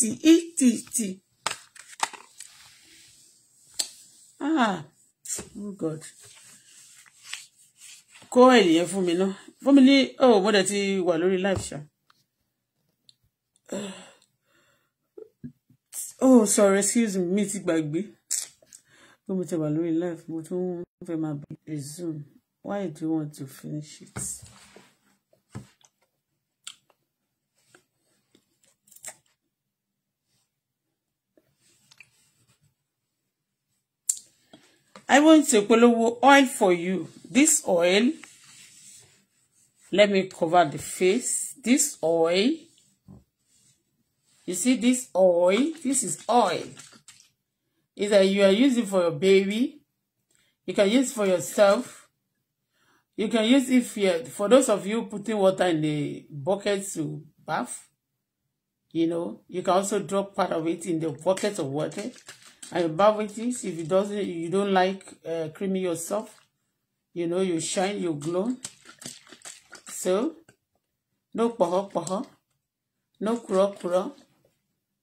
tì í tì tì. ah oh god kó ènìyàn fún mi no? fún mi ní oh mo dẹ̀ ti wà lórí live ṣá. oh sorry excuse me mi ti gbàgbé pé mo ti wà lórí live mo tún fẹ́ máa resume why do you want to finish it. I want to polówó oil for you. This oil, let me cover the face. This oil, you see this oil, this is oil. Is that you are using for your baby. You can use for yourself. You can use if you, for those of you putting water in the bucket to bath, you know, you can also drop part of it in the bucket of water. I you bath with it. If it doesn't, you don't like uh, creaming yourself, you know, you shine, you glow. So, no paha paha, no kura kura.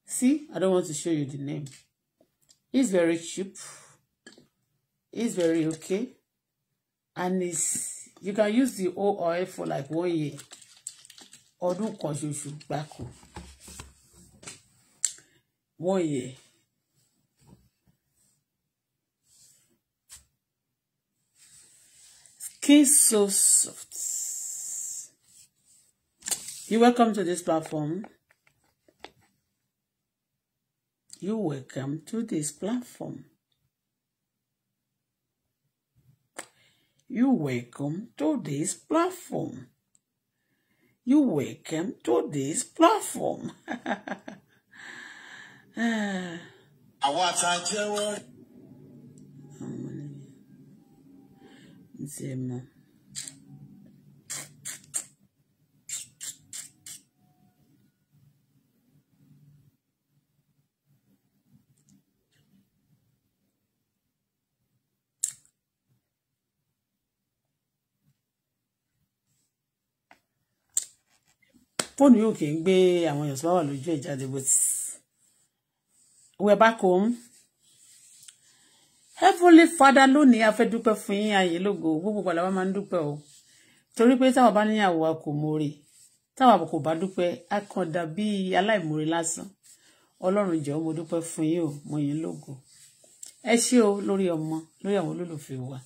See, I don't want to show you the name. It's very cheap. It's very okay. And it's, you can use the old oil for like one year. Ọdún kan ṣoṣo gbáko. One year. Kiss so soft. You welcome to this platform. You welcome to this platform. You welcome to this platform. You welcome to this platform. I tell you. ní fóònù yóò kì í gbé àwọn èèyàn wà lójú ẹ̀ jáde bó ti. we're back home heavenly father lónìí a fẹ́ dúpẹ́ fún yín ayé lógo gbogbo gbàlà wa máa ń dúpẹ́ o torí pé táwa bá níyàwó a kò mórè táwa kò bá dúpẹ́ a kàn dàbí aláìmórè lásán ọlọ́run jọ̀ọ́ mo dúpẹ́ fún yín o mo yín lógo ẹ ṣé o lórí ọmọ lórí àwọn olólùfẹ́ wa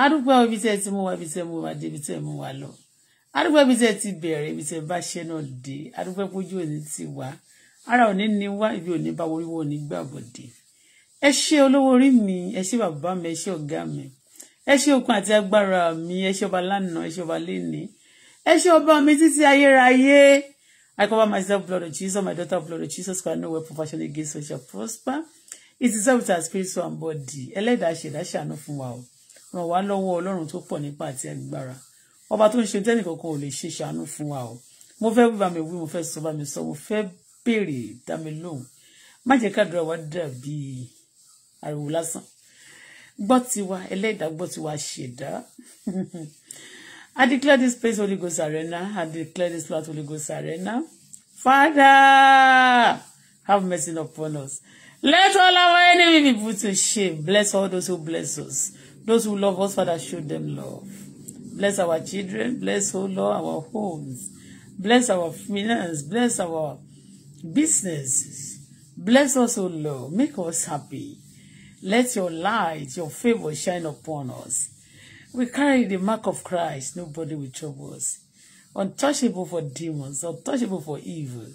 a dúpẹ́ o ibi tí ẹ ti mú wa ibi tí ẹ mú wa dé ibi tí ẹ mú wa lọ a dúpẹ́ ibi tí ẹ ti bẹ̀rẹ̀ ibi tí ẹ bá ṣẹ́ náà dé a dúpẹ́ pójú òní ti wá ara òní ni wá ibi òní bá wọlé wọ́n ní gbàgbọ́ dé ẹ ṣé olówó orí mi ẹ ṣé bàbá mi ẹ ṣé ọ̀gá mi ẹ ṣé okun àti agbára mi ẹ ṣé ọba lánàá ẹ ṣé ọba léni ẹ ṣé ọba mi títí ayérayé I cover myself blood of Jesus my daughter blood of Jesus Christ no weapon fashion against us shall prosper it is self that spiritual and body ẹlẹ́dàá ṣẹ̀dá ṣàánú fún wa o ràn wá lọ́wọ́ ọlọ́run tó pọ̀ nípa àti agbára ọba tó ń ṣe tẹ́nìkankan ò lè ṣe ṣàánú fún wa o mo fẹ́ bá mi wí mo fẹ́ sọ bá mi sọ mo fẹ́ béèrè dá mi lóhùn má jẹ́ kádùrà wa dàbí ariwo lásán gbọ́ tiwa ẹlẹ́dàá gbọ́ tiwa ṣẹ̀dá I declare this place Holy Ghost Arena I declare this flat Holy Ghost Arena Father have mercy upon us let all our enemies be put to shame bless all those who bless us those who love us Father show them love bless our children bless oh Lord our homes bless our finance bless our businesses bless us oh Lord make us happy. Let your light, your favor shine upon us. We carry the mark of Christ. Nobody will trouble us. Untouchable for demons, untouchable for evil.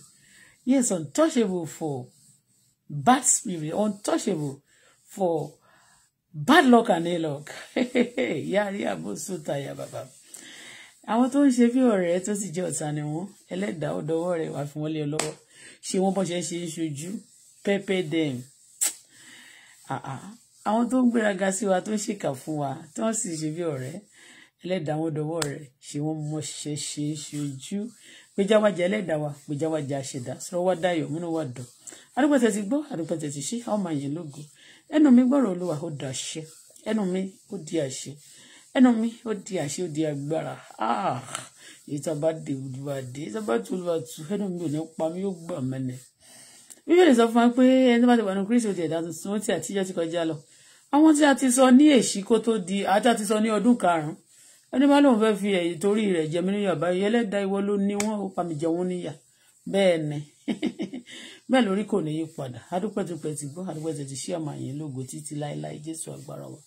Yes, untouchable for bad spirit, untouchable for bad luck and ill luck. Yari abusuta ya baba. Àwọn tó ń ṣe bí ọ̀rẹ́ tó sì jẹ́ ọ̀tá ni wọ́n ẹlẹ́dàá ọ̀dọ́wọ́ rẹ̀ wà fún wọn lé lọ́wọ́ ṣé wọ́n bọ́ ṣe ṣe é ṣojú pẹ́pẹ́ dẹ́m Ah, ah. àwọn tó ń gbéraga sí wa tó ń ṣèkà fún wa tí wọ́n sì ṣe bí ọ̀rẹ́ ẹlẹ́dàá wọn dọwọ́ rẹ̀ ṣé wọ́n mọṣẹ́ ṣe é ṣojú gbéjáwájà ẹlẹ́dàá wa gbéjáwájà àṣẹdá sọ̀rọ̀ wá dayọ̀ múnú wa dọ̀ adúpẹ́ tẹ̀ ti gbọ́ adúpẹ́ tẹ̀ ti ṣe àwọn máa yẹn lógo ẹnu mi gbọ́rọ̀ olúwa ó di àṣẹ ẹnu mi ó di àṣẹ ẹnu mi ó di àṣẹ ó di agbára ah, èyí tó bá dé olúwa dé tó bá tu olúwa tu ẹnu mi ò ní pa mi yóò gbà mẹ́lẹ̀ bíbélì sọ fún wa pé ẹni bá ti wà ní kristi òtí ẹ̀dá tuntun ó ti àtijọ́ ti kọjá lọ àwọn tí a ti sọ ní èṣí kó tó di àti a ti sọ ní ọdún karùn-ún ẹni bá lóun fẹ́ẹ́ fi ẹ̀yìn torí rẹ̀ jẹ mí níyà báyìí ẹlẹ́dà ìwọ ló ní wọ́n ó pa mí jẹ wọ́n níyà bẹ́ẹ̀ ni bẹ́ẹ̀ lórí kò ní í padà adúpẹ́tupẹ́ ti gbọ́ adúpẹ́tupẹ́ ti ṣí àmà yẹn lógo títí láéláé jésù agbára wa.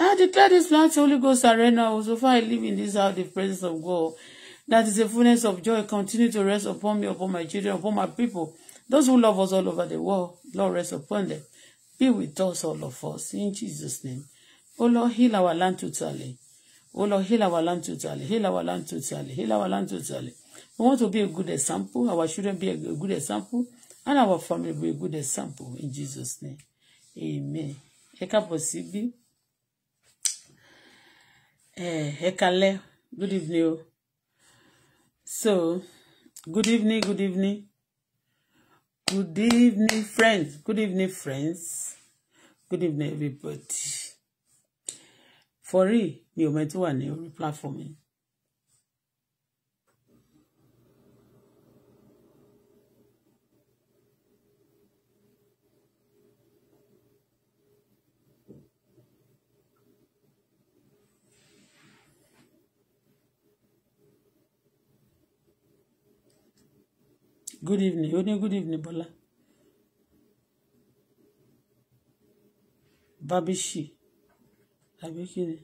I declare this land to Holy Ghost arena also for I live in this house the presence of God that is a fullness of joy continue to rest upon me upon my children upon my people. Those who love us all over the world, Lord, rest upon them. Be with us, all of us, in Jesus' name. O Lord, heal our land totally. O Lord, heal our land totally. Heal our land totally. Heal our land totally. We want to be a good example. Our children be a good example. And our family be a good example, in Jesus' name. Amen. Ẹ káàbọ̀ sí bí. Eh, ẹ Good evening. So, good evening, good evening. Good evening, friends. Good evening, friends. Good evening, everybody. For real, mi ò mẹ́tí wà ní orí platform good evening ó ní good evening Bọ́lá babishi àbí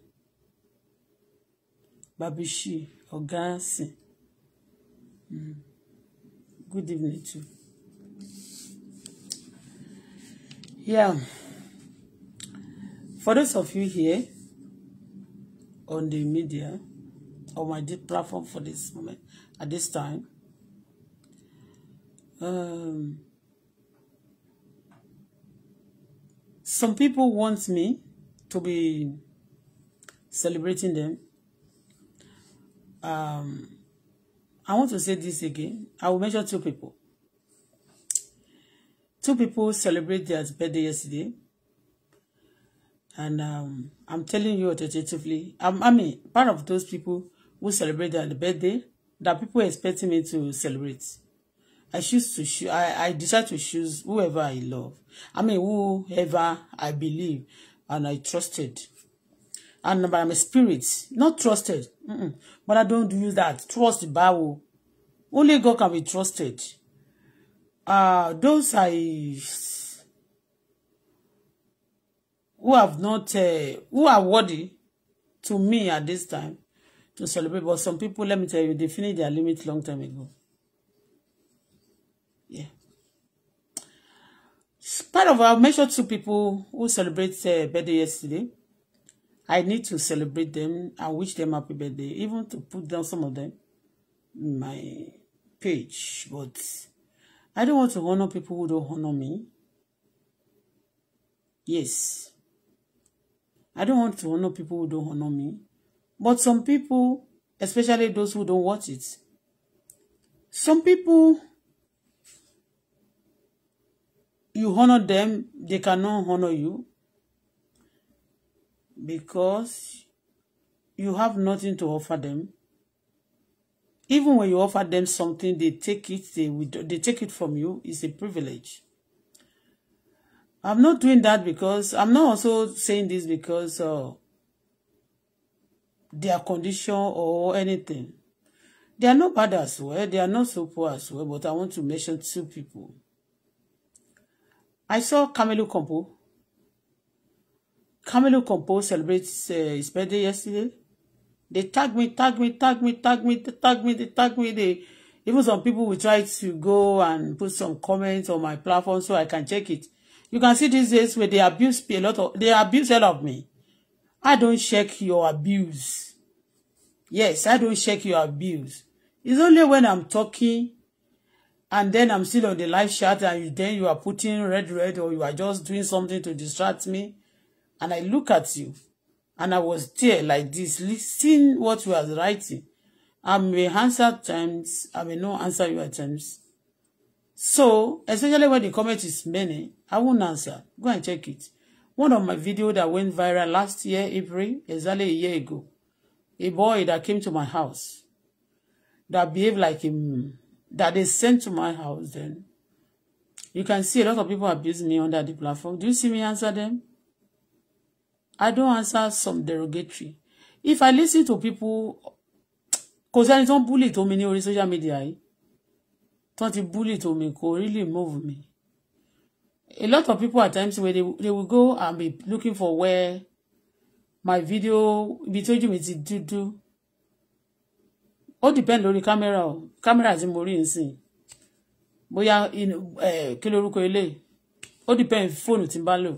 babishi ọ̀gá sìn mm. good evening too yeah for those of you here on the media or my platform for this moment at this time um, some people want me to be celebrating them. Um, I want to say this again. I will mention two people. Two people celebrated their birthday yesterday. And um, I'm telling you authoritatively, I'm, I mean, part of those people who celebrate their birthday, that people expecting me to celebrate. I choose to choose. I, I decide to choose whoever I love. I mean, whoever I believe and I trusted. And by my spirit, not trusted. Mm-mm. But I don't use that. Trust the Bible. Only God can be trusted. Uh, those I who have not uh, who are worthy to me at this time to celebrate. But some people, let me tell you, they finished their limit long time ago. part of our measure two people who celebrate uh, birthday yesterday i need to celebrate them and wish them happy birthday even to put down some of them in my page but i don't want to honor people who don't honor me yes i don't want to honor people who don't honor me but some people especially those who don't watch it some people you honor them, they cannot honor you because you have nothing to offer them. Even when you offer them something, they take it, they, they take it from you. It's a privilege. I'm not doing that because I'm not also saying this because uh, their condition or anything. They are not bad as well. They are not so poor as well. But I want to mention two people I saw Camelu Kompo. Camelu Kompo celebrates uh, his birthday yesterday. They tag me, tag me, tag me, tag me, tag me, they tag me. They, even some people will try to go and put some comments on my platform so I can check it. You can see these days where they abuse me a lot of, they abuse a lot of me. I don't check your abuse. Yes, I don't check your abuse. It's only when I'm talking and then I'm still on the live chat and you, then you are putting red red or you are just doing something to distract me and I look at you and I was there like this listening what you was writing I may answer times I may not answer your times so especially when the comment is many I won't answer go and check it one of my video that went viral last year April exactly a year ago a boy that came to my house that behaved like a that they sent to my house then. You can see a lot of people abusing me under the platform. Do you see me answer them? I don't answer some derogatory. If I listen to people, kò I don't bully tó mi on social media yìí, tó ti bully to me, kò really move me. A lot of people at times where they, they will go and be looking for where my video, ibi tójú mi do do ó depend lórí kámẹ́rà o kámẹ́rà tí mo rí nsìn bóyá kí lorúkọ ilé ó depend fóònù tí n bá lò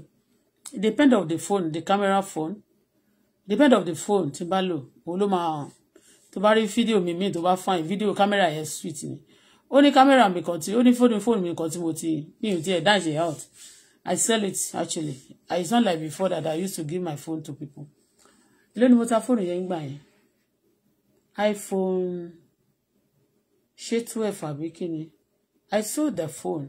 it depend of the phone the camera phone depend of the phone tí n bá lò òun ló máa hàn tó bá rí fídíò mi míì tó bá fine fídíò kámẹ́rà yẹn sweet ni ó ní kámẹ́rà mi kan tí ó ní fóònù fóònù mi kan tí mo ti mi ò tiẹ̀ dash it out I sell it actually it's not like before that I used to give my phone to people ilé ni mo ta fóònù yẹn ń gbà yẹn iphone ṣé twelve àbí kí ni i sold the phone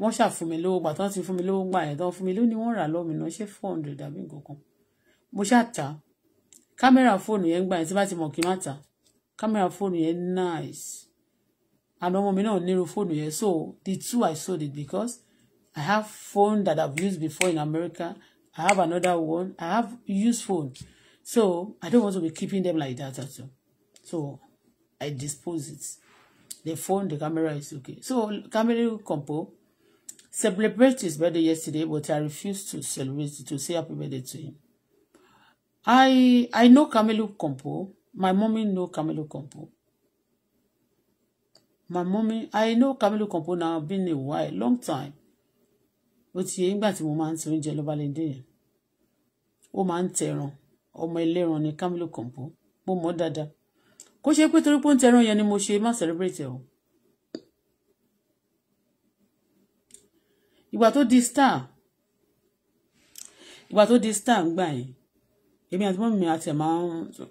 wọ́n ṣàfún mi lówó gbà tán ti fún mi lówó gbà yẹn tán fún mi ló ní wọ́n rà lọ́mìnà ṣé four hundred àbí nǹkan kan mo ṣàtà kámẹ́rà fóònù yẹn gbà yẹn tí bá ti mọ̀ kí n má tà kámẹ́rà fóònù yẹn nice àwọn ọmọ mi náà nírú fóònù yẹn so the two i sold it because i have phone that i've used before in america i have another one i have used phone so i don't want to be keeping them like that at all. So I dispose it. The phone, the camera is okay. So camera compo celebrate his birthday yesterday, but I refused to celebrate to say happy birthday to him. I I know Camilo Compo. My mommy know Camilo Compo. My mommy, I know Camilo Compo now been a while, long time. But he, yé nígbà tí mo máa ń ti oúnjẹ lọ́ba lédè yẹn. Ó máa ń tẹran. Ọmọ ẹlẹ́ran Camilo Compo. Mo mọ̀ dada kó ṣe pé torí pé ó ń tẹran yẹn ni mo ṣe má celebrate o. ìgbà tó di star ìgbà tó di star ń gbà yẹn èmi àti mọ́mí àti ẹ̀ máa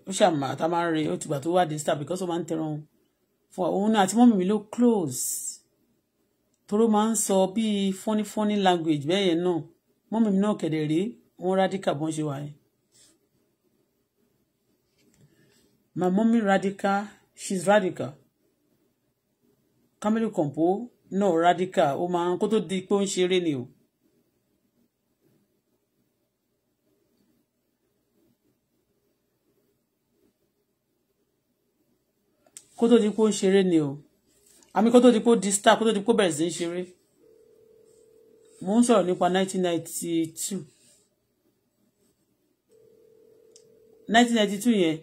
ń ṣàmà àtà máa ń re ó ti gbà tó wá di star because ó máa ń tẹran fún òun àti mọ́mí mi ló close toró máa ń sọ bíi funny funny language bẹ́ẹ̀ yẹn náà mọ́mí mi náà kẹ̀dẹ̀ rèé wọ́n radical bọ́n ṣe wáyé My mommy radical, she's radical. Camille Compo, no radical, ó máa ń di pé ó ń ṣeré ni o. kó di pé ó ń ṣeré ni o àmì kó di pé ó di di pé ó bẹ̀rẹ̀ sí ń ṣeré mo ń sọ̀rọ̀ nípa 1992 1992 yẹn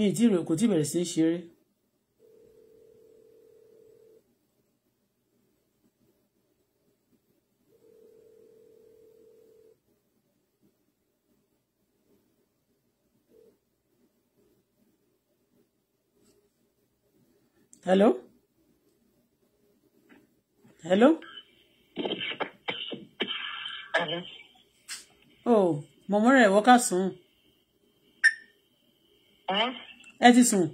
mi ì tí ì kò tí ì bẹ̀rẹ̀ sí í ṣeré. hello hello. oh mọ̀mọ́ rẹ̀ wọ́ká sùn. Huh? ẹ ti sùn.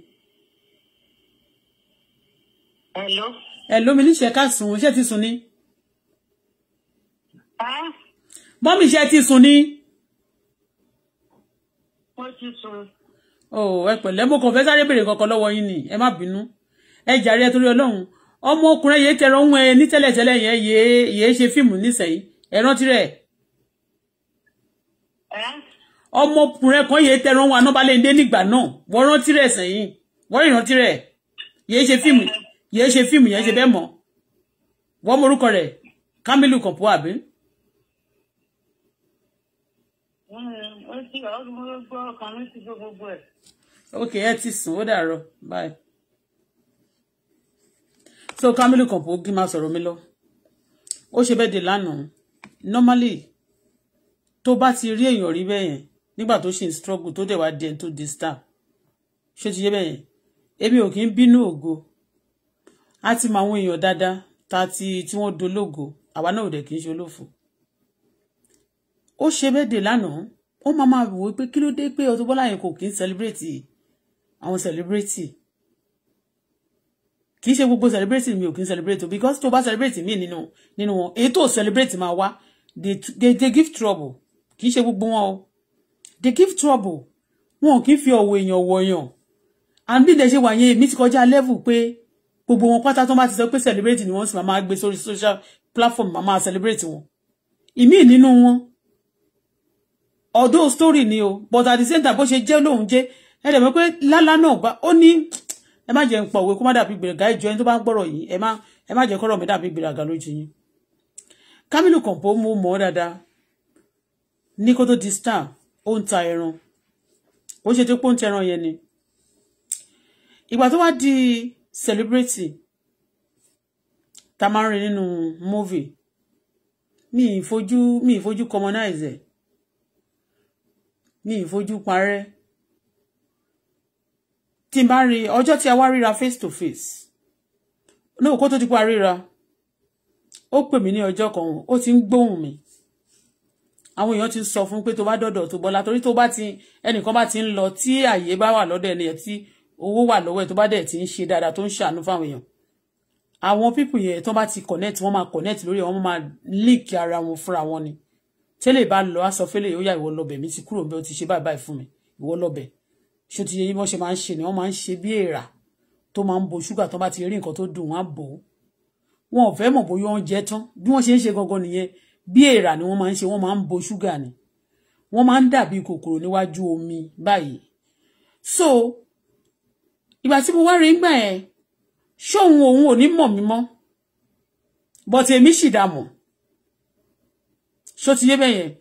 hello. hello mi níṣẹ́ ká sùn ṣé ti sùn ni. mọ́mí ṣe ti sùn ni. mo ti sùn. ò ẹ pẹ̀lẹ́ mo kàn fẹ́ sáré béèrè kankan lọ́wọ́ yín ni ẹ má bínú ẹ jàre ẹ torí ọlọ́run ọmọkùnrin yìí tẹ̀rọ ń ẹ ní tẹ́lẹ̀tẹ́lẹ̀ yẹn yìí ṣe fíìmù nísẹ̀yìn ẹ rántí rẹ̀. ẹ́ ọmọkùnrin kan yìí tẹran wa nọbalẹńdé nígbà náà wọ́n rántí rẹ̀ sẹ́yìn wọ́n ìrántí rẹ̀ yéé ṣe fíìmù yéé ṣe fíìmù yẹn ṣe bẹ́ẹ̀ mọ́ wọ́n morúkọ rẹ̀ Kamilu kọpọ àbí. ok ẹ ti sùn ó dàárọ̀ bye. so Kamilu kọpọ ó gí máa sọ̀rọ̀ mi lọ ó ṣe bẹ́ẹ̀ dé lánàá normally tó bá ti rí èèyàn rí bẹ́ẹ̀ yẹn nígbà tó ṣì ń struggle tó dẹ̀ wá di ẹni tó di star ṣé ti yé bẹ́ẹ̀ yẹn èmi ò kì í bínú ògo a ti mọ àwọn èèyàn dáadáa ta ti tí wọ́n dológo àwa náà ò dẹ̀ kì í ṣe olófò ó ṣe bẹ́ẹ̀ dè lánàá ó máa máa wò ó pé kí ló dé pé Auto Bola yẹn kò kì í celebrate àwọn celebrate kì í ṣe gbogbo celebrate mi ò kì í celebrate o because tó bá celebrate mi nínú nínú wọn èyí tó celebrate máa wá they they give trouble kì í ṣe gbogbo wọn o they give trouble wọn ò kí fi ọ̀wọ̀ èèyàn wọ̀yàn and bí ìdẹ̀ṣe wà yẹn èmi ti kọjá level pé gbogbo wọn pátá tó bá ti sọ pé celebrate ni wọ́n sì máa gbé sórí social platform máa máa celebrate wọn ìmíì nínú wọn Although story ni o but at the same time bó ṣe jẹ́ lóhun jẹ́ ẹ dẹ̀ mọ̀ pé lálá náà bá ó ní ẹ má jẹ́ ń pọ̀ òwe kó má dàbí gbèrègà ìjọ ẹni tó bá ń gbọ́rọ̀ yìí ẹ má ẹ má jẹ́ kọ́rọ̀ mi dàbí gbèrègà lójú yín Kamilu Kompo mú mọ́ dáadáa ní kó tó di ó ń ta ẹran ó ṣe tó pé ń ta yẹn ni ìgbà tó wá di celebrity tá a máa ń rí nínú movie mi ìfojú mi ìfojú commonize mi ìfojú parẹ́ tí n bá rí ọjọ́ tí a wá ríra face to face náà kó tó ti pa ríra ó pè mí ní ọjọ́ kan ó ti ń gbóhùn mi àwọn èèyàn ti sọ fún pé tó bá dọ̀dọ̀ tó bọ́lá torí tó bá ti ẹnìkan bá ti ń lọ tí àyè bá wà lọ́dọ̀ ẹni tí owó wà lọ́wọ́ ẹ̀ tó bá dẹ̀ ti ń ṣe dáadáa tó ń ṣàánú fáwọn èèyàn àwọn people yẹn tó bá ti connect wọ́n máa connect lórí ẹ̀ máa leak ara wọn fúnra wọn ni tẹ́lẹ̀ bá lọ aṣọ fẹ́lẹ̀ ó yà ìwọ lọ́bẹ̀ mi ti kúrò bẹ́ẹ̀ ó ti ṣe báyìí fún mi ìwọ lọ́bẹ̀ ṣé ni wọ́n wọn ò fẹ́ mọ̀ bóyá oúnjẹ tán bí wọ́n ṣe ń ṣe gangan nìyẹn bí èèrà ni wọ́n máa ń ṣe wọ́n máa ń bo ṣúgà ni wọ́n máa ń dàbí kòkòrò níwájú omi báyìí so ìgbà tí mo wá rí gbà yẹn ṣóun òun ò ní mọ̀ mí mọ́ bọ́tí èmi sì dààmú ṣó ti yé bẹ́ẹ̀ yẹn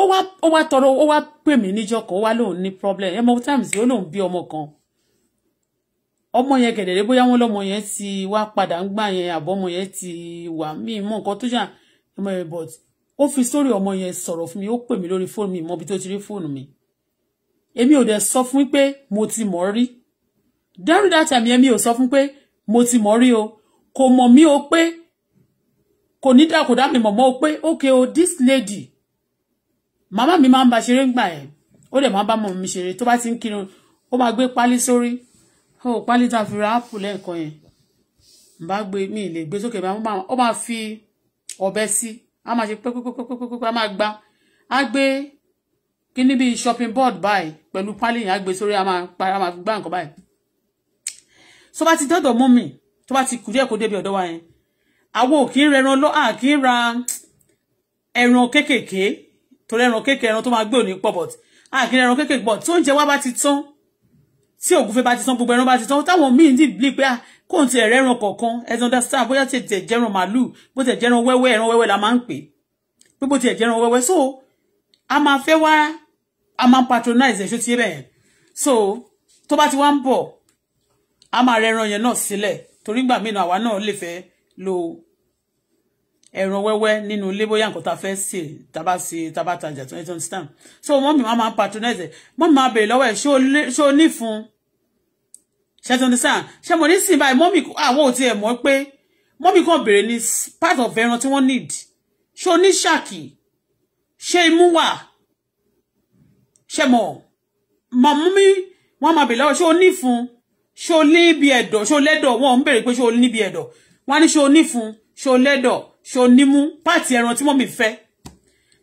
ó wá ó wá tọrọ ó wá pè mí níjọ́ kan ó wá lóun ní problem ẹ mọ times ó lóun bí ọmọ kan ọmọ yẹn kẹ̀dẹ̀rẹ́ bóyá wọn lọ́mọ yẹn ti wá padà ń gbà yẹn àbọ̀ ọmọ yẹn ti wà mí mọ nǹkan tó ṣà ọmọ yẹn but ó fi sórí ọmọ yẹn sọ̀rọ̀ fún mi ó pè mí lórí fóònù mi mọ ibi tó ti rí fóònù mi èmi ò dẹ̀ sọ fún pé mo ti mọ̀ rí during that time yẹn mi ò sọ fún pé mo ti mọ̀ rí o kò mọ̀ mí o pé kò ní dàkúdà mi mọ̀ mọ́ o pé okay o this lady màmá mi máa ń ba ṣeré ń gbà yẹn ó dẹ̀ máa ń bá mọ̀ mi ṣeré tó bá ti ń kírun ó máa gbé pálí sórí ó pálí tá a fi ra áàpù lẹ́ẹ̀kan yẹn n bá gbé mi lè gbé sókè máa ó máa fi ọ̀bẹ sí a máa ṣe pẹ́pẹ́pẹ́pẹ́pẹ́ a máa gbá a gbé kíní bíi shopping board báyìí pẹ̀lú pálí yẹn a gbé sórí a máa pa a máa gbá nǹkan báyìí tó bá ti dọ́dọ̀ mú mi tó bá ti kù díẹ̀ kó débi ọ̀dọ̀ wa yẹn àwọn ò kí ń rẹran lọ à kí ń ra ẹran kéékèèké torí ẹran kéékèèké ẹran tó máa gbé òní pọ̀ bọ̀t à kí ń ra ẹran kéékèèké bọ̀t tó ń jẹ wá bá ti tán si tí ògúnfẹ́ bá ti san gbogbo ẹran bá ti san táwọn míì ah, ti bí pé kò ń ti ẹ̀rẹ́ ẹran kọ̀ọ̀kan ẹ̀sìn understand bóyá ti tẹ̀ jẹran màálù bó tẹ̀ jẹran wẹ́wẹ́ ẹran wẹ́wẹ́ la máa ń pè pé bó tiẹ̀ jẹran wẹ́wẹ́ so a ma fẹ́ wá a ma patronize ẹ̀ṣọ́ tiẹ̀ bẹ́ẹ̀ so tó bá ti wá ń bọ̀ a máa rẹran yẹn náà sílẹ̀ torí gbà mí náà àwa náà lè fẹ́ lo ẹran wẹ́wẹ́ nínú ilé bóyá nǹkan tá a fẹ́ sè tábà sè tábà tajà twenty twenty time so mọ́mí máa máa patronize ẹ̀ mọ́mí máa bèrè lọ́wọ́ ẹ̀ ṣé o ní fún un ṣe twenty time ṣé mo ní sìn báyìí mọ́mí àwọn ò tiẹ̀ mọ̀ pé mọ́mí kan bèrè ní part of ẹran tí wọ́n need ṣé o ní ṣáàkì ṣé imú wà ṣe mọ̀ mọ́mí wọ́n máa bèrè lọ́wọ́ ṣé o ní fún un ṣé o ní ibi ẹ̀dọ̀ ṣé o lẹ́dọ̀ wọ́n ń bèrè pé ṣé o ní ibi ẹ̀dọ̀ wọ́n á ní ṣé o ní fún ṣé o lẹ́dọ̀ ṣonímú páàtì ẹran tí mọ́mì fẹ́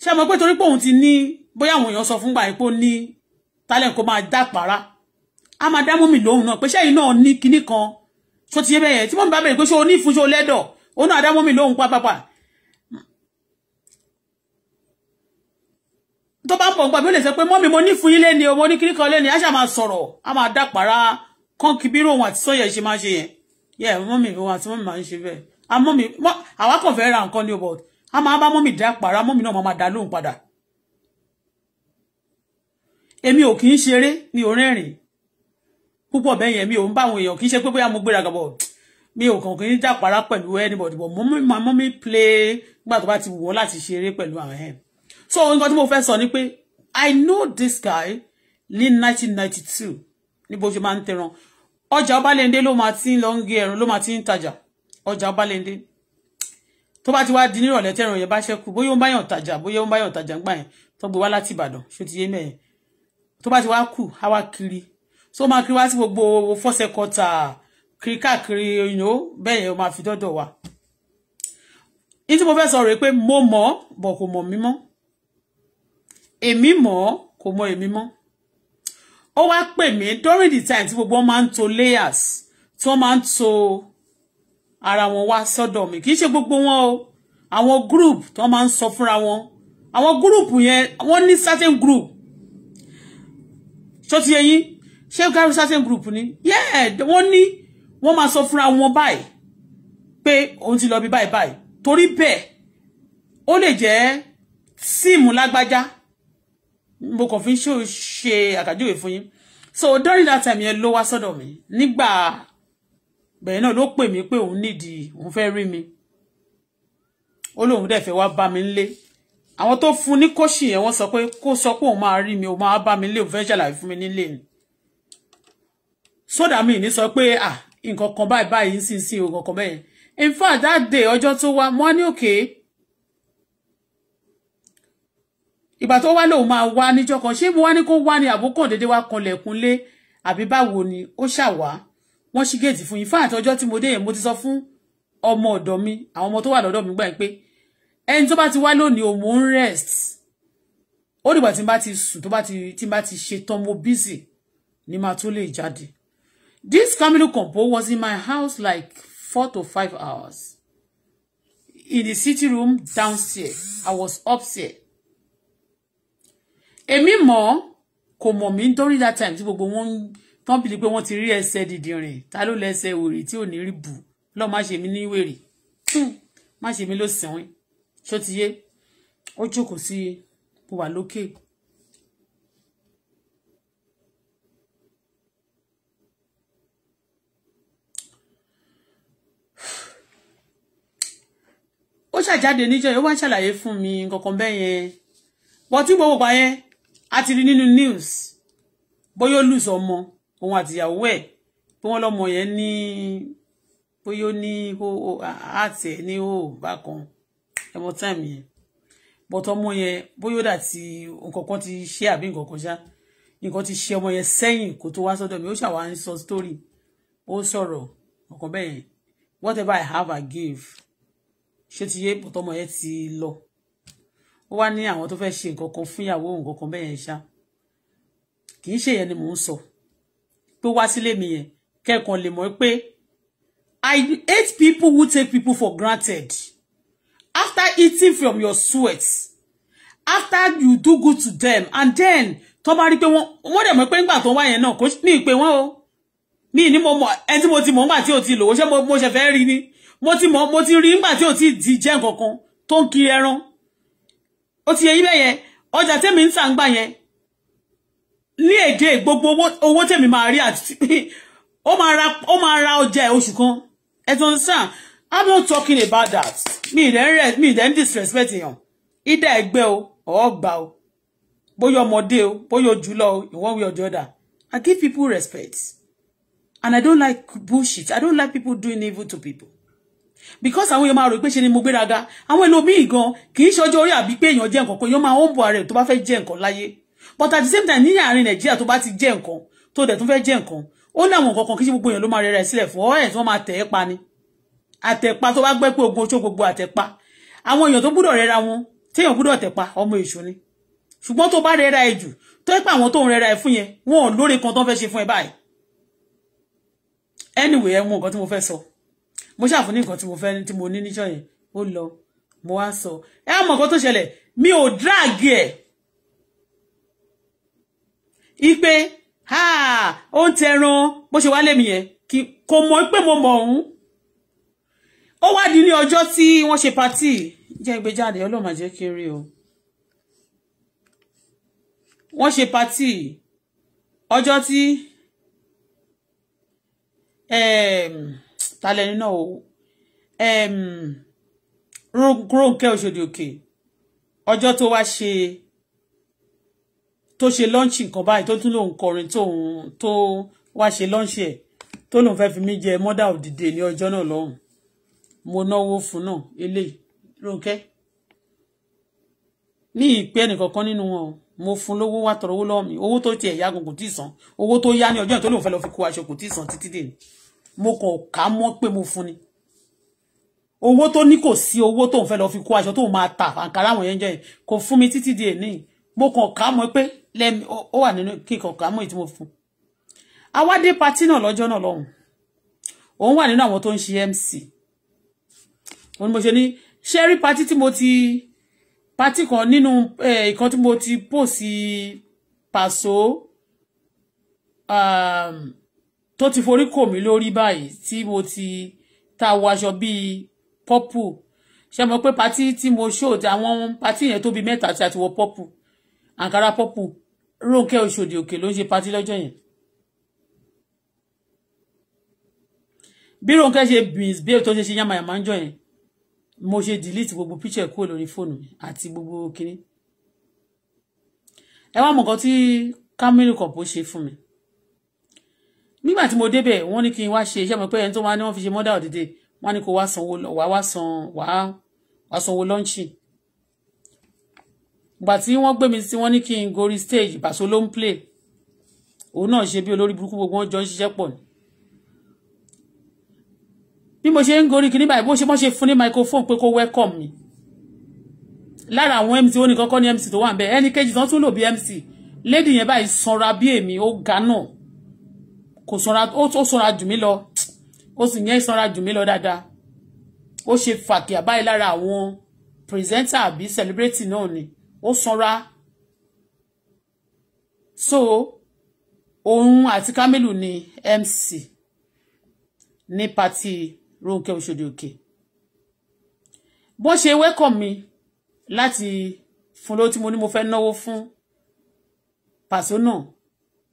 ṣé mo pé torí pé òun ti ní bóyá àwọn èèyàn sọ fún gbà pé ó ní talent kó máa dápàrà á máa dá mọ́mì lóhùn náà pé ṣẹ́yìn náà ní kinní kan ṣó ti yé bẹ́ẹ̀ yẹn tí mọ́mì bá bẹ̀rẹ̀ pé ṣó ní ìfúnṣó lẹ́dọ̀ ó náà dá mọ́mì lóhùn pápápá tó bá pọ̀ nípa bí ó lè sọ pé mọ́mì mo ní fún yín lẹ́ni o mo ní kinní kan lẹ́ni á ṣà máa sọ̀rọ̀ á máa dápàrà kọ́ńkì bí ròhùn àti sọ́yẹ̀ ṣe máa ṣe yẹn yẹ mọ́mì òun àti mọ́mì máa ń ṣe bẹ́ẹ̀ àmọ́ mi àwa kàn fẹ́ ra nǹkan ní o but a máa bá mọ́mì dá pàrọ̀ mọ́mì náà máa dá lóhùn padà èmi ò kì í ṣeré mi ò rẹ́rìn púpọ̀ bẹ́ẹ̀ yẹn mi ò ń bá àwọn èèyàn kì í ṣe pé mo gbéra gàbọ̀ mi ò kàn kì í dá pàrọ̀ anybody but mommy play nígbà tó bá ti wù wọ́n láti ṣeré pẹ̀lú àwọn ẹ̀ so nǹkan tí mo fẹ́ sọ ni pé I know this guy ní 1992 ní bó ṣe máa ń tẹran ọjà Ọbalẹ́ndé ló máa ti ń lọ ń gé ẹran ló ọjà ọbalẹ̀ndé tó bá ti wá di nírọ̀lẹ́ tẹ́rọ yẹn bá ṣẹ́kù bóyá ó ń báyàn tajà bóyá ó ń báyàn tajà ń gbà yẹn tó gbé wá láti Ìbàdàn ṣó ti yé mẹ́yẹn tó bá ti wá kù á wá kiri tó máa kiri wá sí gbogbo fọ́sẹ̀ kọta kiri káàkiri ìyó bẹ́ẹ̀ yẹn ó máa fi dọ́dọ̀ wa. ní tí mo fẹ́ sọ rèé pé mo mọ̀ bọ̀ kò mọ̀ mí mọ́ èmi mọ̀ kò mọ̀ èmi mọ́ ó wá pè mí during the time tí gbogbo máa ń to layers tí wọ́n máa ń to ara wọn wá sọ́dọ̀ mi kì í ṣe gbogbo wọn o àwọn group tó máa ń sọ fúnra wọn àwọn group yẹn wọ́n ní certain group ṣó ti yẹ yín ṣé gary certain group ni yeah wọ́n ní wọ́n máa sọ fúnra wọn báyìí pé òun ti lọ bí báyìí báyìí torí bẹ́ẹ̀ ó lè jẹ́ síìmù lágbájá mo kàn fi ń ṣe àkàjọwé fún yín so during that time yẹn ló wá sọ́dọ̀ mi nígbà bẹ̀rẹ̀ náà ló pè mí pé òun nídìí òun fẹ́ rí mi ó lóun dẹ̀ fẹ́ wá bá mi ńlé àwọn tó fún ní kóṣì yẹn wọ́n sọ pé kó sọ pé òun máa rí mi òun máa bá mi ńlé òun fẹ́ ṣàlàyé fún mi nílé ni sódà mi ní sọ pé ah nǹkan kan báyìí báyìí ń sìn sìn nǹkan kan bẹ́ẹ̀ in fact that day ọjọ́ tó wá mo ní òkè ìgbà tó wá lòun máa wá níjọ́ kan ṣé mo wá ní kó wá ní àbókàn déédéé wá kanlẹ̀kùnlé àbí báwo ni ó ṣàwá wọ́n ṣí géètì fún yín fáàtì ọjọ́ tí mo dé yẹn mo ti sọ fún ọmọ ọ̀dọ̀ mi àwọn ọmọ tó wà lọ́dọ̀ mi gbà pé ẹni tó bá ti wá lónìí o mò rest ó dìgbà tí n bá ti sùn tó bá ti tí n ti ṣe tán mo busy ni màá tó lè jáde this Kamilu Kompo was in my house like four to five hours in the city room downstairs I was upset. èmi mọ̀ kò mọ̀ mí nítorí that time tí gbogbo wọn tán bìlí pé wọ́n ti rí ẹsẹ̀ dìdìrìn ta ló lẹ́sẹ̀ wèrè tí ò ní rí bù lọ́ọ́ má ṣe mí ní wèrè má ṣe mí ló sẹ́wìn ṣó ti yé ó jókòó sí mo wà lókè. ó ṣàjáde níjọ́ yìí ó wá ṣàlàyé fún mi kankan bẹ́ẹ̀ yẹn bọ́tí gbogbo pa yẹn a ti rí nínú news bóyá ó lùsọ̀ ọmọ òun àtìyàwó ẹ̀ pé wọ́n lọ́mọ yẹn ní bóyá ó ní àtẹ̀ ní ó bákan ẹmọ táìmù yẹn bọ́tọ̀ ọmọ yẹn bóyá ó dà tí nǹkan kan ti ṣe àbí nǹkan kan ṣá nǹkan ti ṣe ọmọ yẹn sẹ́yìn kó tó wá sọ́dọ̀ mi ó ṣàwá ń sọ story ó sọ̀rọ̀ ọ̀kan bẹ́ẹ̀ yẹn whatever I have I give ṣé ti yé bọ́tọ̀ ọmọ yẹn ti lọ ó wá ní àwọn tó fẹ́ ṣe nǹkan kan fún ìyàwó nǹkan kan bẹ́ẹ̀ yẹn ṣá kì í ṣe yẹn ni mò ń sọ. So tó wá sílé mi yẹn kẹ́ẹ̀kan lè mọ̀ pé I hate people who take people for granted after eating from your sweat after you do good to them and then tó bá rí pé wọ́n wọ́n dẹ̀ mọ̀ pé ńgbà tó wá yẹn náà kò ní ìpè wọ́n o mi ní mo mọ̀ ẹni tí mo ti mọ̀ ńgbà tí ò ti lò ó ṣé mo ṣe fẹ́ rí ni mo ti mọ̀ mo ti rí ńgbà tí ò ti di jẹ́ nǹkan kan tó ń kiri ẹran ó ti yẹ yí bẹ́yẹn ọjà tẹ́mi ń tà ńgbà yẹn ní èdè gbogbo owó tèmi máa rí àti ó máa ra ó máa ra ọjà oṣù kan ẹ ti understand i'm not talking about that mi ì dẹ́n mi ì dẹ́n disrespect yàn ìdá ẹgbẹ́ o ọ̀ọ́gbà o bóyá ọmọdé o bóyá ojúlọ o in one way or the i give people respect and i don't like bullshit i don't like people doing evil to people because àwọn èèyàn máa rò pé ṣe ni mo gbéraga àwọn ẹlòmíì gan kì í ṣọjọ́ orí àbí pé èèyàn jẹ́ nǹkan kan èèyàn máa ń bọ̀ ara rẹ̀ tó bá fẹ́ jẹ́ nǹkan láyé but at the same time ní àárín nàìjíríà tó bá ti jẹ́ nǹkan to dẹ̀ tún fẹ́ jẹ́ nǹkan ó láwọn nǹkan kan kí sí gbogbo èèyàn ló máa rẹ̀rẹ̀ sílẹ̀ fún ọ̀rẹ́ tí wọ́n máa tẹ̀ ẹ́ pa ni àtẹ̀pa tó bá gbẹ́ pé ogun oṣó gbogbo àtẹ̀pa àwọn èèyàn tó gbúdọ̀ rẹra wọn téèyàn gbúdọ̀ tẹ̀pa ọmọ èṣù ni ṣùgbọ́n tó bá rẹra ẹ jù tó ẹ pé àwọn tó ń rẹra ẹ kan tó ń fẹ́ ṣe fún ẹ anyway ẹ mú nǹkan tí mo fẹ́ sọ mo ṣàfún ní nǹkan tí mo fẹ́ tí mo ní níjọ́ yẹn ó lọ mo wá sọ ẹ mọ̀ nǹkan tó ṣẹlẹ̀ mi o drag ẹ̀ ipe ó ń tẹran bó ṣe wá lémi yẹn kò mọ̀ pé mo mọ̀ ọ̀hún ó wá di ní ọjọ́ tí wọ́n ṣe pàtì jẹ́ ìgbéjáde ọlọ́run má jẹ́ kí n rí o wọ́n ṣe pàtì ọjọ́ tí ta lẹni náà o Rónkẹ́ Òṣòdì Òkè ọjọ́ tó wá ṣe tó ṣe lọ́ǹṣì nǹkan báyìí tó tún lòun kọrin tóun tó wá ṣe lọ́ǹṣì ẹ̀ tó lòun fẹ́ẹ́ fi mí jẹ mọ́dà òdìdè ní ọjọ́ náà lọ́hùn mo náwó fún náà eléyìí Rónkẹ́ ní ìpè ẹnìkankan nínú wọn o mo fún lówó wá tọrọ owó lọ́wọ́ mi owó tó tiẹ̀ yá kò tí ì owó tó yá ní ọjọ́ yẹn tó lòun fẹ́ lọ fi kó aṣọ kò tí ì títí dè ní mo kàn ká mọ́ pé mo fún ni owó tó ní kò sí owó tóun fẹ́ lọ fi kó aṣọ tóun máa tà àǹkárá àwọn yẹn jẹ́ kò fún mi títí dè ní mo kàn ká mọ́ pé lẹ́mi ó wà nínú kí n kàn ká mọ́ èyí tí mo fún awádé patí náà lọ́jọ́ náà lọ́hùn òun wà nínú àwọn tó ń ṣe MC òun mo ṣe ní ṣẹ́rí patí tí mo ti patí kan nínú ìkan tí mo ti pòsì pàṣọ um, tó ti forí kò mí lórí báyìí tí mo ti ta wọ aṣọ bíi pọ́pù ṣe mọ̀ pé patí tí mo ṣó àwọn patí yẹn tó bíi mẹ́ta tí a ti wọ pọ́pù àǹkárá pọ́pù Rónkẹ́ Oṣòdì Òkè ló ń ṣe patí lọ́jọ́ yẹn bí Rónkẹ́ ṣe bìns bí ètò ṣe ṣe yàmàyàmà ń jọ yẹn mo ṣe delete gbogbo picture kúrò lórí fóònù mi àti gbogbo kinní ẹ wá mọ̀ nǹkan tí Kamilu Kọ̀pọ̀ ṣe fún mi nígbà tí mo débẹ̀ wọ́n ní kí n wá ṣe iṣẹ́ mọ̀ pé ẹni tó wá ní wọ́n fi ṣe mọ́dà òdìdè wọ́n ní kó wá sanwó wá ìgbà tí wọ́n gbé mi sí wọ́n ní kí n gorí stage ìbàṣọ ló ń play òun náà ṣe bí olórí burúkú gbogbo wọn jọ ń ṣiṣẹ́ pọ̀ ni bí mo ṣe ń gorí kìíní báyìí bó ṣe wọ́n ṣe fún ní microphone pé kó welcome mi lára àwọn mc ó ní kọ́kọ́ ní mc tó wà ń bẹ ẹni kejì tán tún lò bí mc lady yẹn báyìí sanra bí èmi ó ga náà kò sanra ó sanra jù mí lọ ó sì yẹn sanra jù mí lọ dáadáa ó ṣe fàkìyà báyìí lára àwọn presenter àbí celebrity náà ni ó sanra so òun àti Kámílù ni MC ní pati Rónkẹ́ Òṣòdì Òkè bó ṣe wẹ́kọ̀ mi láti fún ló tí mo ní mo fẹ́ náwó fún pàṣọ náà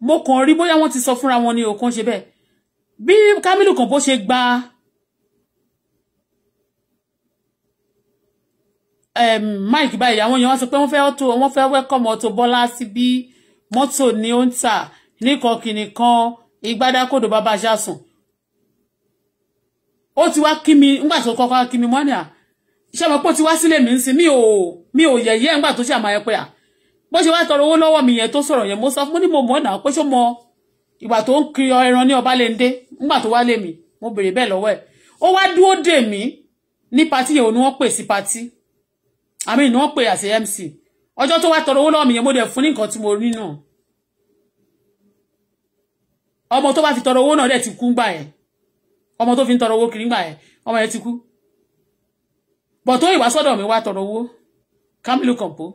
mo kàn rí bóyá wọ́n ti sọ fúnra wọn ní òkun ṣe bẹ́ẹ̀ bí Kámílù kan bó ṣe gba um, Mike báyìí àwọn èèyàn wọ́n sọ pé wọ́n fẹ́ Auto wọ́n fẹ́ welcome Auto Bọ́lá sí bí mọ́tò ni ó ń tà nìkan kìnìkan ìgbádákòdò bàbá ṣàsùn ó ti wá kí mi ńgbà tó kọ́kọ́ kí mi mọ́nì à iṣẹ́ mọ̀ pé ó ti wá sílé mi ń sin mi ò mi ò yẹ̀yẹ́ ńgbà tó ṣàmà ẹ pé à bó ṣe wá tọrọ owó lọ́wọ́ mi yẹn tó sọ̀rọ̀ yẹn mo sọ fún ní mo mọ̀ náà pé ṣó mọ ìgbà tó ń kiri ẹran ní Ọbalẹ́ndé ńgbà tó wá lé mi mo béèrè bẹ́ẹ̀ lọ́wọ́ ẹ̀ ó wá dúró dè mí ní patí yẹn ò ní wọ́n pè sí patí I mean wọ́n pè as a MC ọjọ́ tó wá tọrọ owó lọ́wọ́ mi yẹn mo dẹ̀ fún ní nǹkan tí mo rí náà ọmọ tó bá fi tọrọ owó náà dẹ̀ ti kú gbà ẹ̀ ọmọ tó fi ń tọrọ owó kiri gbà ẹ̀ ọmọ yẹn ti kú bọ̀ tó ìwà sọ́dọ̀ mi wá tọrọ owó Kamilu Kompo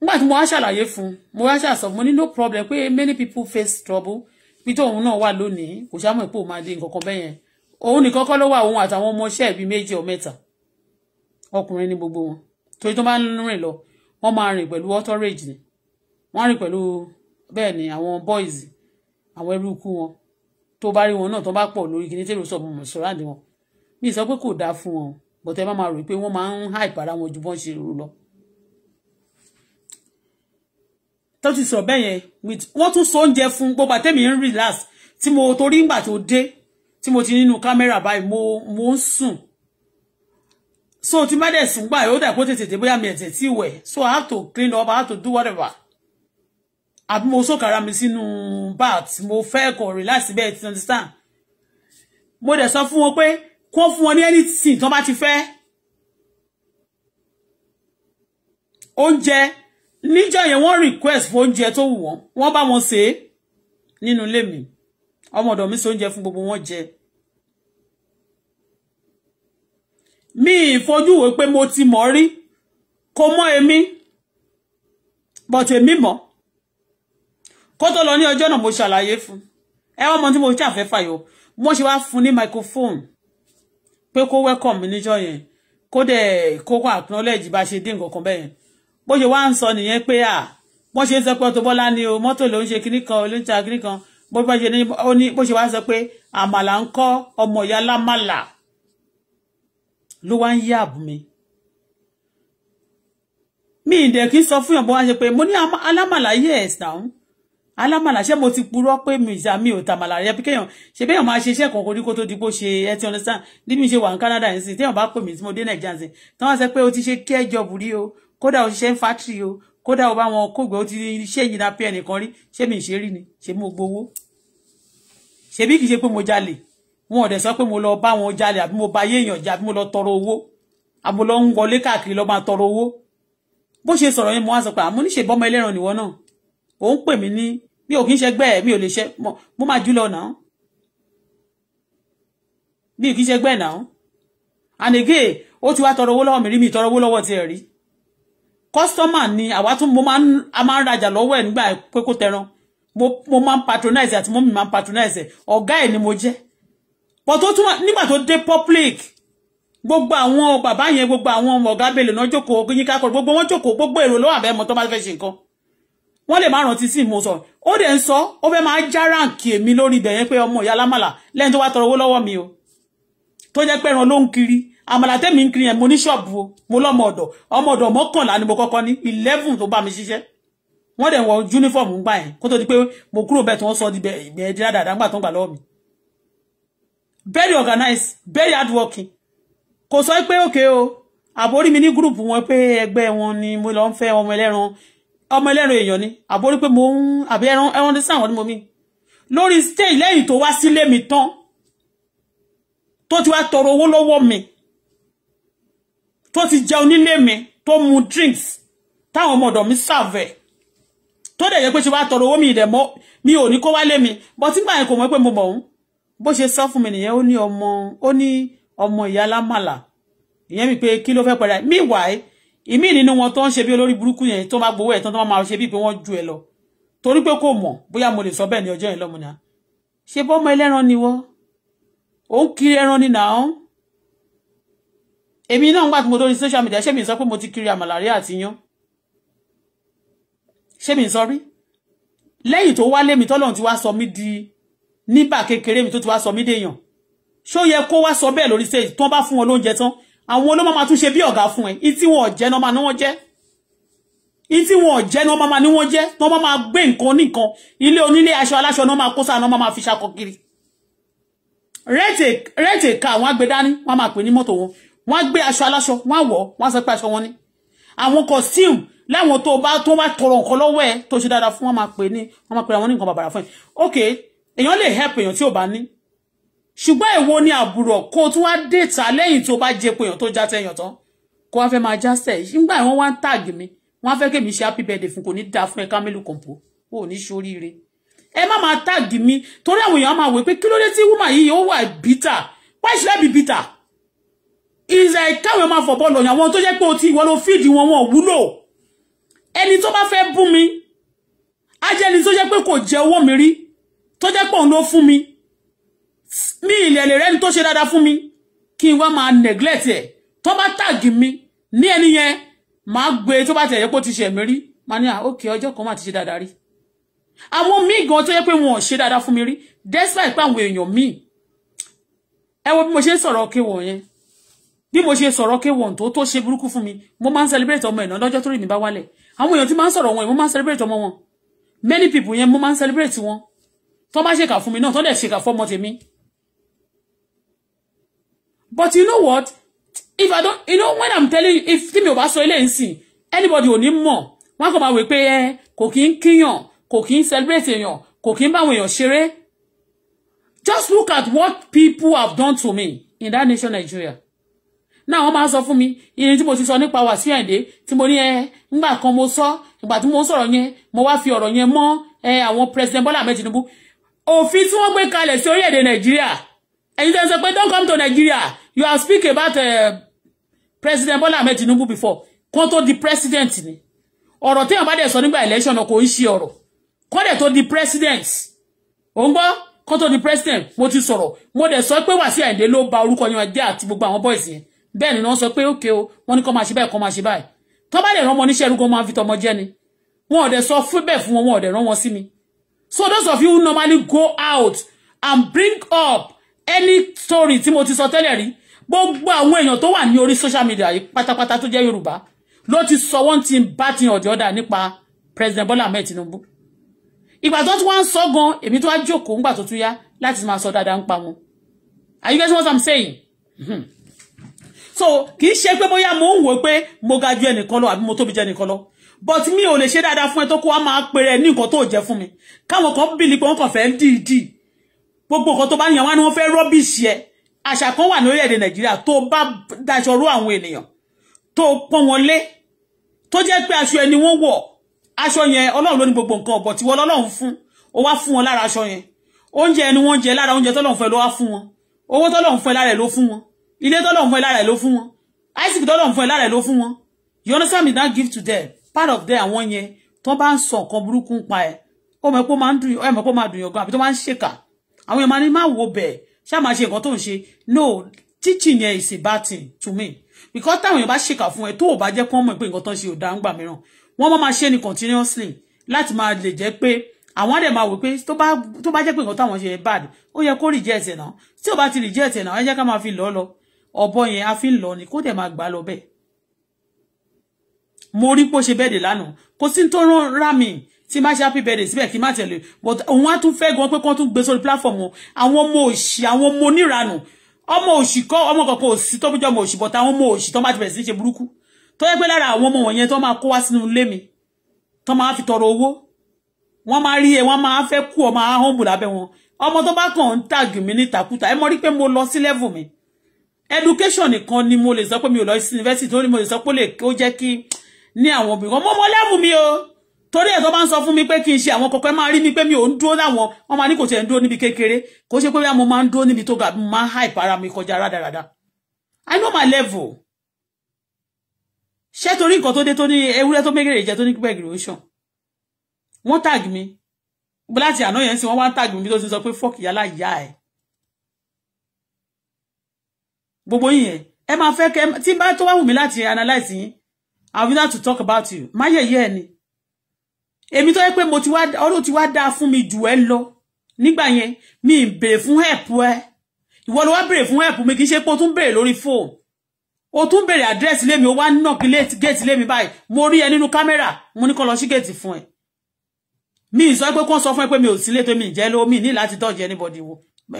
nígbà tí mo wá ṣàlàyé fún mo wá ṣàṣọ mo ní no problem pé many people face trouble bí tóun náà wà lónìí kò ṣàmọ̀ pé òun máa dé nǹkan kan bẹ́yẹn òun nìkan kọ́ ló wà òun àtàwọn ọmọ iṣẹ́ ìbí méjì ọ̀ mẹ́ta ọkùnrin ní gbogbo wọn torí tó máa ń rìn lọ wọ́n máa rìn pẹ̀lú authorage ni wọ́n rìn pẹ̀lú bẹ́ẹ̀ ni àwọn boys àwọn eruku wọn tó bá rí wọn náà tó bá pọ̀ lórí kìíní tèrò sọ mọ̀ sọ́ráàdì wọn mi sọ pé kò dáa fún wọn bọ̀tẹ́ bá máa rò pé wọ́n máa ń hype ara wọn ju bọ́n ṣe rò lọ. tó ti sọ bẹ́ẹ̀ yẹn wọ́n tún so oúnjẹ fún gbogbo àtẹ́mi ń relax tí mo torí ńgbà tó dé tí mo ti nínú kámẹ́rà báyìí mo ń sùn so ti má dẹ̀ sùn gbà ó dà kó tètè tè bóyá mi ẹ̀tẹ̀ tí wẹ̀ so i have to clean up i have to do whatever I'm also sọ kàrà mi sínú bath relax bẹ́ẹ̀ understand mo dẹ̀ sọ fún wọn pé kó fún wọn ní anything tó bá ti fẹ́ oúnjẹ níjọ want wọ́n request fún oúnjẹ tó wù wọ́n wọ́n bá wọn ṣe nínú ilé mi ọmọ ọ̀dọ̀ mi ṣe oúnjẹ fún mi ìfojú wò pé mo ti mọ̀ rí kò mọ̀ èmi but èmi mọ̀ kó tó lọ ní ọjọ́ náà mo ṣàlàyé fún ẹ wọ́n mọ tí mo ṣàfẹ́ fàyọ mo ṣe wá fún ní microphone pé kó welcome mi níjọ́ yẹn kó dẹ̀ kó kó acknowledge bá ṣe dé nǹkan kan bẹ́ẹ̀ bó ṣe wá ń sọ nìyẹn pé à wọ́n ṣe ń sọ pé Auto Bola ni o mọ́tò ló ń ṣe kinní kan ló ń ta kinní kan bó ṣe wá sọ pé àmàlà ń kọ́ ọmọ ìyá lámàlà ló wá ń yá àbù mi mi ì dẹ̀ kí n sọ fún yàn bó wá ṣe pé mo ní alámàlà yes now alámàlà ṣé mo ti purọ́ pé mi ìjà mi ò tàmàlà rẹ kéèyàn ṣe béèyàn máa ṣe iṣẹ́ kan koríko tó di bó ṣe ẹ ti understand bí mi ṣe wà ní Canada yìí sìn téèyàn bá pè mí tí mo dé Nàìjíríà sìn tí wọ́n sọ pé o ti ṣe care job rí o kódà o ṣiṣẹ́ ń fátìrì o kódà o bá wọn kógbé o ti ṣe ìyìnlá pé ẹnìkan rí ṣé mi ìṣe rí ni ṣé mo gbowó ṣebí kì í ṣe pé mo jalè wọn ò dẹ̀ sọ pé mo lọ bá wọn jalè àbí mo ba ayé èèyàn jẹ àbí mo lọ tọrọ owó àbí mo lọ ń wọlé káàkiri lọ máa tọrọ owó bó ṣe sọ̀rọ̀ yẹn mo wá sọ pé àmọ́ níṣe bọ́mọ ẹlẹ́ran nìwọ náà òun pè mí ní mi ò kí ń ṣẹgbẹ́ ẹ̀ mi ò lè ṣe mo máa jùlọ náà mi ò kí ń ṣẹgbẹ́ náà and again ó ti wá tọrọ owó lọ́wọ́ mi rí mi tọrọ owó lọ́wọ́ tiẹ̀ rí kọ́sítọ́mà ni àwa tún mo máa ń rajà lọ́wọ́ ẹ̀ nígbà pé kó tẹran mo máa ń patronize àti mọ́mì máa ń patronize ọ̀gá ẹ̀ ni mo jẹ́ but tó tún nígbà tó dé public gbogbo àwọn bàbá yẹn gbogbo àwọn ọ̀gá bèlè náà jókòó yínká kọ gbogbo wọn jókòó gbogbo èrò lọ́wọ́ àbẹ́ mọ́ tó bá fẹ́ ṣe nǹkan wọ́n lè má rántí sí ìmọ̀ sọ̀rọ̀ ó dẹ̀ ń sọ ó fẹ́ máa já ráǹkì èmi lórí ibẹ̀ yẹn pé ọmọ ìyá lámàlà lẹ́yìn tó wá tọrọ owó lọ́wọ́ mi o tó jẹ́ pé ẹran ló ń kiri àmàlà tẹ́mi ń kiri yẹn mo ní ṣọ́ọ̀bù o mo lọ́mọ ọ̀dọ̀ ọmọ ọ̀dọ̀ mọ́kànlá ni mo kọ́kọ́ ní eleven tó bá mi ṣiṣẹ́ wọ́n dẹ̀ wọ uniform ń gbà yẹn kó tó di pé mo kúrò bẹ́ẹ̀ tí wọ́n sọ ibẹ̀ ìgbẹ́ dáadáa gbà tó ń gbà lọ́wọ́ mi very organized very hardworking kò sọ pé òkè o àbórí mi ní gúrùpù wọn pé ẹgbẹ́ wọn ni mo lọ ń fẹ́ ọmọ ẹlẹ́ran ọmọ ẹlẹ́ran èèyàn ni àbórí pé mo ń àbí ẹran ẹran ní sáwọn ni mo mí lórí stage lẹ́yìn tó wá sílé mi tán tó ti wá tọrọ owó lọ́wọ́ mi tó ti jẹun nílé mi tó mu drinks táwọn ọmọ ọ̀dọ̀ mi serve. tó dẹ̀ yẹ pé ṣe wá tọrọ owó mi ìdẹ̀mọ́ mi ò ní kó wálé mi bọ́tí gbà yẹn kò mọ̀ pé mo mọ̀ bó ṣe sọ fún mi nìyẹn ó ní ọmọ ó ní ọmọ ìyá lámàlà ìyẹn mi pé kí ló fẹ́ pẹ̀lú meanwhile ìmí nínú wọn tó ń ṣe bí olórí burúkú yẹn tó máa gbowó ẹ̀ tán tó máa ṣe bí pé wọ́n ju ẹ lọ torí pé kò mọ̀ bóyá mo lè sọ bẹ́ẹ̀ ní ọjọ́ yẹn lọ́mọ náà ṣe bọ́mọ ẹlẹ́ran ni wọ́ ó ń kiri ẹran ni nàá èmi náà ń gbà tí mo dórí social media ṣé mi sọ pé mo ti kiri àmàlàrí àti yán ṣé mi sọ rí lẹ́yìn tó wá lémi tọ́lọ́run ti wá sọ mí di nígbà kékeré mi tó ti wá sọ mí déèyàn ṣó yẹ kó wá sọ bẹ́ẹ̀ lórí stage tó bá fún wọn lóúnjẹ tán àwọn olómọ máa tún ṣe bí ọ̀gá fún ẹ ìtí wọn ò jẹ́ nọ́mà ni wọ́n jẹ́ ìtí wọn ò jẹ́ nọ́mà máa ni wọ́n jẹ́ tó máa máa gbé nǹkan nìkan ilé onílé aṣọ aláṣọ náà máa kó sáà náà máa fi ṣakọ kiri rẹ́ẹ̀tì ká àwọn agbẹ̀dání wọ́n máa pè ní mọ́tò wọn wọ́n gbé aṣọ aláṣọ wọ́n wọ̀ wọ́n sọ pé aṣọ wọn ni àwọn costume láwọn tó bá tó bá tọrọ nǹkan lọ́wọ́ ẹ tó ṣe dáadáa fún wọn máa pè ní wọn máa pè àwọn nǹkan bàbàrà fún ẹ okay èèyàn lè help èèyàn tí ò bá ní ṣùgbọ́n èwo ni àbúrò kó tún wá déta lẹ́yìn tó bá jẹ pé èèyàn tó já tẹ̀yàn tán kó wá fẹ́ máa já sẹ̀ nígbà wọn wá ń tag mi wọn á fẹ́ kémi ṣe happy birthday fún kò ní dáa fún ẹ Kamilu Kompo ò ní ṣoríire ẹ má máa tag mi torí àwọn èèyàn máa wò pé kí ló dé tí woman yìí ó wà bitter why should I be bitter ìzẹ̀ káwọn máa fọ̀ bọ́ọ̀lù ọ̀yàn àwọn tó jẹ́ pé o ti ìwọ ló fíìdì wọn wọn wúlò ẹni tó bá fẹ́ bú mi ajẹ́ni tó jẹ́ pé kò jẹ owó mi rí tó jẹ́ pé òun ló fún mi mi ilẹ̀ lè rẹ́ni tó ṣe dáadáa fún mi kí n wá máa neglect ẹ̀ tó bá tàgì mi ní ẹni yẹn máa gbé e, tó bá tẹ̀ yẹ kó ti ṣẹ̀mí rí máa ní à ah, ókè ọjọ́ kan máa ti ṣe dáadáa rí àwọn míì gan tó yẹ pé wọn ò ṣe dáadáa fún mi rí despite pé àwọn èèyàn míì ẹ wo bí mo ṣe ń sọ̀rọ̀ kéwọ̀n yẹn bí mo ṣe sọ̀rọ̀ kéwọ̀n tó tó ṣe burúkú fún mi mo máa ń celebrate ọmọ ẹ̀nà lọ́jọ́ tó rìn mi bá wálẹ̀ àwọn èèyàn tí máa ń sọ̀rọ̀ wọn mo máa ń celebrate ọmọ wọn many people yẹn mo máa ń celebrate wọn tó bá ṣèkà fún mi náà tó dẹ̀ ṣèkà fọ́mọ tèmi. but you know what if i don't you know when i'm telling you if tí mi ò bá sọ ilé nsìn anybody ò ní mọ̀ wọ́n kàn máa wò pé ẹ eh, kò kí ń kíyàn kò kí ń celebrate èèyàn kò kí ń báwọn èèyàn ṣeré just look at what people have done to me in that nation Nigeria náà wọ́n máa sọ fún mi irin tí mo ti sọ nípa Wàsíù Àyìndé tí mo ní ẹ eh, ńgbà kan mo sọ ìgbà tí mo ń sọ̀rọ̀ yẹn mo wá fi ọ̀rọ̀ yẹn mọ́ eh, àwọn president Bọ́lá Ahmed Tinubu òfin tí wọ́n gbé kalẹ̀ sí orílẹ̀-èdè nàìjíríà ẹ̀yin tẹ́ sọ pé don't come to Nigeria you have speak about uh, president Bola Ahmed Tinubu before kó tó di president ni ọ̀rọ̀ téèyàn bá dẹ̀ sọ nígbà election kò ń ṣe ọ̀rọ̀ kó dẹ̀ tó di president ò ń gbọ́ kó tó di president mo ti sọ̀rọ̀ mo dẹ̀ sọ pé Wàsíù Àyìndé ló ba orúkọ yẹn jẹ́ àti gbogbo àwọn boys yẹn bẹ́ẹ̀ ni wọ́n sọ pé ókè o wọ́n ní kó máa ṣe báyìí kó máa ṣe báyìí tó bá dẹ̀ rán ọmọ oníṣẹ́ irúgbọ́n máa fi tọmọ jẹ́ ni wọn ò dẹ̀ sọ fún bẹ́ẹ̀ fún wọn wọn ò dẹ̀ rán wọn sí mi so those of you who normally go out and bring up any story Timothy mo ti sọ tẹ́lẹ̀ rí gbogbo àwọn èèyàn tó wà ní orí social media yìí pátápátá tó jẹ́ Yorùbá ló ti sọ one thing bad thing or the other nípa President Bola Ahmed Tinubu If I don't want ń sọ gan èmi tó wá jókòó ńgbà tó tún yá láti máa sọ dáadáa ń pa are you guys what I'm saying hmm. so kì í ṣe pé bóyá mo ń wò pé mo ga ju ẹnìkan lọ àbí mo tóbi jẹ ẹnìkan lọ but mi ò lè ṣe dáadáa fún ẹ tó kó wá máa pèrè ní nǹkan tó jẹ́ fún mi káwọn kan bìlì pé wọ́n kàn fẹ́ ń dìídì gbogbo nǹkan tó bá yàn wá ni wọ́n fẹ́ rọ́bìṣì ẹ àṣà kan wà ní orílẹ̀-èdè nàìjíríà tó bá daṣọ rú àwọn ènìyàn tó pọ́n wọn lé tó jẹ́ pé aṣọ ẹni wọ́n wọ̀ aṣọ yẹn ọlọ́run ló ní gbogbo nǹkan ọ̀bọ̀ tí wọ́n fun. fún ó wá fún wọn lára aṣọ yẹn oúnjẹ ẹni wọ́n jẹ lára oúnjẹ tọ́lọ́run fẹ́ ló wá fún wọn owó tọ́lọ́run fún ẹ lára ẹ̀ ló fún wọn ilé tọ́lọ́run fun ẹ lára ẹ̀ ló fún wọn isaac tọ́lọ́run fún you understand me that give to them part of them àwọn yẹn tó bá ń sọ nǹkan burúkú pa ẹ ó mọ̀ pé ó máa ń dùn ó mọ̀ pé ó máa dùn yàn gan àbí tó máa ń ṣèkà àwọn èèyàn máa ní má wo bẹ́ẹ̀ ṣáà máa ṣe nǹkan tó ń no teaching yẹn is a bad thing to me because táwọn èèyàn bá ṣèkà fún ẹ tó ò bá jẹ́ kó mọ̀ pé nǹkan tó ń ṣe ò dáa ń gbà mìíràn wọ́n máa ṣe ni continuously láti máa lè jẹ́ pé àwọn àdẹ̀ máa wò pé tó bá jẹ́ pé nǹkan táwọn ṣe bad ó yẹ kó reject ẹ̀ náà tí ò bá ti reject ẹ̀ náà ẹ jẹ́ ká máa fi lọ́ lọ ọ̀bọ yẹn a fi ń lọ ni kó dẹ̀ máa gbà lọ bẹ́ẹ̀ mo rí pé ó ṣe birthday lánàá kò sí tó rán rá mi tí má ṣe happy birthday síbẹ̀ kí má tẹ̀lé but òun á tún fẹ́ gan pé kán tún gbé sórí platform wọn àwọn ọmọ òṣì àwọn ọmọ oníranù ọmọ òṣì kọ́ ọmọ kankan òṣì tó bójú ọmọ òṣì but àwọn ọmọ òṣì tó má ti bẹ̀rẹ̀ sí ṣe burúkú tó yẹ pé lára àwọn ọmọ wọ̀nyẹn tó máa kó wá sínú ilé mi tó máa fi tọrọ owó wọ́n máa rí ẹ wọ́n máa fẹ́ kú ọmọ ahọ́nbù lábẹ́ wọn ọmọ tó bá kàn ń tàgì mí ní tàkútà ẹ mọ̀ rí pé mo lọ sí level mi education nìkan ni mo lè sọ pé mi ò lọ sí university tó ní mo lè sọ pé ó jẹ́ kí ní àwọn obìnrin ọmọ ọmọ lẹ́mù mi o torí ẹ̀ tó bá ń sọ fún mi pé kí n ṣe àwọn kọ̀ọ̀kan máa rí mi pé mi ò ń dúró láwọn wọ́n máa ní kò tiẹ̀ ń dúró níbi kékeré kò ṣe pé bí mo máa ń dúró níbi tó ga mo máa ń háì para mi kọjá rádaràda I know my level ṣé torí nǹkan tó dé tó ní ewúrẹ́ tó mẹ́gẹ̀rẹ̀ jẹ́ tó ní pípẹ́ graduation wọ́n tag mi láti àná yẹn sí wọ́n wá ń tag mi tó ti sọ pé fọ́ọ̀kì yálà ìyá ẹ̀ gbogbo yìí yẹn ẹ máa fẹ́ kẹ́ tí bá tó wá wù mí láti analyze yín I will not to talk about you máyẹ̀yẹ́ ni èmi tó yẹ pé mo ti wá ọdún ti wá dáa fún mi jù ẹ lọ nígbà yẹn mi ń béèrè fún help ẹ ìwọ ló wá béèrè fún help mi kì í ṣe pé o tún phone o tún béèrè address le mi o wá knock gate le mi báyìí mo rí ẹ nínú camera mo ní kó lọ sí gate fún ẹ mi sọ pé kó sọ fún ẹ pé mi ò sílé tó mi jẹ lówó mi ní láti dodge anybody wo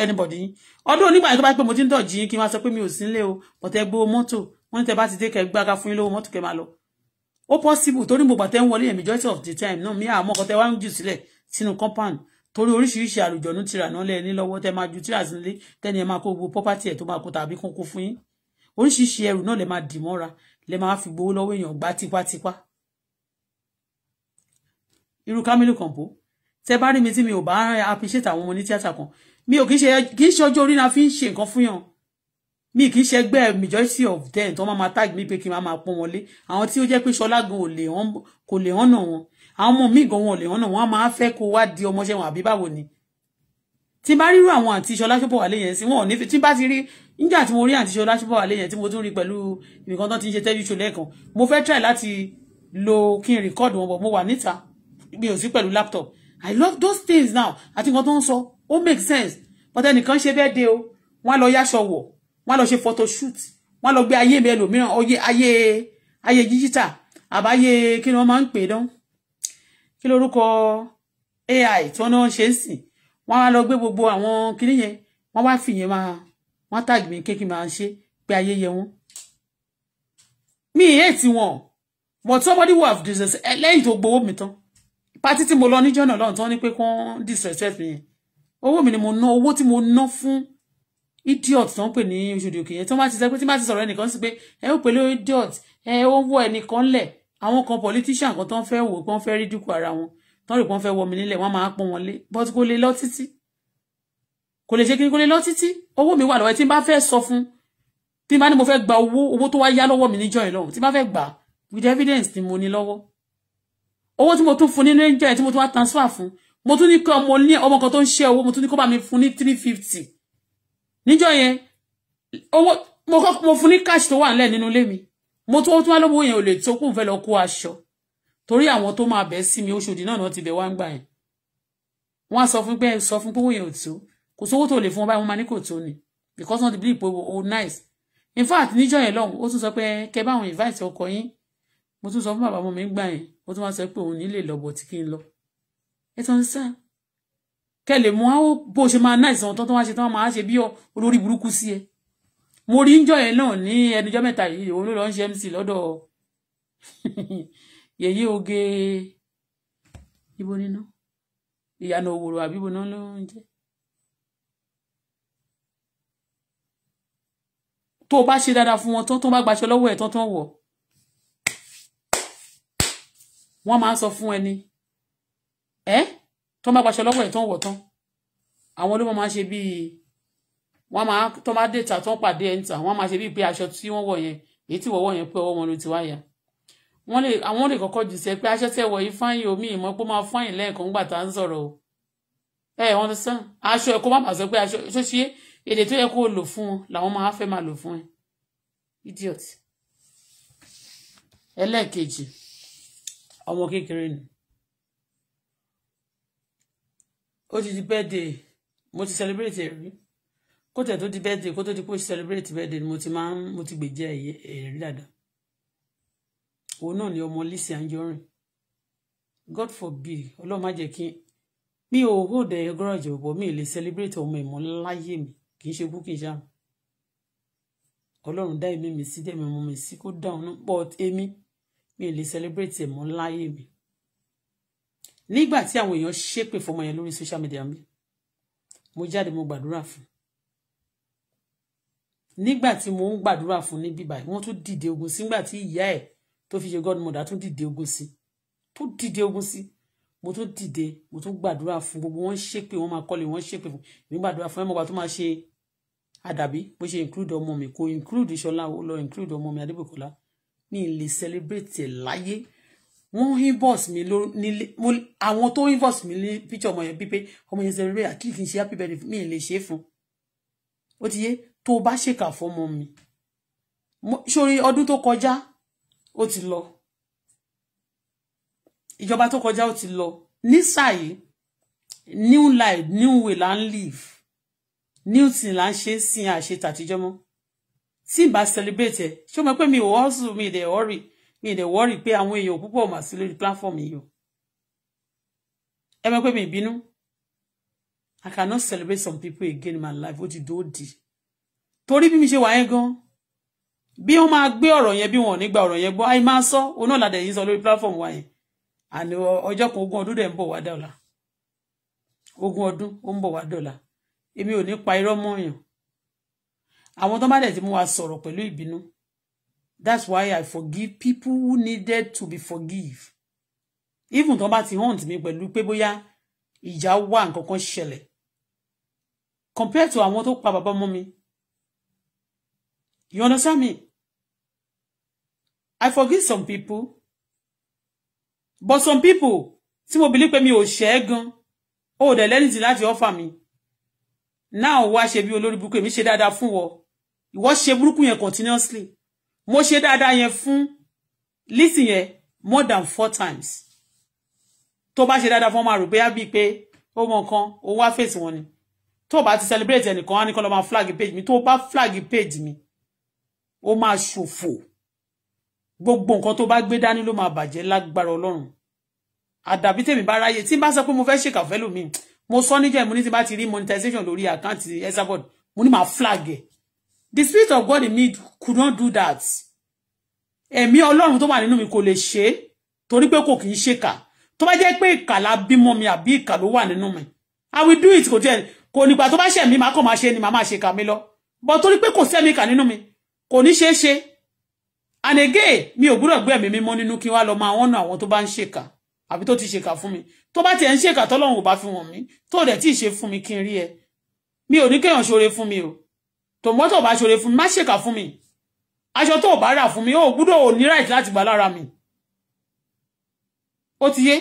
anybody Odo ọdún onígbà to tó bá mo ti ń dodge yín kí n wá sọ pé mi ò o but ẹ gbowó mọ́tò wọ́n ní tẹ́ bá ti dé gba gbága fún yín lówó mọ́tò kẹ́ máa lọ ó possible torí gbogbo àtẹ ń wọlé yẹn majority of the time náà mi àmọ́ ọkọ tẹ wá ń jù sílẹ̀ sínú compound torí oríṣiríṣi àlùjọ̀nú tìrà náà lẹ́ẹ̀ ní lọ́wọ́ tẹ máa ju tìrà sí nílé tẹ́ni ẹ máa kó gbogbo property ẹ̀ tó máa kó tàbí kó kó fún yín oríṣiríṣi ẹrù náà lẹ máa dì mọ́ra lẹ máa fi gbowó lọ́wọ́ èèyàn gbá tipátipá irú Kamilu Kampo tẹ bá rí mi tí mi ò bá appreciate àwọn ọmọ ní tíátà kan mi ò kì í ṣe ọjọ́ orí la fi ń ṣe nǹkan fún yàn mi kì í ṣe majority of them tó máa ma tag mi pé kí n máa ma pọ́n wọn lé àwọn tí ó jẹ́ pé ṣọlá gan ò lè hàn kò lè hàn náà wọn àwọn ọmọ míì gan wọn ò lè hàn náà wọn á máa fẹ́ kó wá di ọmọọṣẹ́ wọn àbí báwo ni tí bá rírú àwọn àǹtí ṣọlá ṣọpọ̀ wà léyìn sí wọn ò nífẹ̀ẹ́ tí bá ti rí nígbà tí mo rí àǹtí ṣọlá ṣọpọ̀ wà léyìn tí mo tún rí pẹ̀lú nǹkan tó ti ń ṣe tẹ́jú ṣo lẹ́ẹ̀kan mo fẹ́ try láti lo kí n rìkọ́ọ̀dù wọn bọ̀ mo wà níta mi ò sí pẹ̀lú laptop i love those things now àti nǹkan tó ń sọ ó make sense but ẹnìkan ṣe bẹ́ẹ̀ de o wọ́n á lọ yáṣọ wọ̀ wọ́n lọ ṣe photoshoot wọ́n lọ gbé ayé mi ẹlòmíràn oyé ayé ayé digital àbáyé kí ni wọ́n máa ń pè dán kí lórúkọ ai tí wọ́n náà ṣe ń sìn wọ́n á lọ gbé gbogbo àwọn kinní yẹn wọ́n wá fìyẹn máa wọ́n tag mi kéèkì máa ń ṣe pé ayé yẹ wọ́n mi ì hate wọn but somebody who have disease eh, lẹ́yìn tó gbowó mi tán pátí tí mo lọ níjọ́ náà lọ́run tán ni pé kán disrespect mi yẹn owó mi ni mo ná owó tí mo ná fún idiot tó ń pè ní oṣooṣù òkè yẹn tó máa ti sọ pé tí máa ti sọ̀rọ̀ ẹnìkan sí pé ẹ ó pèlè idiot ẹ ó wọ ẹnìkan lẹ̀ àwọn kan politician kan tó ń fẹ́ wò pé wọ́n fẹ́ rí dúkù ara wọn tó ń rí pé wọ́n fẹ́ wọ mi nílẹ̀ wọ́n máa pọ́n wọn lé but kò lè lọ títí kò lè ṣe kí n kò lè lọ títí owó mi wà lọ́wọ́ tí n bá fẹ́ sọ fún tí n bá ní mo fẹ́ gba owó owó tó wá yá lọ́wọ́ mi níjọ́ yẹn lọ́wọ́ tí n bá fẹ́ gbà with evidence ni mo ní lọ́wọ́ owó tí mo tún fún nínú ẹ̀jẹ̀ tí mo tún wá transfer fún mo tún ní kí ọmọ ní ọmọ kan tó ń ṣe owó mo tún ní kó bá mi fún ní three fifty níjọ́ yẹn owó mo kọ́ mo fún ní cash tó wà ńlẹ̀ nínú ilé mi mo tó tún wá lówó yẹn ò lè tó kún fẹ́ lọ kó aṣọ torí àwọn tó máa bẹ̀ sí mi Òṣòdì náà náà ti bẹ̀ wá ń gbà yẹn wọ́n á sọ fún pé sọ fún pé owó yẹn ò tó kò sówó tó lè fún wọn báyìí wọ́n máa ní kò tó ni because wọ́n ti believe pé o nice in fact níjọ́ yẹn lọ́hùn ó tún sọ pé kẹ báwọn invite ọkọ yín mo tún sọ fún bàbá mo mi ń gbà yẹn ó tún wá sọ pé òun nílé lọ bọ̀ tí kì í lọ ẹ tán sáà kẹ́ lè mú àwọn bó ṣe máa náà ìsàn tán tó wáá ṣe tán máa ṣe bí olórí burúkú sí ẹ mo rí ń jọ yẹn náà ní ẹnujọ́ mẹ́ta yìí òun ló lọ ń ṣe mc lọ́dọ̀ yèyé oge ibo níná ìyànà òwòrò àbíbo náà ló ń jẹ́ tó bá ṣe dáadáa fún wọn tán tó bá gbaṣọ lọ́wọ́ ẹ̀ tán tán wọ̀ wọ́n máa ń sọ fún ẹni ẹ́ eh? tó máa gbaṣọ lọ́wọ́ ẹ̀ tó ń wọ̀ tán àwọn ló máa ṣe bíi wọ́n máa tó máa dèta tó ń pàdé ẹ̀ ń tà wọ́n máa ṣe bíi pé aṣọ tí wọ́n wọ̀ yẹn èyí tí wọ́wọ́ yẹn pé ọwọ́ wọn ló ti wáyà wọ́n lè àwọn lè kọ́kọ́ jù sẹ́ pé aṣọ tẹ́ wọ̀ yìí fáyìn omi ìmọ̀ pé máa fáyìn lẹ́ẹ̀kan gbà tá à ń sọ̀rọ̀ o ẹ wọn ti sàn aṣọ ẹ kó má bàa sọ pé aṣọ ṣóṣe èdè tó yẹ kó lò fún un làwọn máa fẹ́ máa lò fún ẹ idiot ẹlẹ́ẹ̀kejì ọmọ kékeré ni ó ti di birthday mo ti celebrate ẹ̀rí kó tẹ̀ tó di birthday kó tó di pé celebrate birthday ni mo ti máa ń mo ti gbèjẹ́ ẹ̀rí dáadáa òun náà ni ọmọ Lizzy Anjorin God forbid ọlọ́run má jẹ́ kí mi ò hold ẹ̀ gọ́rọ̀jì ọ̀bọ̀ mi lè celebrate ọmọ ìmọ̀ láyé mi kì í ṣe kú kì í ṣáà ọlọ́run dá èmi mi sí dẹ́mi ọmọ mi sí kó dáhùn náà but èmi mi lè celebrate ẹ̀mọ́ láyé mi nígbà tí àwọn èèyàn ṣépè fọmọ yẹn lórí social media mi mo jáde mo gbàdúrà fún nígbà tí mo ń gbàdúrà fún ní bíbá wọn tún dìde ogun sí nígbà tí ìyá ẹ̀ tó fi ṣe godmother tún dìde ogun sí tó dìde ogun sí mo tún dìde mo tún gbàdúrà fún gbogbo wọn ṣépè wọn máa kọ́lé wọn ṣépè fún mi gbàdúrà fún ẹ mọ̀gbà tó máa ṣe àdàbí bó ṣe include ọmọ mi kò include Ṣọlá ó lọ include ọmọ mi Adébùkọ́lá mi lè celebrate ẹ̀ láyé wọ́n inbox mi ló nílé àwọn tó inbox mi ní píkṣọ ọmọ yẹn pípé ọmọ yẹn sọ pé àti kì í ṣe happy birthday mi lè ṣe fún ó ti yé tó o bá ṣèkà fọmọ mi sórí ọdún tó kọjá ó ti lọ ìjọba tó kọjá ó ti lọ nísàyí new life new way là ń live new thing là ń ṣe sin àṣetàtijọ́ mọ́ tí n bá celebrate ẹ̀ ṣé o mọ̀ pé mi ò hustle mi dẹ̀ hurry mi ì worry wọ́rì pé àwọn èèyàn púpọ̀ mà sí platform yìí o ẹ mọ̀ pé mi ìbínú I cannot celebrate some people again in my life ó ti dòódì torí bí mi ṣe wà yẹn gan bí wọ́n máa gbé ọ̀rọ̀ yẹn bí wọn ò ní gba ọ̀rọ̀ yẹn gbọ́ àì máa sọ òun náà làdẹ̀ yìí sọ lórí platform wa yẹn àní ọjọ́ kan ogún ọdún dẹ̀ ń bọ̀ wá dọ̀la ogún ọdún ó ń bọ̀ wá dọ̀la èmi ò ní pa irọ́ mọ́yàn àwọn tó bá dẹ̀ ti mú wa sọ̀rọ̀ pẹ̀lú ìbínú that's why i forgive people who needed to be forgive even tó bá ti hunt mi pẹ̀lú pé bóyá ìjà wà nǹkan kan ṣẹlẹ̀ compared to àwọn tó pa bàbá ọmọ you understand me i forgive some people but some people tí mo believe pe mi o ṣe é gan ó dẹ̀ lẹ́ni tí láti offer mi now wá ṣe bí olórí burúkú èmi ṣe dáadáa fún wọ ìwọ ṣe burúkú yẹn continuously mo ṣe dáadáa yẹn fún Lizzy yẹn more than four times tó bá ṣe dáadáa fún ọmọ àrò bóyá bíi pé ó mọ nǹkan òun wá fèsì wọn ni tó bá ti celebrate ẹnìkan á ní kó lọ máa flag page mi tó bá flag page mi ó máa ṣòfò gbogbo nǹkan tó bá gbé dání ló máa bàjẹ́ lágbára Ọlọ́run àdàbí tèmi bá ráyè tí n bá sọ pé mo fẹ́ ṣèkà fẹ́lòmíì mo sọ níjẹ́ mo ní ti bá ti rí monetization lórí àkáǹtì Esabod mo ní máa flag ẹ̀ the spirit of God in me could not do that ẹ̀mí ọlọ́run tó wà nínú mi kò lè ṣe é torí pé kò kì í ṣèkà tó bá jẹ́ pé ìkà la bímọ mi àbí ìkà ló wà nínú mi i will do it kò tiẹ̀ kò nígbà tó bá ṣẹ̀ mí màá kàn máa ṣe ni màá máa ṣe kà mí lọ but torí pé kò sẹ́mi ìkà nínú mi kò ní ṣeé ṣe and again mi ò gbúdọ̀ gbé ẹ̀mí mímọ́ nínú kí n wá lọ máa wọ́n nà àwọn tó bá ń ṣèkà àbí tó ti ṣèkà fún mi tó bá tiẹ̀ ń ṣèkà tọ́lọ́run ò bá fi wọ̀n mi tó dẹ̀ tí ì ṣe fún mi kí n rí ẹ mi ò ní kéèyàn ṣoore fún mi o tòmọ́ tó bá ṣòro fún mi má ṣèkà fún mi aṣọ tó bá rà fún mi ó gbúdọ̀ ò ní right láti gbà lára mi ó ti yé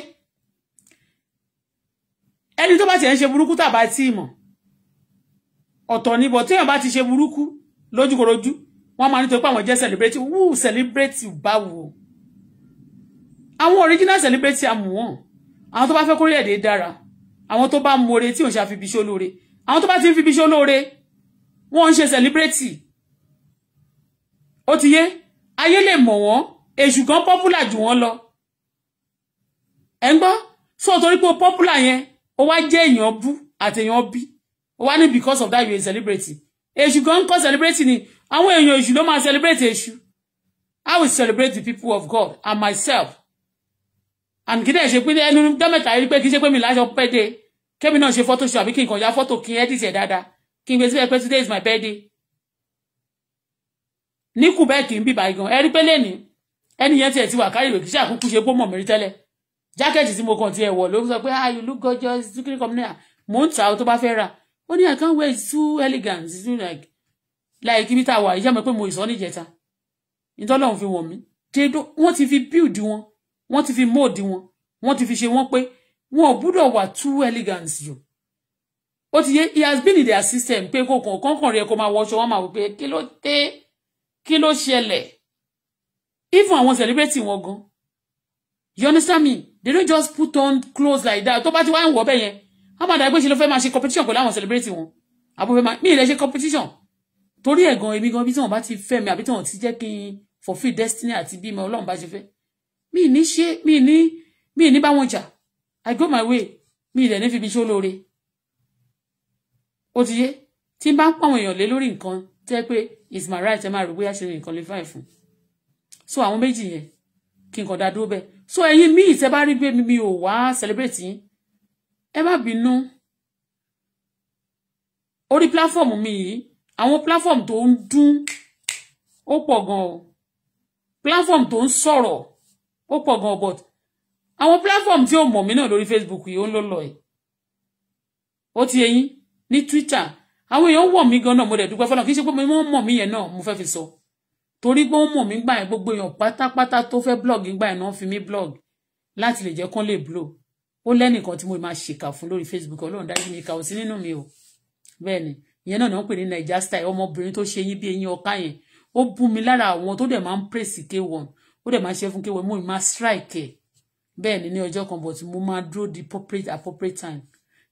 ẹni tó bá ti ẹ̀ ń ṣe burúkú tàbá tí mọ̀ ọ̀tọ̀ níbọ̀ téèyàn bá ti ṣe burúkú lójúkorojú wọ́n máa nítorí pé àwọn jẹ́ celebrate wú celebrate báwo àwọn original celebrate àmùwọ̀n àwọn tó bá fẹ́ kórè èdè ba àwọn tó bá mọ̀ọ́rẹ́ tí òun ṣe àfibiṣẹ́ olóore àwọn tó bá ti ń fibiṣẹ́ olóore wọ́n ń ṣe celebrity ó ti yé ayé lè mọ̀ wọ́n èṣù kan popular jù wọ́n lọ ẹ̀ ń gbọ́ so torí pé popular yẹn ó wá jẹ́ èèyàn bú àti èèyàn bí ó wá ní because of that you are a celebrity èṣù kan ń kọ́ celebrity ni àwọn èèyàn èṣù ló máa celebrate èṣù I will celebrate the people of God and myself and kí dẹ̀ ṣe pé ẹnu dọ́mẹ̀ta rí pé kí ṣe pé mi láṣọ pẹ́ dé kémi náà ṣe fọ́tò ṣù àbí kí nǹkan ya fọ́tò kí ẹ́ dìṣẹ́ dáadáa kí n gbé síbẹ̀ pé today is my birthday ní Quebec ń bíbá igan ẹ rí pé lẹ́ni ẹni yẹn tiẹ̀ ti wà kárí ìwé kì í ṣàkókò ṣe gbọ́mọ̀ mẹ́rin tẹ́lẹ̀ jákẹ́ẹ̀tì tí mo kàn tiẹ̀ wọ̀ ló sọ pé ah you look gorgeous kíkiri kan náà ah, mò ń ta ọ tó bá fẹ́ rà ó ní I can't wear too elegant it's like like ibi tá a wà ìyá mi pé mo ìsọ́ níjẹta ìtọ́lọ́run fi wọ̀n mí dédó wọ́n ti fi build wọn wọ́n ti fi mold wọn wọ́n ti fi ṣe wọ́n pé wọn ò gbúdọ̀ wà too elegant yòó ó ti yé he has been in their system pé kò kàn kọ́kàn rí ẹ kó máa wọṣọ wọn máa wò pé kí ló dé kí ló ṣẹlẹ̀ even àwọn celebrity wọn gan you understand me they don't just put on clothes like that tó bá ti wá ń wọ̀ bẹ́ẹ̀ yẹn wọ́n máa dàgbé ṣe ló fẹ́ máa ṣe competition pẹ̀lú àwọn celebrity wọn àbúrò máa mí ìlẹ̀ ṣe competition torí ẹ̀ gan èmi gan bí tí wọ́n bá ti fẹ́ mi àbí tí wọ́n ti jẹ́ kí n free destiny àti bímọ ọlọ́run bá ṣe fẹ́ mi ní ṣe mi ní mi ní bá wọn jà i go my way mi ìlẹ̀ ní fi mi ṣó lóore ó ti yé tí n bá ń pọ̀ àwọn èèyàn lé lórí nǹkan jẹ́ pé is my right ẹ máa rò bóyá ṣe nǹkan lè fàì fún so àwọn méjì yẹn kí nǹkan dá dúró bẹ́ẹ̀ so ẹ̀yin míì tẹ́ bá rí gbé mi mi ò wá celebrate yín ẹ má bínú orí platform mi yìí àwọn platform tó ń dún ó pọ̀ gan o platform tó ń sọ̀rọ̀ ó pọ̀ gan o but àwọn platform tí ò mọ̀ mí náà lórí Facebook yìí ó ń lọ lọ ẹ̀ ó ti eyín ní Twitter àwọn èèyàn wọ̀ mí gan náà mo dẹ̀ dúpẹ́ fọlọ́n kì í ṣe pé mo mọ̀ mí yẹn náà mo fẹ́ fi sọ torí pé ó mọ̀ mí gbà yẹn gbogbo èèyàn pátápátá tó fẹ́ blog gbà yẹn náà fi mí blog láti lè jẹ́ kán lè blow ó lẹ́nìkan tí mo máa ṣèkà fún lórí Facebook ọlọ́run dájú mi kà ó sí nínú mi o bẹ́ẹ̀ ni ìyẹn náà náà ń pè ní Naija style ọmọbìnrin tó ṣe yín bí eyín ọká yẹn ó bú mi lára àwọn tó dẹ̀ máa ń praise K1 ó dẹ̀ máa ń ṣe fún K1 mo máa strike ẹ̀ bẹ́ẹ̀ ni ní ọjọ́ kan but mo máa dúró di appropriate appropriate time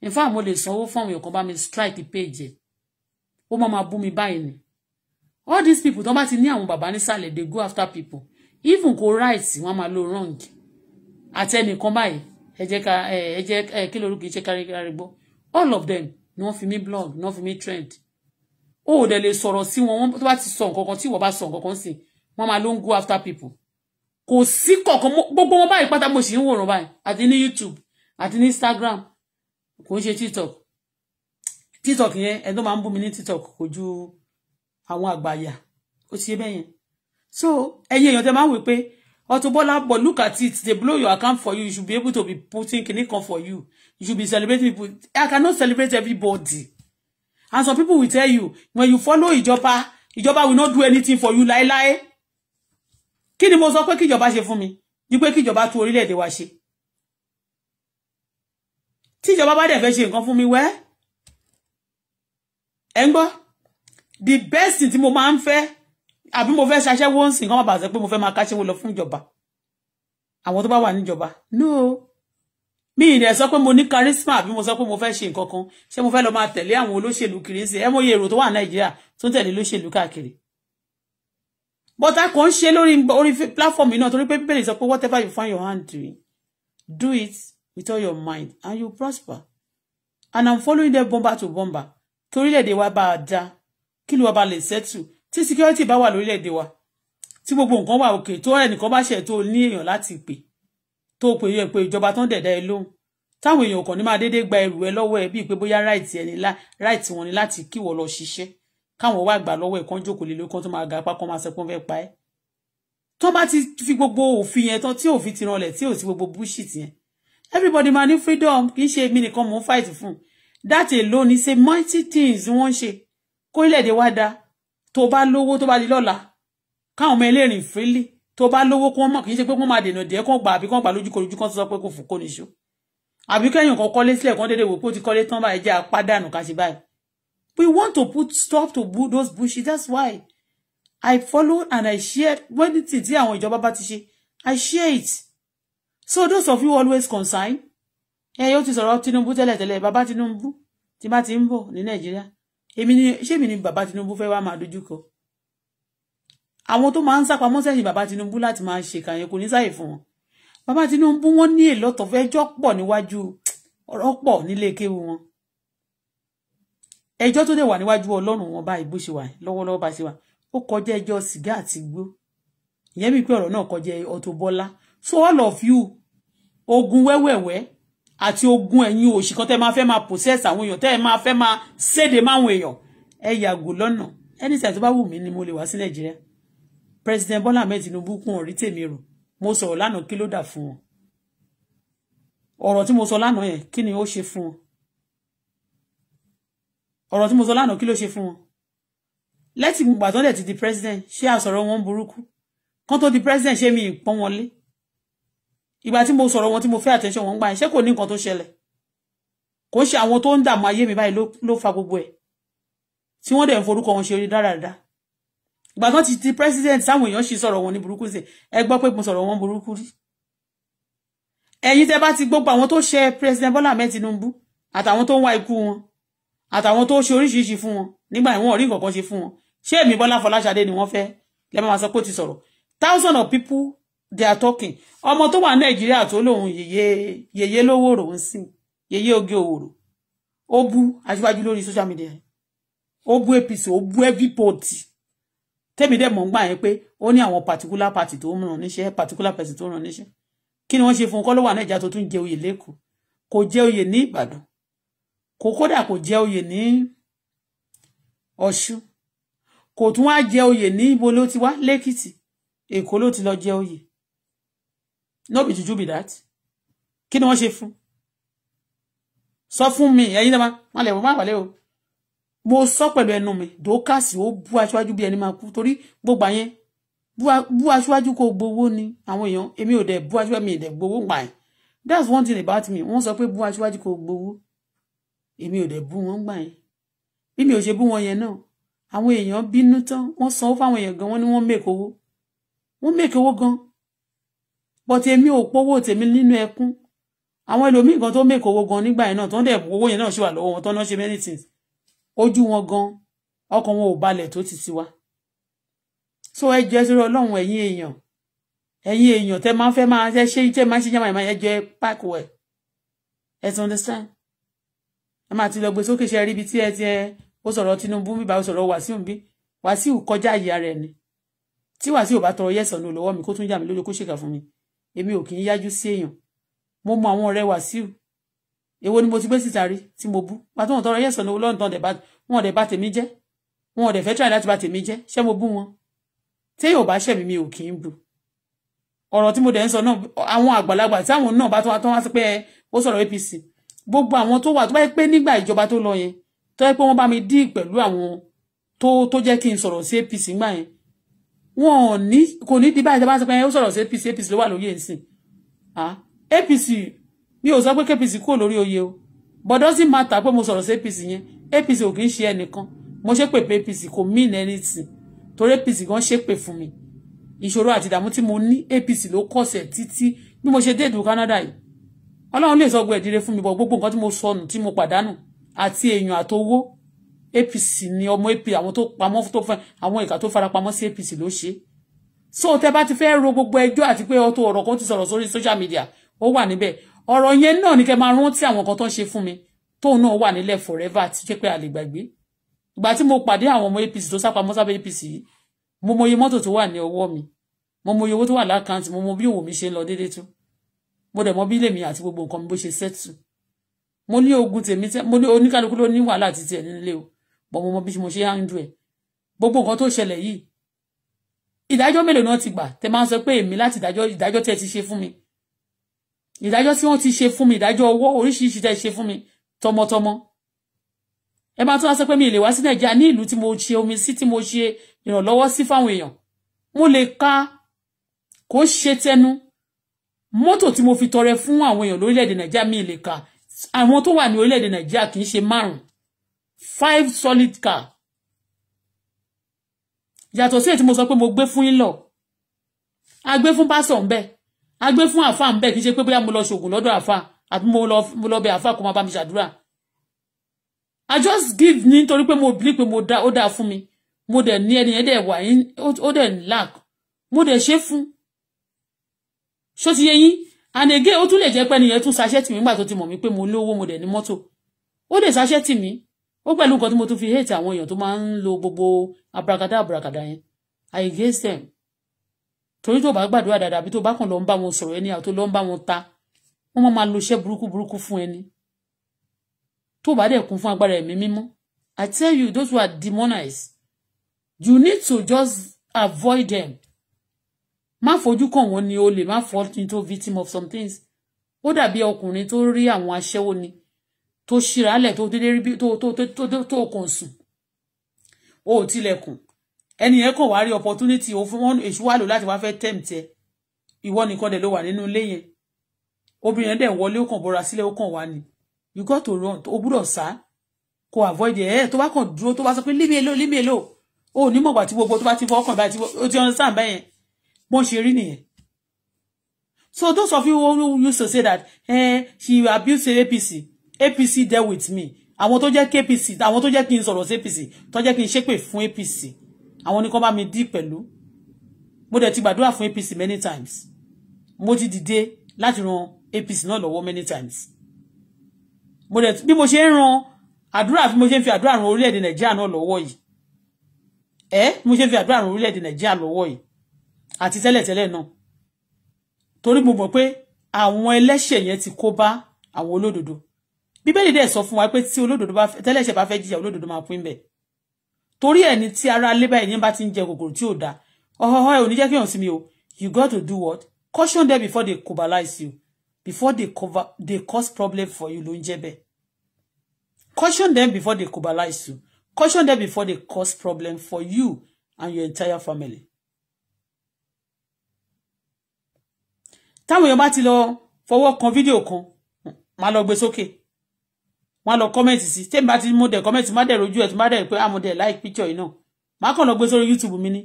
in fact mo lè sanwó fún àwọn èèyàn kan bá mi strike page ẹ̀ ó máa máa bú mi báyìí ni all these people tó bá ti ní àwọn bàbá nísàlẹ̀ they go after people even kò right wọ́n máa lo wrong àti ẹnìkan báyìí ẹ jẹ́ ká ẹ jẹ́ kí lorúkọ iṣẹ́ kárí kárí gbọ́ all of them ni wọ́n fi mí blog ni wọ́n fi mí trend ó ò dẹ̀ lè sọ̀rọ̀ sí wọn tó bá ti sọ nǹkan kan tí ìwọ bá sọ nǹkan kan sí wọ́n máa ló ń go after people kò sí kọ̀ọ̀kan gbogbo wọn báyìí pátá mo sì ń wòran báyìí àti ní YouTube àti ní Instagram kò ń ṣe tiktok tiktok yẹn ẹni tó máa ń bú mi ní tiktok kò ju àwọn àgbàyà ó ti yé bẹ́ẹ̀ so ẹ̀yin èèyàn tẹ máa ń wí pé Auto Bola look at it they blow your account for you you should be able to be putting kini kan for you you should be celebrating people I cannot celebrate everybody and some people will tell you when you follow ìjọba ìjọba will not do anything for you láéláé kí ni mo sọ pé kíjọba ṣe fún mi ni pé kíjọba tún orílẹ̀-èdè wa ṣe tí ìjọba bá dẹ̀ fẹ́ ṣe nǹkan fún mi wẹ́ ẹ̀ ń the best tí mo máa ń fẹ́ àbí mo fẹ́ ṣaṣẹ́ wọ́n sì kán má bàa sọ pé mo fẹ́ máa káṣẹ́wó lọ fún ìjọba àwọn tó wa ni níjọba no mi ì dẹ̀ sọ pé mo ní charisma àbí mo sọ pé mo fẹ́ ṣe nǹkan kan ṣé mo fẹ́ lọ máa tẹ̀lé àwọn olóṣèlú kiri sí ẹ mọ iye èrò tó wà nàìjíríà tó ń tẹ̀lé But I bọ́tà kan ṣe lórí orí platform náà torí pé people is pé whatever you find your hand doing do it with all your mind and you prosper and i'm following them bomber to bomber kí orílẹ̀-èdè wa bá a dá kí ló wa bá lè sẹ́tù tí security bá wà lórílẹ̀-èdè wa tí gbogbo nǹkan wà òkè tó ẹnìkan bá ṣẹ̀ tó ní èèyàn láti pè tó pè yẹ pé ìjọba tán dẹ̀dá ẹ lóhùn táwọn èèyàn kan ní máa déédéé gba ẹrù ẹ lọ́wọ́ ẹ bíi pé bóyá ráìtì ẹni ráìtì wọn ni láti kíwọ lọ ṣiṣẹ́ káwọn wá gbà lọ́wọ́ ẹ kán jókòó lé lórí kán tó máa ga apá kan máa sẹpọn fẹ́ pa ẹ́ tán bá ti fi gbogbo òfin yẹn tán tí òfin ti ranlẹ̀ tí ò sí gbogbo búṣìtì yẹn everybody máa ní freedom kì í ṣe èmi nìkan mò ń fight fún that alone is a mighty things wọ́n ṣe kó ilẹ̀-èdè wa da tó bá lówó tó bá di lọ́la káwọn ọmọ ẹlẹ́rìn freely tó bá lówó kó mọ̀ kì í ṣe pé kó máa dènà díẹ̀ kó gbà àbí kó gbà lójúkorojú kan sọ pé kò fún kó níṣó àbí kẹ́yìn kan kọ́lé sílẹ̀ kan déédéé wò pé ó ti kọ́lé tán báyìí jẹ́ apádànù ká ṣe báyìí we want to put stop to those bushes that's why I follow and I share when ti ti àwọn ìjọba bá ti ṣe I share it so those of you always concerned ẹ yóò ti sọ̀rọ̀ Tinubu tẹ́lẹ̀tẹ́lẹ̀ bàbá Tinubu tí bá ti ń bọ̀ ní Nàìjíríà èmi ni ṣé èmi ni bàbá Tinubu fẹ́ wá máa dojú kọ àwọn tó máa ń sápamọ́ sẹ́yìn bàbá Tinubu láti máa ṣèkà yẹn kò ní sáyè fún wọn Baba Tinubu wọn ní èlò ọ̀tọ̀fẹ́ ẹjọ́ pọ̀ níwájú ọ̀rọ̀ pọ̀ nílé kéwu wọn ẹjọ́ tó dẹ̀ wà níwájú Ọlọ́run wọn báyìí bó ṣe wà lọ́wọ́lọ́wọ́ bá ṣe wà ó kọjá ẹjọ́ sìgá àti igbó ìyẹn mi pé ọ̀rọ̀ náà kọjá Auto Bola so all of you ogun wẹ́wẹ̀wẹ́ àti ogun ẹ̀yin òṣìkan tẹ́ máa fẹ́ máa possess àwọn èèyàn tẹ́ máa fẹ́ máa séde máwọn èèyàn ẹ yàgò lọ́nà anytime tó bá wù mí ni mo lè wá sí nàìjíríà president Bola Ahmed Tinubu kún ọ̀rí tèmi rò mo sọ̀rọ̀ lánàá kilo da fun. fún wọn ọ̀rọ̀ tí mo sọ lánàá yẹn kí ni ó fun. fún wọn ọ̀rọ̀ tí mo sọ lánàá kí ló ṣe fún wọn lẹ́tì gbàtọ́ ti di president ṣé àsọ̀rọ̀ wọn burúkú kán tó di president she mi ì pọ́n ìgbà tí mo sọ̀rọ̀ wọn tí mo fẹ́ attention wọn gbà ṣé kò ní nǹkan tó ṣẹlẹ̀ kò ṣe àwọn tó ń dààmú ayé mi báyìí ló fa gbogbo ẹ̀ tí wọ́n dẹ̀ ń forúkọ wọn ṣe orí dáradára ìgbà tán ti ti president táwọn èèyàn ṣì sọ̀rọ̀ wọn ní burúkú sí ẹ gbọ́ pé mo sọ̀rọ̀ wọn burúkú rí ẹ̀yin tẹ́ bá ti gbogbo àwọn tó ṣe president Bọ́lá Ahmed Tinubu àtàwọn tó ń wá ikú wọn àtàwọn tó ṣe oríṣiríṣi fún wọn nígbà ìwọ̀n orí nǹkan kan ṣe fún wọn ṣé èmi Bọ́lá Fọláṣadé ni wọ́n fẹ́ lẹ́ẹ̀ máa sọ pé ó ti sọ̀rọ̀ thousand of people they are talking ọmọ tó wà nàìjíríà tó lòun yèyé yèyé lówòrò ń sìn yèyé oge òwòrò Obu bú aṣíwájú lórí social media Obu bú apc obu bú everybody tẹ́mi dẹ̀ mọ̀ ń gbà yẹn pé ó ní particular party to ń ràn níṣẹ́ particular person to ń ràn níṣẹ́ kí ni wọ́n ṣe fún un kọ́ ló tun nàìjíríà tó tún jẹ oyè lẹ́kọ̀ọ́ kò jẹ oyè ní ìbàdàn kò kódà kò jẹ oyè ní ọ̀ṣun kò tún wá ibo ló ti wá lẹ́kìtì èkó ló ti lọ jẹ oyè no be juju be that kí ni wọ́n ṣe fún sọ fún mi ẹ̀yin náà má lẹ̀ wọ́n má wàlẹ́ o mo sọ pẹ̀lú ẹnu mi dókàsì ó bú aṣáájú bí ẹni máa kú torí gbogbo àyẹn bú aṣáájú kò gbowó ni àwọn èèyàn èmi ò dẹ̀ bú aṣáájú mi ò dẹ̀ gbowó gbà yẹn that's one thing about me wọ́n sọ pé bú aṣáájú kò gbowó èmi ò dẹ̀ bú wọn gbà yẹn bí mi ò ṣe bú wọn yẹn náà àwọn èèyàn bínú tán wọ́n sanwó fáwọn èèyàn gan wọ́n ní wọ́n mèkówó wọ́n mèkówó gan but èmi ò pówó tèmi nínú ẹkún àwọn ẹlòmíì gan tó mèkó owó gan nígbà yẹn náà tó ń dẹ̀ owó yẹn náà ṣì wà lọ́wọ́ wọn tó náà ṣe many things ojú wọn gan ọkàn wọn ò balẹ̀ tó ti tiwa so ẹ jẹ́ sórí ọlọ́run ẹ̀yin èèyàn ẹ̀yin èèyàn tẹ́ máa fẹ́ máa ṣe ṣe tẹ́ máa ṣe yàmà yàmà ẹ jẹ́ páàkì wẹ̀ ẹ ti understand ẹ máa ti lọ gbé sókè ṣe rí ibi tí ẹ ti ẹ ó sọ̀rọ̀ Tinubu bíbá ó sọ̀rọ̀ Wàsíù bí Wàsíù kọjá ìyá rẹ̀ ni tí Wàsíù bá tọrọ yẹ̀sán ní olówó mi kó tún yà mí lójú kó ṣèkà fún mi èmi ò kì í yájú sí èèyàn mo mọ àwọn ọ̀rẹ́ Wàsíù èwo ni mo ti gbé síta rí tí mo bú pàtó wọn tọrọ yẹsàn ní olóńtàn wọn ọdẹ bá tèmi jẹ́ wọn ọdẹ fẹ́ tíra láti bá tèmi jẹ́ ṣé mo bú wọn téèyàn ò bá ṣẹ̀mí mi ò kì í bú ọ̀rọ̀ tí mo dẹ̀ ń sọ náà àwọn àgbàlagbà tí àwọn náà bá tó wá tó wá sí pé ó sọ̀rọ̀ APC gbogbo àwọn tó wà tó bá yẹ pé nígbà ìjọba tó lọ yẹn tó yẹ pé wọ́n bá mi dí pẹ̀lú àwọn tó tó jẹ́ kí n sọ̀rọ̀ sí APC gbà yẹn wọn ò ní kò ní di báyìí tó bá sọ pé ó sọ̀rọ̀ sí APC APC ló wà lórí ẹ̀sìn APC mi ò sọ pé KPC kúrò lórí oyè o but doesn't matter pé mo sọ̀rọ̀ sí APC yẹn APC ò kì í ṣe ẹnìkan mo ṣépè pé APC kò mean anything torí APC gan ṣépè fún mi ìṣòro àti ìdààmú tí mo ní APC ló kọ̀sẹ̀ títí bí mo ṣe dé ìlú Canada yìí Ọlọ́run lè sọ gbọ́ ẹ̀dínlẹ̀ fún mi bọ̀ gbogbo nǹkan tí mo sọnù tí mo pàdánù àti èèyàn àtowó APC ni ọmọ AP àwọn tó pamọ́ tó fẹ́ àwọn ìka tó fara pamọ́ sí APC ló ṣe so tẹ bá ti fẹ́ ro gbogbo ẹjọ́ àti pé ọtọ ọ̀rọ̀ kan ti sọ̀rọ̀ sórí social media ó wà níbẹ̀ ọ̀rọ̀ yẹn náà ni kẹ máa rántí àwọn kan tó ń ṣe fún mi tóun náà wà nílẹ̀ forever àti jẹ́ pé a lè gbàgbé ìgbà tí mo pàdé àwọn ọmọ APC tó sápamọ́ sábẹ́ APC yìí mo mọye mọ́tò tó wà ní ọwọ́ mi mo mọye owó tó wà lákàntì mo mọ bí òwò mi ṣe ń lọ déédéé tó mo dẹ̀ mọ bí ilé mi àti gbogbo nǹkan mi bó ṣe sẹ́tù mo ní ogun tèmi tẹ́ mo ní oníkálukú ló ní wàhálà títí ẹ̀ nílé o bọ́ mo mọ bí mo ṣe handle ẹ̀ gbogbo nǹkan tó ṣẹlẹ̀ yìí ìdájọ́ mélòó náà ti gbà tẹ máa ń sọ pé èmi láti ìdájọ́ ìdájọ́ tẹ ti ṣe fún mi ìdájọ́ tí wọ́n ti ṣe fún mi ìdájọ́ ọwọ́ oríṣiríṣi tẹ ṣe fún mi tọmọtọmọ ẹ máa tún wá sọ pé mi ì lè wá sí nàìjíríà ní ìlú tí mo ṣe omi sí tí mo ṣe ìrànlọ́wọ́ sí fáwọn èèyàn mo lè ka kó ṣe tẹnu mọ́tò tí mo fi tọrẹ fún àwọn èèyàn lórílẹ̀‐èdè nàìjíríà mi ì ka àwọn tó wà ní orílẹ̀‐èdè nàìjíríà kì í ṣe márùn-ún five solid car yàtọ̀ sí ètí mo sọ pé mo gbé fún ìlọ a gbé fún pásọ̀ ń bẹ̀ a gbé fún àfa ń bẹ̀ kì í ṣe pé bóyá mo lọ ṣògùn lọ́dọ̀ àfa àti mo lọ bẹ̀ àfa kó máa bá mi ṣàdúrà i just give nítorí pé mo believe pé mo da ó dáa fún mi mo dẹ̀ ní ẹni yẹn dẹ̀ wà ó dẹ̀ ń lack mo dẹ̀ ṣe fún ṣó ti yẹ yín and again ó tún lè jẹ́ pé ẹni yẹn tún ṣaṣẹ́ tì mí nígbà tó ti mọ̀ mí pé mo lówó mo dẹ̀ ní mọ́tò ó dẹ̀ ṣaṣẹ́ tì mí ó pẹ̀lú nǹkan tí mo tún fi hate àwọn èèyàn tó máa ń lo gbogbo abrakadá abrakadá yẹn i guess them torí tó bá gbàdúrà dáadáa àbí tó bá kàn lọ ń bá wọn sọ̀rọ̀ ẹni àti tó lọ ń bá wọn ta wọ́n máa máa lo iṣẹ́ burúkú burúkú fún ẹni tó bá dẹ̀ kún fún agbára ẹ̀mí mímọ́ i tell you those who are demonized you need to just avoid them má fojú kàn wọ́n ni o lè má fall into victim of some things ó dàbí ọkùnrin tó rí àwọn aṣẹ́wó ni tó ṣíra lẹ̀ tó dédé rí bí tó tó tó tó kàn sùn o ò tilẹ̀kùn ẹni yẹn kàn wá rí opportunity o fún wọn èṣù wà lò láti wá fẹ́ tempt ẹ ìwọ nìkan dẹ̀ ló wà nínú ilé yẹn obìnrin dẹ̀ wọlé ó kàn bọ́ra sílẹ̀ ó kàn wá ni you got to run o gbúdọ̀ sá kó avoid ẹ̀ tó bá kàn dúró tó bá sọ pé leave me alone leave o ní mọ̀gbà tí gbogbo tó bá ti fọ́ ọkàn báyìí ó ti ọ̀nà sáà bẹ́yẹn bọ́n ṣe rí nìyẹn so those of you who used to say that eh, she abused APC APC there with me àwọn tó jẹ́ KPC àwọn tó jẹ́ kí n sọ̀rọ̀ sí APC tó jẹ́ kí n ṣépè fún APC àwọn ni kó bá mi dí pẹ̀lú mo dẹ̀ ti gbàdúrà fún APC many times mo ti dìde láti ran APC náà lọ́wọ́ many times mo dẹ̀ bí mo ṣe ń ran àdúrà bí mo ṣe ń fi àdúrà ran orílẹ̀-èdè Nàìjíríà náà lọ́wọ́ yìí ẹ mo ṣe ń fi àdúrà ran orílẹ̀-èdè Nàìjíríà lọ́wọ́ yìí àti tẹ́lẹ̀tẹ́lẹ̀ náà torí mo mọ̀ pé àwọn ẹlẹ́ṣẹ̀ yẹn ti kó bá àwọn olódodo bíbélì dẹ̀ sọ fún wa pé tí olódodo bá tẹ́lẹ̀ṣẹ̀ bá fẹ́ jìyà olódodo máa pín bẹ̀ torí ẹni tí ara lébà ẹni bá ti ń jẹ kòkòrò tí ò da ọ̀họ̀họ̀ ẹ̀ ò ní jẹ́ kí hàn sí mi o you got to do what caution them before they cobalize you before they cover they cause problem for you ló ń jẹ́ bẹ́ẹ̀ caution them before they cobalize you caution them before they cause problem for you and your entire family. táwọn èèyàn bá ti lọ fọwọ́ kan fídíò kan máa lọ gbé sókè. Okay wọn lọ kọ́mẹ̀ntì sí tèmi bá ti mú dẹ̀ kọ́mẹ̀ntì má dẹ̀ rojú ẹ̀ tí má dẹ̀ pé àmú ah, dẹ̀ like picture yìí náà má kàn lọ gbé sórí youtube mi ni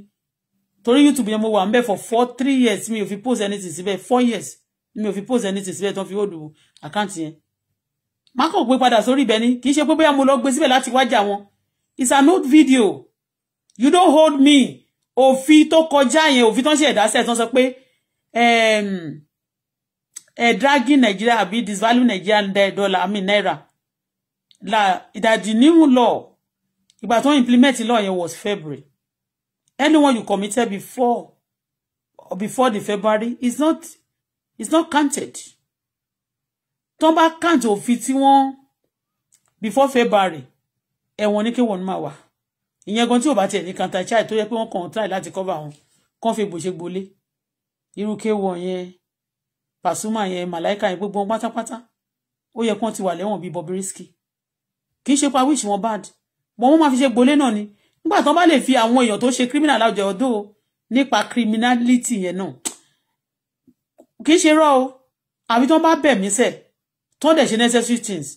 torí youtube yẹn mo wà ń bẹ̀ for four three years mi ò fi post anything síbẹ̀ four years mi ò fi post anything síbẹ̀ tó fi hold àkáǹtì yẹn má kàn gbé padà sórí ibẹ̀ ni kì í ṣe pé bóyá mo lọ gbé síbẹ̀ láti wájà wọn it's an old video you don't hold me òfin tó kọjá yẹn òfin tó ń ṣe ẹ̀dá sẹ̀ tó ń sọ pé ẹ̀ ehm, eh, dragging Nigeria àbí disvalue Nigerian dollar I mean naira la that the new law ìgbà tó implement law yẹn was February anyone you committed before before the February is not is not counted tó count of tí wọ́n before February ẹ̀wọ̀n ní kéwọ̀n máa wà ìyẹn gan tí ò kanta chai tó yẹ pé wọ́n la try láti cover wọn kàn fi gbòṣe gbolé irú kéwọ̀n yẹn Pasuma yẹn màláìka yẹn gbogbo pátápátá ó yẹ kán ti wà lẹ́wọ̀n bíi Bobrisky kì í ṣe pa wíṣì wọn bad but wọ́n máa fi ṣe gbolé náà ni nígbà tán bá lè fi àwọn èèyàn tó ṣe criminal láwùjọ ọdọ nípa criminality yẹn náà kì í ṣe rọ o àbí tán bá bẹ̀ mí sẹ̀ tán dẹ̀ ṣe necessary things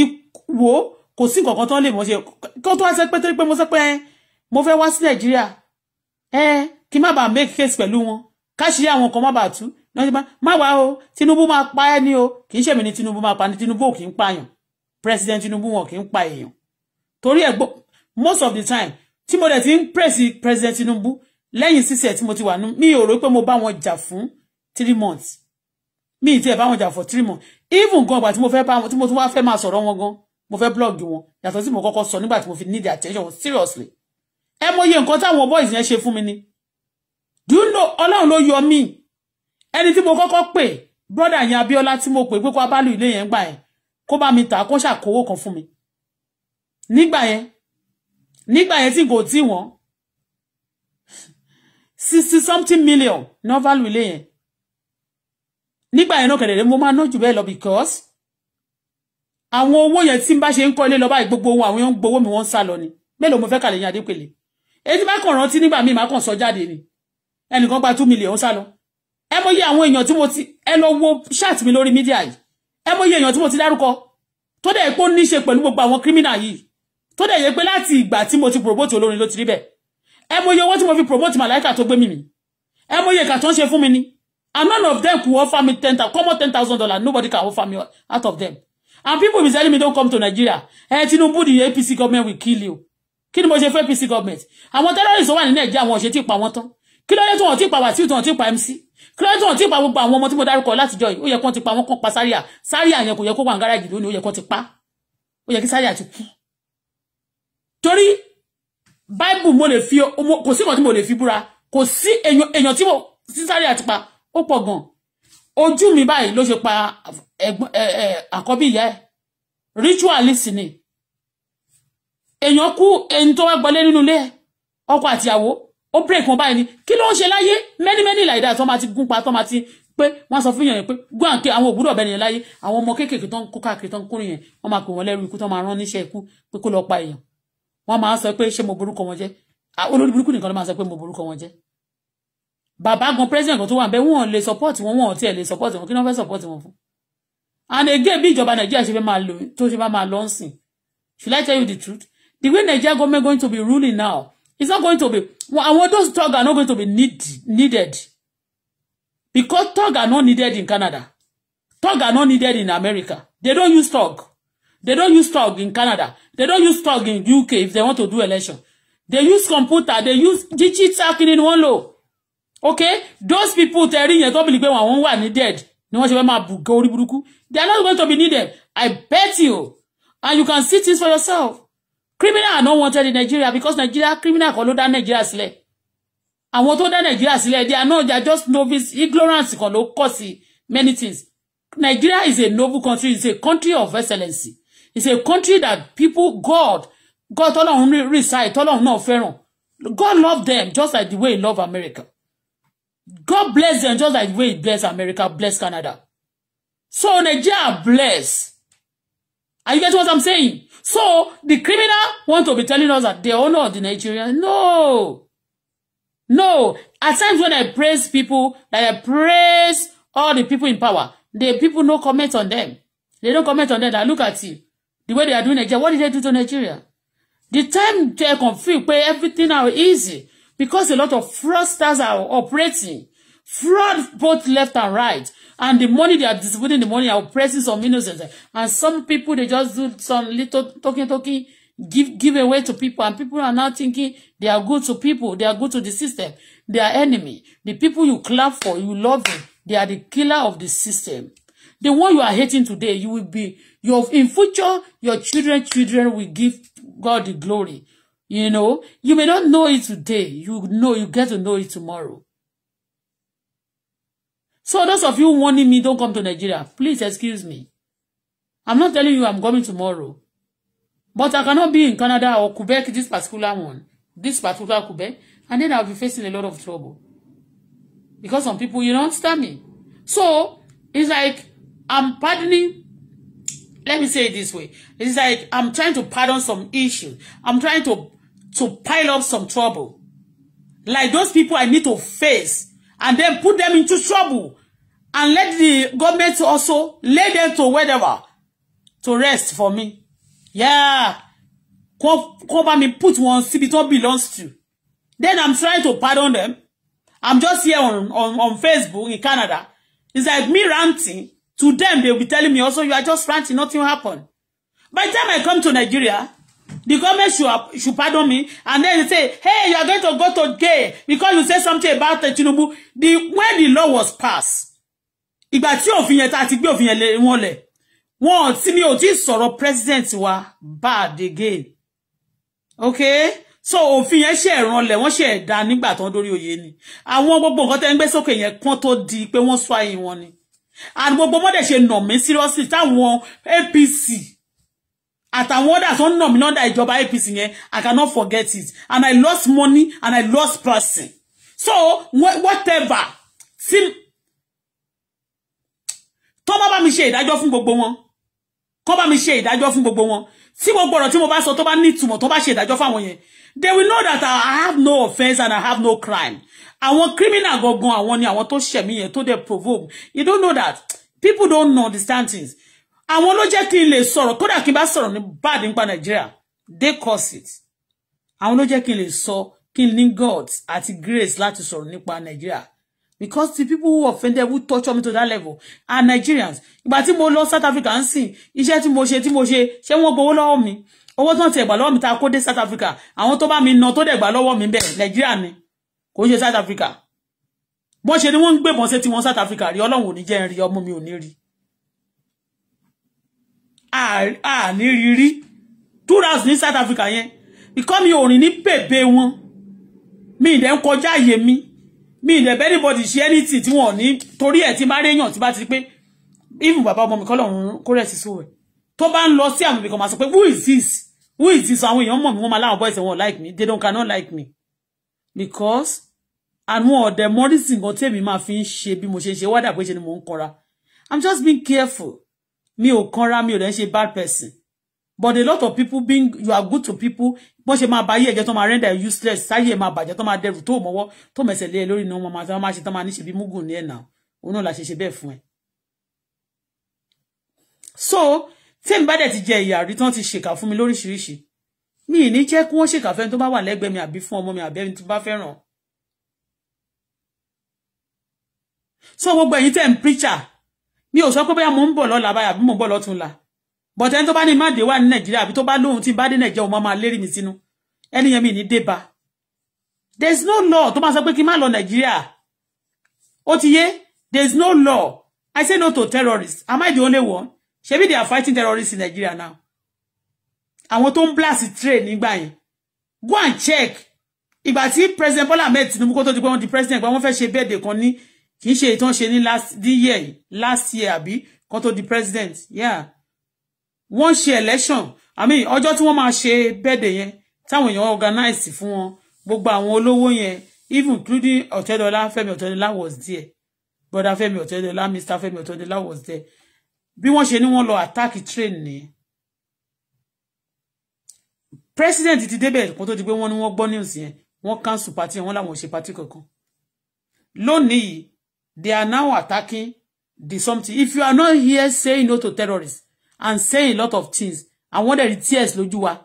ìwò kò sí nǹkan kan tán lè mọ̀ ṣe kó tó wá sẹ́ pé torí pé mo sọ pé mo fẹ́ wá sí nàìjíríà ẹ kí má bàa make case pẹ̀lú wọn káṣírí àwọn kan má bàa tú má wá o tinubu máa pa ẹ́ ní o kì í ṣèmi ni tinubu máa pa ni tinubu ò kì í pààyàn president Tinubu wọn kì í pa èèyàn torí ẹ̀ most of the time tí mo dẹ̀ ti ń praise president Tinubu lẹ́yìn sísẹ̀ tí mo ti wà nú mi ò rò pé mo bá wọn jà fún three months mi ì tiẹ̀ bá wọn jà for three months even gan ìgbà tí mo fẹ́ bá wọn tí mo tún wá fẹ́ máa sọ̀rọ̀ wọn gan mo fẹ́ blog wọn yàtọ̀ tí mo kọ́kọ́ sọ nígbà tí mo fi need their attention seriously ẹ mo iye nǹkan táwọn boys yẹn ṣe fún mi ni do you know ọlọ́run ló yọ mí ẹni tí mo kọ́kọ́ pè brother yẹn Abíọ́lá tí mo pè pé kó abálù ilé yẹn gbà yẹn kó bá mi tà kó ṣàkówó kan fún mi nígbà yẹn nígbà yẹn tí n kò tí wọ́n sixty something million ná value ilé yẹn nígbà yẹn náà kẹ̀dẹ̀rẹ̀ mo máa ná jù bẹ́ẹ̀ lọ because àwọn owó yẹn tí n bá ṣe ń kọ́ ilé lọ báyìí gbogbo ohun àwọn èèyàn ń gbowó mi wọ́n ń sá lọ ni mélòó mo fẹ́ kàlẹ́ yín adépèlé èyí tí bá kàn rántí nígbà míì má kàn sọ jáde ni ẹnìkan gba two million sá lọ ẹ mọ iye àwọn èèyàn tí mo ti ẹ lọ wo ṣáàtì mi lórí mídíà yìí ẹ mọ iye èèyàn tí mo ti dárúkọ tó dẹ̀ pé ó ní ṣe pẹ̀lú gbogbo àwọn kírímìnà yìí tó dẹ̀ yẹ pé láti ìgbà tí mo ti promote olórin ló ti rí bẹ́ẹ̀ ẹ mọ iye owó tí mo fi promote màláìkà tó gbé mi mi ẹ mọ iye ìkà tó ń ṣe fún mi ni and none of them could offer me ten thousand common dollars nobody can offer me out of them and people be telling me don't come to Nigeria ẹ Tinubu the APC government will kill you kí ni mo ṣe fẹ́ APC government àwọn terrorists wà ní Nàìjíríà wọn ò ṣe tí ì pa wọn tán kí ló dé tí wọn ò tí ì pa Wàsíù tí wọn ò pa MC clayton ti pa gbogbo àwọn ọmọ tí mo dárúkọ látijọ́ yìí ó yẹ kán ti pa wọn kán pa sáríà sáríà yẹn kò yẹ kó wà ní gáràjì lónìí ó yẹ kán ti pa ó yẹ kí sáríà ti kú torí bible mo lè fi kò sí nǹkan tí mo lè fi búra kò sí èèyàn tí mo sí sáríà ti pa ó pọ̀ gan ojú mi báyìí ló ṣe pa àkọ́bí ìyá ẹ̀ ritual sì ni èèyàn kú ẹni tó wá gbọ́lé nínú ilé ọkọ àtìyàwó ó break wọn báyìí ni kí ló ń ṣe láyé many many like that tó máa ti gún pa tó máa ti pé wọ́n sọ fún yàn yẹn pé gún àǹkẹ àwọn òbúrò ọ̀bẹ nìyẹn láyé àwọn ọmọ kéékèèké tó ń kó káàkiri tó ń kúrin yẹn wọ́n máa pè wọ́n lẹ́rú ikú tó máa rán níṣẹ́ ikú pé kó lọ pa èèyàn wọ́n máa sọ pé ṣé mo borúkọ wọn jẹ́ olórí burúkú nìkan ló máa sọ pé mo borúkọ wọn jẹ́ bàbá gan president kan tó wà bẹ́ẹ̀ wọ́n lè support wọn wọ́n tiẹ̀ lè support wọn kí wọ́n fẹ́ support wọn fún and again bí ìjọba Nàìjíríà ṣe fẹ́ máa lò tó ṣe fẹ́ máa lọ́nsìn should I tell you the truth the way Nigeria government going to be ruling now It's not going to be, and what those thugs are not going to be need, needed. Because thugs are not needed in Canada. Thugs are not needed in America. They don't use thugs. They don't use thug in Canada. They don't use thug in UK if they want to do election. They use computer. They use digital in one law. Okay? Those people tẹ̀rí yẹn tó bìlì pé one wà needed ni wọ́n ṣe fẹ́ máa bùgọ́ They are not going to be needed. I bet you. And you can see this for yourself criminal are not wanted in Nigeria because Nigeria criminal kan ló dá Nigeria sílẹ̀ àwọn tó dá Nigeria sílẹ̀ they are not they are just novice ignorance kan ló kọ́ sí many things Nigeria is a noble country it's a country of excellency it's a country that people God God tọ́lọ́run reside tọ́lọ́run náà fẹ́ràn God love them just like the way he love America God bless them just like the way he bless America bless Canada so Nigeria bless are you get what I'm saying So the criminal want to be telling us that they are not the Nigerians. No. No. At times when I praise people, that I praise all the people in power, the people no comment on them. They don't comment on them. I look at you. The way they are doing Nigeria. What did they do to Nigeria? The time they conflict where everything are easy because a lot of fraudsters are operating. Fraud both left and right. And the money they are distributing, the money are oppressing some innocents. And some people, they just do some little talking, talking, give, give away to people. And people are now thinking they are good to people. They are good to the system. They are enemy. The people you clap for, you love them. They are the killer of the system. The one you are hating today, you will be, your, in future, your children, children will give God the glory. You know, you may not know it today. You know, you get to know it tomorrow. So those of you warning me, don't come to Nigeria. Please excuse me. I'm not telling you I'm coming tomorrow. But I cannot be in Canada or Quebec, this particular one, this particular Quebec, and then I'll be facing a lot of trouble. Because some people, you don't understand me. So, it's like, I'm pardoning, let me say it this way. It's like, I'm trying to pardon some issues. I'm trying to, to pile up some trouble. Like those people I need to face, and then put them into trouble and let the government also lay them to wherever to rest for me. Yeah. Kó bá mi put wọn síbi tó belongs to. Then I'm trying to pardon them. I'm just here on, on, on Facebook in Canada. It's like me ranting. To them, they'll be telling me also, you are just ranting, nothing happened. By the time I come to Nigeria, the government should, should pardon me. And then they say, hey, you are going to go to jail because you say something about the Tinubu. The, when the law was passed, ìgbà ti òfin yẹn tá a ti gbé òfin yẹn le wọn le. wọn tí mi ò tí sọ̀rọ̀ president wa bad again okay so òfin yẹn ṣe ìrànlẹ̀ wọ́n ṣe ẹ̀dá nígbà tán dórí oyè ni àwọn gbogbo nǹkan tẹ́ ń gbé sókè yẹn kán tó di pé wọ́n sọ àyìn wọn ni and gbogbo de ṣe nà mí seriously táwọn APC àtàwọn ọ̀dà tó ń nà mí lọ́dà ìjọba APC yẹn I cannot forget it and I lost money and I lost person so whatever tí tó bá bá mi ṣe ìdájọ́ fún gbogbo wọn kó bá mi ṣe ìdájọ́ fún gbogbo wọn tí gbogbo ọ̀rọ̀ tí mo bá sọ tó bá ní ìtumọ̀ tó bá ṣe ìdájọ́ fáwọn yẹn they will know that I have no offence and I have no crime àwọn criminal gangan àwọn ni àwọn tó ṣẹ̀mí yẹn tó dẹ̀ provoke you don't know that people don't understand things àwọn ló jẹ́ kí n lè sọ̀rọ̀ kódà kí n bá sọ̀rọ̀ ní bad nípa nàìjíríà they cause it àwọn ló jẹ́ kí n lè sọ kí n ní God àti grace láti sọ̀rọ̀ nípa nàìjíríà because the people who offended who torture me to that level are Nigerians ìgbà tí mo lọ South Africa and see, iṣẹ́ ti mo ṣe ti mo ṣe ṣé wọ́n gbowó lọ́wọ́ mi owó tí wọ́n ti ẹ̀gbà lọ́wọ́ mi ta kó dé South Africa àwọn tó bá mi na tó dẹ̀gbà lọ́wọ́ mi bẹ́ẹ̀ Nigeria ni kò ń South Africa bọ́n ṣe ni wọ́n ń gbébọn ṣe tí wọ́n South Africa rí ọlọ́run ò ní jẹ́ rí ọmọ mi ò ní rí a ní rí rí tourists ní South Africa yẹn ìkọ́ mi ò rìn ní bèbè wọn mi ìdẹ́ ń kọjá àyè mi mi ì lẹ̀bẹ́ anybody ṣe anything tí wọ́n ní Tori ẹ̀ tí máa réyàn tí bá ti pé even bàbá ọmọ mi kọ́ lọ́run kó rẹ̀ sí sùn rẹ̀ tó bá ń lọ sí àwọn ibìkan máa sọ who is this who is this àwọn èèyàn mọ̀ mi wọ́n máa láwọn boys wọn like me they don't cannot like me because àwọn ọ̀dẹ̀ mọ́rísì nǹkan tí èmi máa fi ń ṣe bí mo ṣe ń ṣe wádà pé ṣe ni mò ń I'm just being careful mi ò kanra mi ò dẹ̀ ń bad person but a lot of people being you are good to people wọ́n ṣe máa ba ẹ̀jẹ̀ tó máa rẹ́ndà useless sáyé máa bàjẹ́ tó máa dẹrù tó mọ́wọ́ tó mẹ̀sẹ̀ lé e lórí ni wọ́n máa ṣe tó máa ní ṣe bí mugun ní ẹ̀nà òun náà la ṣe ṣe bẹ́ẹ̀ fún ẹ. so tèmi bá dẹ̀ ti jẹ ìyà rí tán ti ṣèkà fún mi lóríṣiríṣi mi ì ní jẹ́ kí wọ́n ṣèkà fẹ́ni tó bá wà lẹ́gbẹ̀ẹ́ mi àbí fún ọmọ mi àbí tó bá fẹ́ràn. so gbogbo ẹ̀yin tẹ̀ ń píríṣà mi ò sọ pé bóyá mo ń bọ̀ lọ́la báyà àbí mo ń bọ̀ lọ́tún la but ẹni tó bá ní má dé wà ní nàìjíríà àbí tó bá lóhun tí bá dé nàìjíríà òun máa máa lérí mi sínú ẹni yẹn mi ní débà there is no law tó máa sọ pé kí n má lọ nàìjíríà ti yé there is no law i say no to terrorists am i the only one Shebi, they are fighting terrorists in nigeria now àwọn tó ń blast train nígbà yẹn go and check ìgbà tí president bola ahmed tinubu kó to di pé wọn di president pé wọn fẹ́ ṣe bẹ́ẹ̀dẹ̀ kan ní kì í ṣe ìtàn ṣe last year last year Abi, kan to di president yeah wọ́n ṣe election i mean ọjọ́ tí wọ́n máa ṣe birthday yẹn táwọn èèyàn organize fún wọn gbogbo àwọn olówó yẹn even including ọ̀tẹ́dọ́lá fẹ́mi ọ̀tẹ́dọ́lá was there brother fẹ́mi ọ̀tẹ́dọ́lá mr fẹ́mi ọ̀tẹ́dọ́lá was there bí wọ́n ṣe ní wọ́n lọ attack train ni president ti débẹ̀ kó tó di pé wọ́n ní wọ́n gbọ́ news yẹn wọ́n cancel party yẹn wọ́n làwọn ò ṣe party kankan lónìí they are now attacking the something if you are not here saying no to terrorists and saying a lot of things àwọn dẹ̀ the tears lójú wa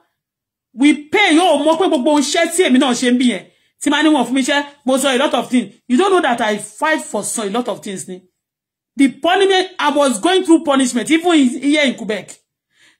we pay yóò mọ pé gbogbo iṣẹ́ tí èmi náà ṣe ń bí yẹn tí máa ní wọn mi iṣẹ́ mo sọ a lot of things you don't know that I fight for so a lot of things ni the punishment I was going through punishment even here in Quebec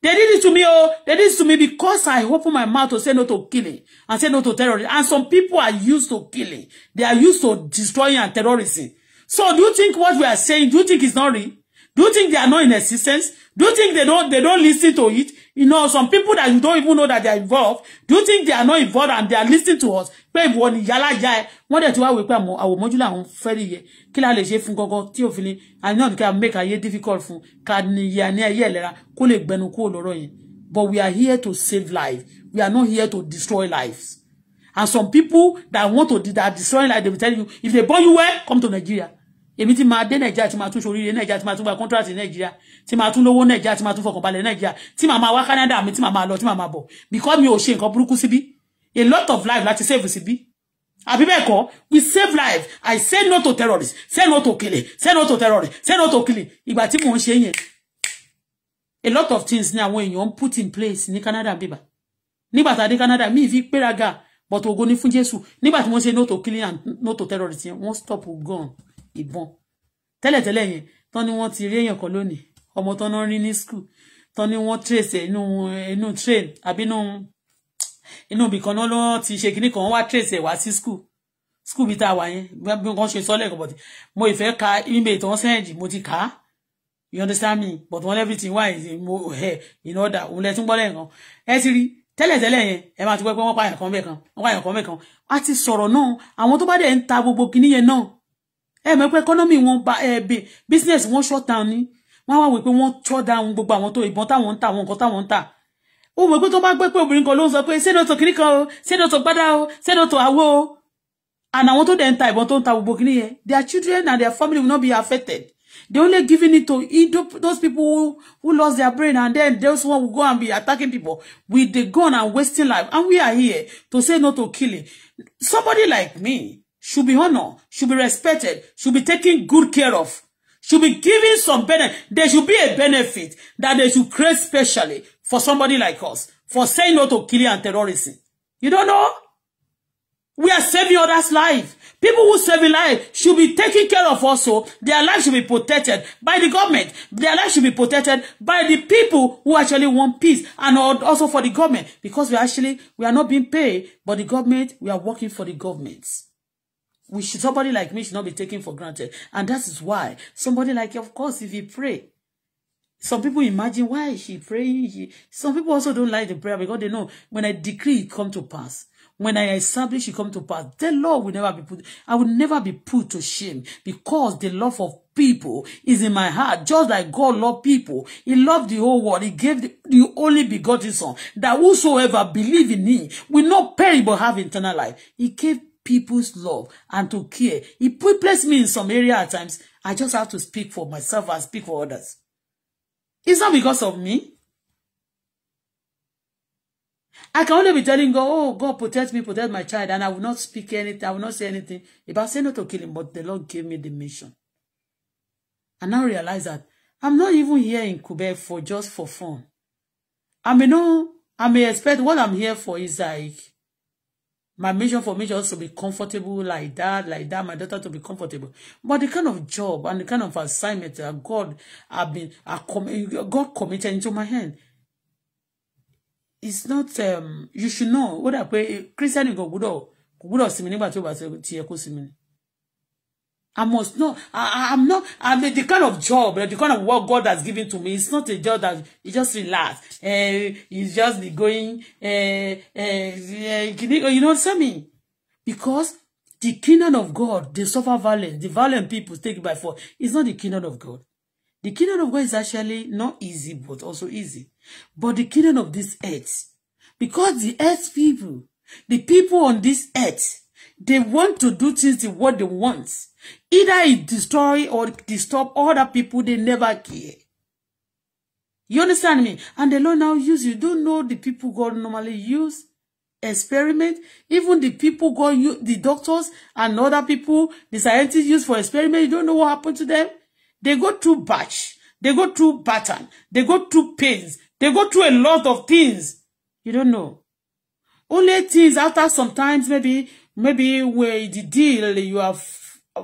they did it to me oh they did it to me because I open my mouth to say no to killing and say no to terrorism and some people are used to killing they are used to destroying and terrorism so do you think what we are saying do you think it's not real Do you think they are not in existence? Do you think they don't they don't listen to it? You know, some people that you don't even know that they are involved. Do you think they are not involved and they are listening to us? Pé ìwọ ni yálà já ẹ. Wọ́n dẹ̀ ti wá wípé àwọn àwòmọ́jú làwọn fẹ́ nìyẹn. Kí la lè ṣe fún I know can make ayé difficult fún kàníyà ní ayé ẹ̀lẹ́ra kó lè But we are here to save lives. We are not here to destroy lives. And some people that want to that destroy life, they will tell you, if they born you well, come to Nigeria èmi tí máa dé Nigeria, tí máa tún ṣoríire Nigeria, tí máa tún gba Nigeria, nàìjíríà tí máa tún Nigeria, nàìjíríà tí máa tún fọkànbalẹ̀ Nigeria, tí màá máa wá canada mi tí màá máa lọ tí màá máa bọ̀ because mi ò ṣe nǹkan burúkú síbí a lot of life láti save síbí àbí bẹ́ẹ̀ kọ́ we save life i say no to terrorists say no to killing say no to terrorists say no to killing ìgbà tí mò ń ṣe yẹn a lot of things ni àwọn èèyàn ń put in place ní canada bíbá nígbà tá a dé canada mi ì fi péraga but ògo ni fún jésù nígbà tí wọ́n ṣe no to killing and no to terrorists yẹn wọ́n stop gun ìbọn tẹ́lẹ̀tẹ́lẹ̀ yẹn tán ni wọ́n ti rí èèyàn kan lónìí ọmọ tán náà rí ní skul tán ni wọ́n trace inú inú train àbí inú inú ibì kan náà ló ti ṣe kíní kan wọ́n wá trace ẹ̀ wá sí skul skul bí tá a wà yẹn bí wọ́n ṣe sọ́lẹ̀ kan bọ̀dì mo ìfẹ́ ka email tí wọ́n send mo ti kà á you understand me but wọ́n everything Why is mo ẹ̀ eh, in order òun lẹ tún gbọ́dọ̀ nǹkan ẹ ti rí tẹ́lẹ̀tẹ́lẹ̀ yẹn ẹ máa ti gbọ́ pé wọ́n pààyàn kan bẹ́ẹ̀ kan wọ́n pààyàn kan bẹ́ẹ̀ kan a ti sọ̀rọ̀ náà àwọn tó bá dẹ̀ ń ta gbogbo kíní yẹn náà ẹ mọ̀ pé economy wọn ba ẹ eh, bẹ business wọn short down ni wọ́n wá wò pé wọ́n tọ́ down gbogbo àwọn tó ìbọn táwọn ń tà àwọn nǹkan táwọn ń tà ó mọ̀ pé tó bá gbé pé obìnrin kan ló ń sọ pé sẹ́dọ̀tò kìnnì kan o sẹ́dọ̀tò gbádá o sẹ́dọ̀tò àwo o and àwọn tó dẹ̀ ń ta ìbọn tó ń ta gbogbo kìnnì yẹn their children and their family will not be affected they only giving it to those people who, who lost their brain and then those one will go and be attacking people with the gun and wasting life and we are here to say no to killing somebody like me should be honored, should be respected, should be taken good care of, should be given some benefit. There should be a benefit that they should create specially for somebody like us for saying no to killing and terrorism. You don't know? We are saving others' lives. People who save a life should be taken care of also. Their life should be protected by the government. Their life should be protected by the people who actually want peace and also for the government because we actually, we are not being paid, but the government, we are working for the governments. we should somebody like me should not be taken for granted. And that is why somebody like you. of course, if you pray, some people imagine why is she praying. some people also don't like the prayer because they know when I decree it come to pass. When I establish it come to pass, the Lord will never be put. I will never be put to shame because the love of people is in my heart, just like God loved people. He loved the whole world. He gave the, the only begotten Son that whosoever believe in Him will not perish but have eternal life. He gave people's love and to care. He placed me in some area at times. I just have to speak for myself and speak for others. It's not because of me. I can only be telling God, oh, God, protect me, protect my child. And I will not speak anything. I will not say anything. If I say not to kill him, but the Lord gave me the mission. And now realize that I'm not even here in Quebec for just for fun. I may know, I may expect what I'm here for is like my mission for me just to be comfortable like that, like that, my daughter to be comfortable. But the kind of job and the kind of assignment that God have been com God committed into my hand. It's not um you should know what I pray Christian you go good or good or simi nígbà tí ó bá ti I must know. I, I'm not. I'm the, the kind of job, eh, the kind of work God has given to me. It's not a job that you just relax. Uh, eh, you just be going. Uh, uh, you know what I mean? Because the kingdom of God, they suffer violence. The violent people take it by force. It's not the kingdom of God. The kingdom of God is actually not easy, but also easy. But the kingdom of this earth, because the earth people, the people on this earth, they want to do things the what they want. Either it destroy or disturb other people, they never care. You understand me? And the Lord now use, you don't know the people God normally use, experiment. Even the people God use, the doctors and other people, the scientists use for experiment, you don't know what happened to them. They go through batch. They go through pattern. They go through pains. They go through a lot of things. You don't know. Only things after sometimes, maybe, maybe where the deal you have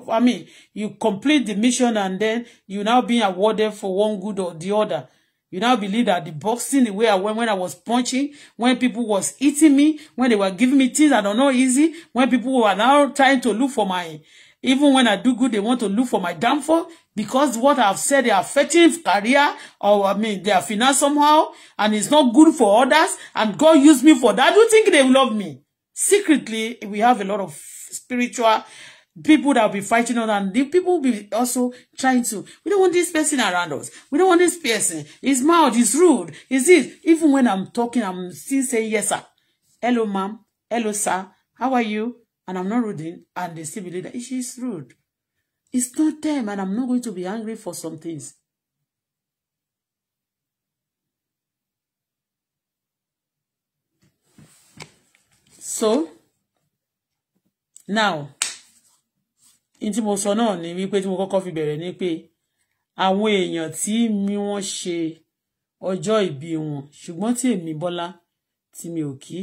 I mean, you complete the mission and then you now being awarded for one good or the other. You now believe that the boxing, the way I went when I was punching, when people was eating me, when they were giving me things I don't know easy, when people were now trying to look for my, even when I do good, they want to look for my downfall because what I've said, they are affecting career or I mean their finance somehow, and it's not good for others, and God used me for that. I you think they love me? Secretly, we have a lot of spiritual people that will be fighting us and the people will be also trying to we don't want this person around us we don't want this person his mouth is rude is this even when i'm talking i'm still saying yes sir hello ma'am hello sir how are you and i'm not rude and they still believe that she's rude it's not them and i'm not going to be angry for some things so now ní tí mo sọ náà ni wípé tí mo kọ́kọ́ fi bẹ̀rẹ̀ ni pé àwọn èèyàn tí mi wọ́n ṣe ọjọ́ ìbí wọn ṣùgbọ́n tí èmi Bọ́lá tí mi ò kí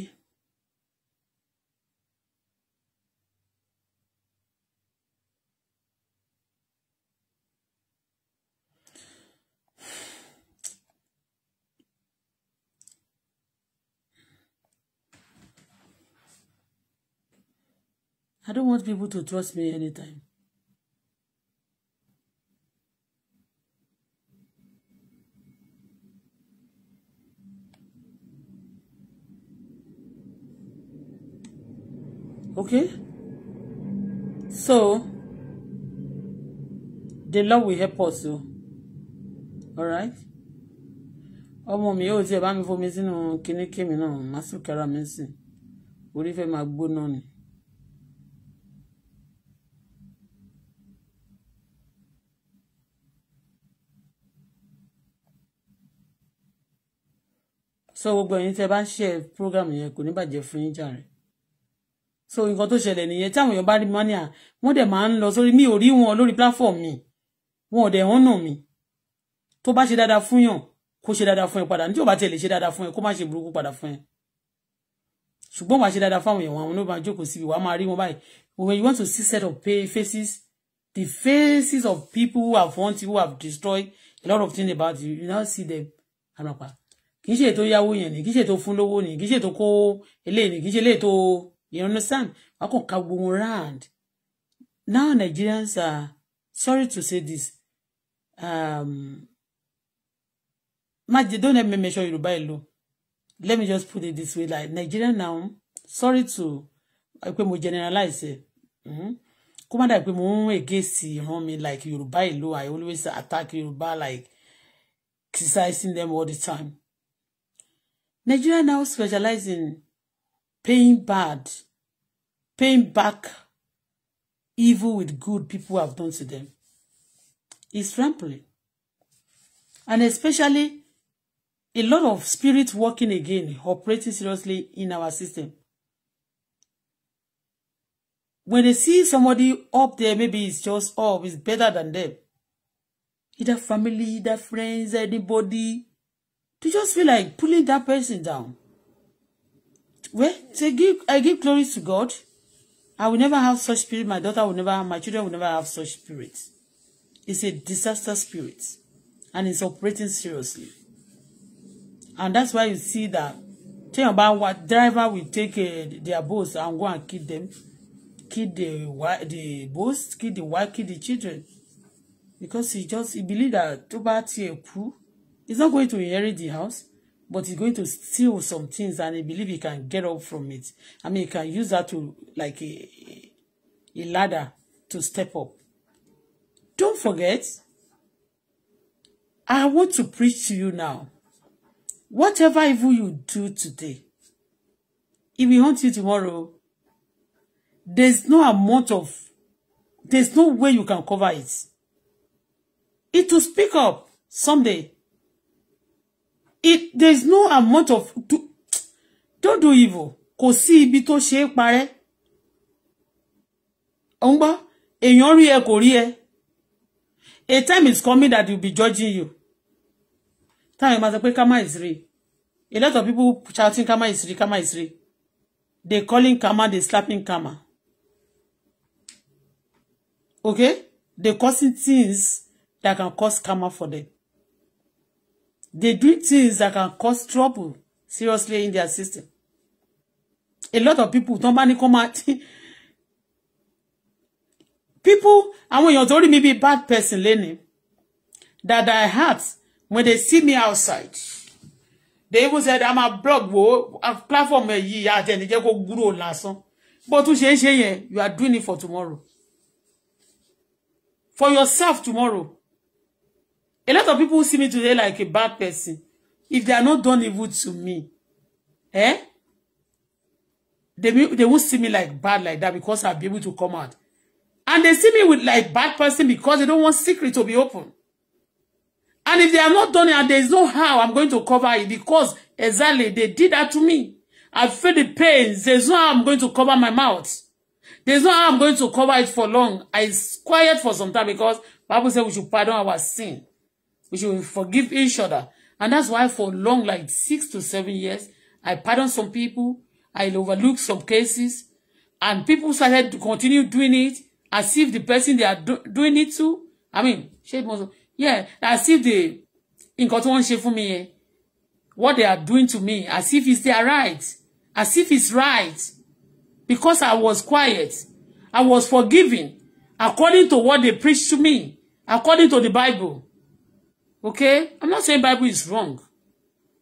I don't want people to trust me anytime. Okay? So, the Lord will help us o. Alright? ọmọ mi yóò tiẹ̀ bá mi fomi sínú kínníkínní náà másùkẹ́ra mi sì orí fẹ́ máa gbóná ni. so gbogbo ẹ̀yin tí ẹ bá ń ṣe program yẹn kò ní bàjẹ́ fún yín jàre so nǹkan tó ṣẹlẹ̀ nìyẹn táwọn èèyàn bá rí mọ́ni à wọ́n dẹ̀ máa ń lọ sórí mi ò rí wọn lórí platform mi wọn ò dẹ̀ wọ́n nà mí tó bá ṣe dáadáa fún yàn kó ṣe dáadáa fún ẹ padà nítorí ò bá tiẹ̀ lè ṣe dáadáa fún ẹ kó má ṣe burúkú padà fún ẹ ṣùgbọ́n wàá ṣe dáadáa fáwọn èèyàn àwọn oníbàá jókòó síbi wàá máa rí wọn báyìí when you want to see set of pay faces the faces of people who have won, who have destroyed a lot of things about you you now see them àràpà kì í ṣe ètò yáwó yẹn ni kì í ṣe ètò fún lówó ni kì í ṣe ètò kó eléyìí ni kì í ṣe eléyìí tó you understand wàá kàn ká gbogbo round now Nigerians are sorry to say this um, Maji don't let me mention Yoruba alone let me just put it this way like Nigeria now sorry to pé mo generalize it. Mm -hmm kó má dàbí pé mo ń against ìran mi like yorùbá ìlú i always attack yorùbá like criticizing them all the time nigeria now specialize in paying bad, paying back evil with good people have done to them is trampling. And especially a lot of spirits working again, operating seriously in our system. When they see somebody up there, maybe it's just up, it's better than them. Either family, either friends, anybody. to just feel like pulling that person down. Well, say give I give glory to God. I will never have such spirit. My daughter will never have. My children will never have such spirit. It's a disaster spirit, and it's operating seriously. And that's why you see that thing about what driver will take uh, their boss and go and kill them, kill the the boss, kill the wife, kill the children, because he just he believe that tó bá a kú, he's not going to inherit the house but he's going to steal some things and he believe he can get up from it. I mean, he can use that to like a, a ladder to step up. Don't forget, I want to preach to you now. Whatever evil you do today, it will haunt you tomorrow. There's no amount of, there's no way you can cover it. It will speak up someday it there's no amount of do, don't do evil kò sí ibi tó ṣe é parẹ́ ò ń gbọ́ èèyàn rí ẹ kò a time is coming that you'll be judging you Time èèyàn máa sọ pé karma is real a lot of people chatting karma is real karma is real they calling karma they slapping karma okay they causing things that can cause karma for them They do things that can cause trouble seriously in their system. A lot of people don't bá ní kó máa people I want you to mi bí bad person Lenny, that I had. when they see me outside. They even said I'm a blog a platform yìí àtẹnijẹ́ kó They go Bó tún But é ṣe yẹn you are doing it for tomorrow. For yourself tomorrow. A lot of people see me today like a bad person. If they are not done evil to me, eh? They, they won't see me like bad like that because I'll be able to come out. And they see me with like bad person because they don't want secret to be open. And if they are not done it there is no how, I'm going to cover it because exactly they did that to me. I feel the pain. There's no how I'm going to cover my mouth. There's no how I'm going to cover it for long. I quiet for some time because Bible said we should pardon our sin. We should forgive each other. And that's why for long, like six to seven years, I pardon some people. I overlook some cases. And people started to continue doing it as if the person they are do doing it to, I mean, shade muscle, yeah, as if they, in tí wọ́n ń for me, what they are doing to me, as if it's their right, as if it's right, because I was quiet, I was forgiven, according to what they preached to me, according to the Bible. Okay? I'm not saying Bible is wrong.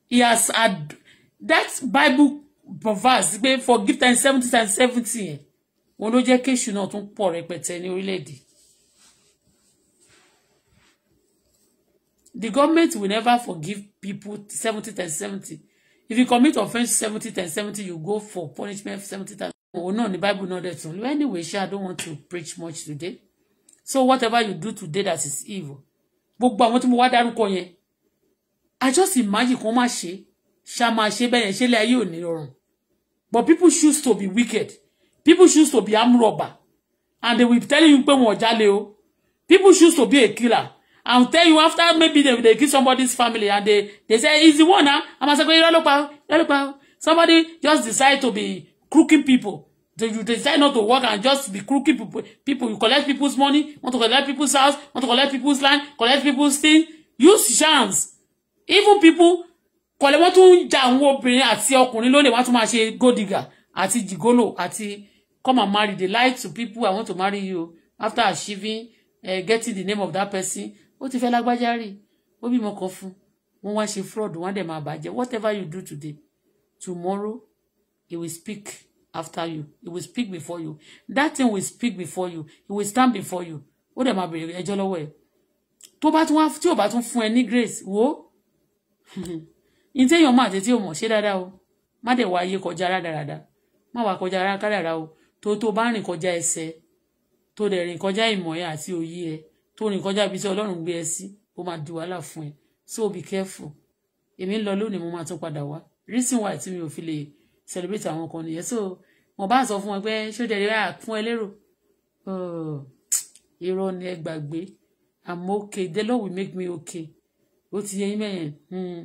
He has had that Bible verse pé for give times seventy times seventy yẹn wọn ló jẹ́ kéṣù náà tún pọ̀ rẹpẹtẹ ní orílẹ̀ The government will never forgive people seventy times seventy. If you commit offence seventy times seventy, you go for punishment seventy times. Òun náà ni Bible náà dẹ̀ tún. Anyway, sha, I don't want to preach much today. So whatever you do today that is evil, gbogbo àwọn tí mo wá dárúkọ yẹn i just imagine kó má ṣe ṣá máa ṣe bẹ́ẹ̀ yẹn ṣé ilé ayé ò rọrùn but people choose to be wicked people choose to be armed robber and they will be telling you pé wọn ò jalè o people choose to be a killer and tell you after maybe they they kill somebody's family and they they say he's the one ah amasa pe irọ́ ló pa irọ́ ló pa somebody just decide to be crooking people They, you decide not to work and just be crooked people. People, you collect people's money, want to collect people's house, want to collect people's land, collect people's thing. Use chance. Even people, kọ̀lẹ́ wọ́n tún ja àwọn obìnrin àti ọkùnrin lólè wọ́n tún máa ṣe gódìgà àti jìgólò àti come and marry they lie to people I want to marry you after achieving uh, getting the name of that person. Ó ti fẹ́ lágbájá rí, ó bímọ kan fún, wọ́n wá ṣe fraud, wọ́n dẹ̀ máa bàjẹ́. Whatever you do today, tomorrow, he will speak after you he will speak before you that thing will speak before you he will stand before you ó dẹ̀ máa bèrè ẹjọ́ lọ́wọ́ ẹ̀ tó bá tún wá tí ò bá tún fún ẹ ní grace wò ó ìtẹ́yàn máa tètè ò mọ̀ ṣe dáadáa o má dẹ̀ wá ayé Ma wa má wá kọjá rákàdàrà o tó tó bá rìn kọjá ẹsẹ̀ tó dẹ̀ rìn kọjá ìmọ̀ ẹ àti òye ẹ tó rìn kọjá ibi tí Ọlọ́run gbé ẹ sí ó di wàhálà fún ẹ so be careful èmi ń lọ lónìí mo máa tún padà wá reason why tí mi o fi lè celebrate àwọn kan nìyẹn so wọn bá sọ fún wọn pé ṣódẹrẹ à fún ẹ lérò oh, irọ́ ni ẹ gbàgbé i'm okay the Lord will make me okay ó ti yẹ yín bẹ́yẹn hmm.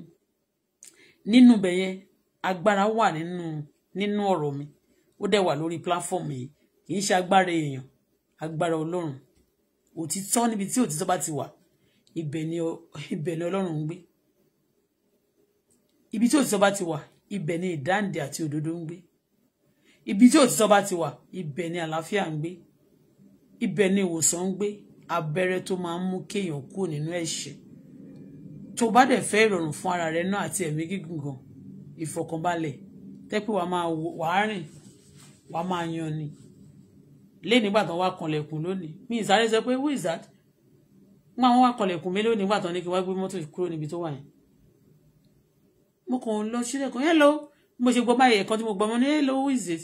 nínú bẹ́yẹn agbára wà nínú nínú ọ̀rọ̀ mi ó dẹ̀ wà lórí platform yìí kì í ṣe agbára èèyàn agbára ọlọ́run òtítọ́ níbi tí òtítọ́ bá ti wà ibẹ̀ ni ibẹ̀ ni ọlọ́run ń gbé ibi tí òtítọ́ bá ti wà ibẹ̀ ni ìdáǹdè àti òdodo ń gbé ibi tí òtítọ́ bá ti wà ibẹ̀ ni àlàáfíà ń gbé ibẹ̀ ni ìwòsàn ń gbé abẹ́rẹ́ tó máa ń mú kéèyàn kúrò nínú ẹ̀ṣẹ̀ tó bá dẹ̀ fẹ́ ìrọ̀rùn fún ara rẹ náà àti ẹ̀mí gígùn gan ìfọ̀kànbalẹ̀ tẹ́pẹ́ wàá máa wàá rìn wàá máa yan ni lẹ́yìn nígbà tán wá kanlẹ̀kùn lónìí mi ìsáré sọ pé who is that wọn àwọn wá kanlẹ̀kùn mi lónìí nígbà tán ní kí wọ́n gbé mọ́tò kúrò níbi tó wà yẹn mo kàn lọ sílẹ̀ kan hello mo ṣe gbọ́ báyìí ẹ̀kan tí mo gbọ́ mo ní hello who is it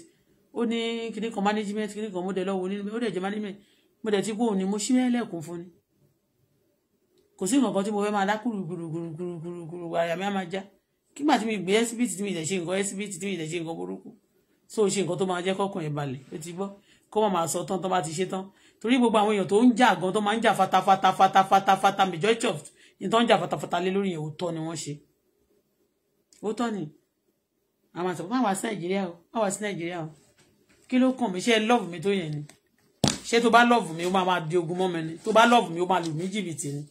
ó ní kinní kan management kinní kan mo dẹ̀ lọ́wọ́ onílé ó dẹ̀ jẹ́ management mo dẹ̀ ti kú òun ni mo ṣí lẹ́lẹ̀kùn fún ni kò sí nǹkan tí mo fẹ́ máa dákùrù gbùrùgbùrùgbùrùgbùrù àyà mi á máa já kígbà tí mi gbé ẹsibítì tí mi ìdẹ̀ ṣe nǹkan ẹsibítì tí mi ìdẹ̀ ṣe nǹkan burúkú so ṣe nǹkan tó máa jẹ́ kọ́kàn ẹ̀ balẹ̀ ó ti gbọ́ kó má máa sọ tán tó bá ti ṣe tán torí gbogbo àwọn èèyàn tó ń jà gan tó máa ń jà fatafatafatafata majority of ní ń jà fatafata lé lórí yẹn òótọ́ ni wọ́n ṣe ó tọ́ ni àwọn àtọ̀kọ́ máa wá sí nàìjíríà o máa wá sí nàìjíríà o kí ló kàn mí ṣé lọ́ọ̀bù mi tó yẹn ni ṣé tó bá lọ́ọ̀bù mi ó máa máa di ogun mọ́ mi ni tó bá lọ́ọ̀bù mi ó máa lù mí jìbìtì ni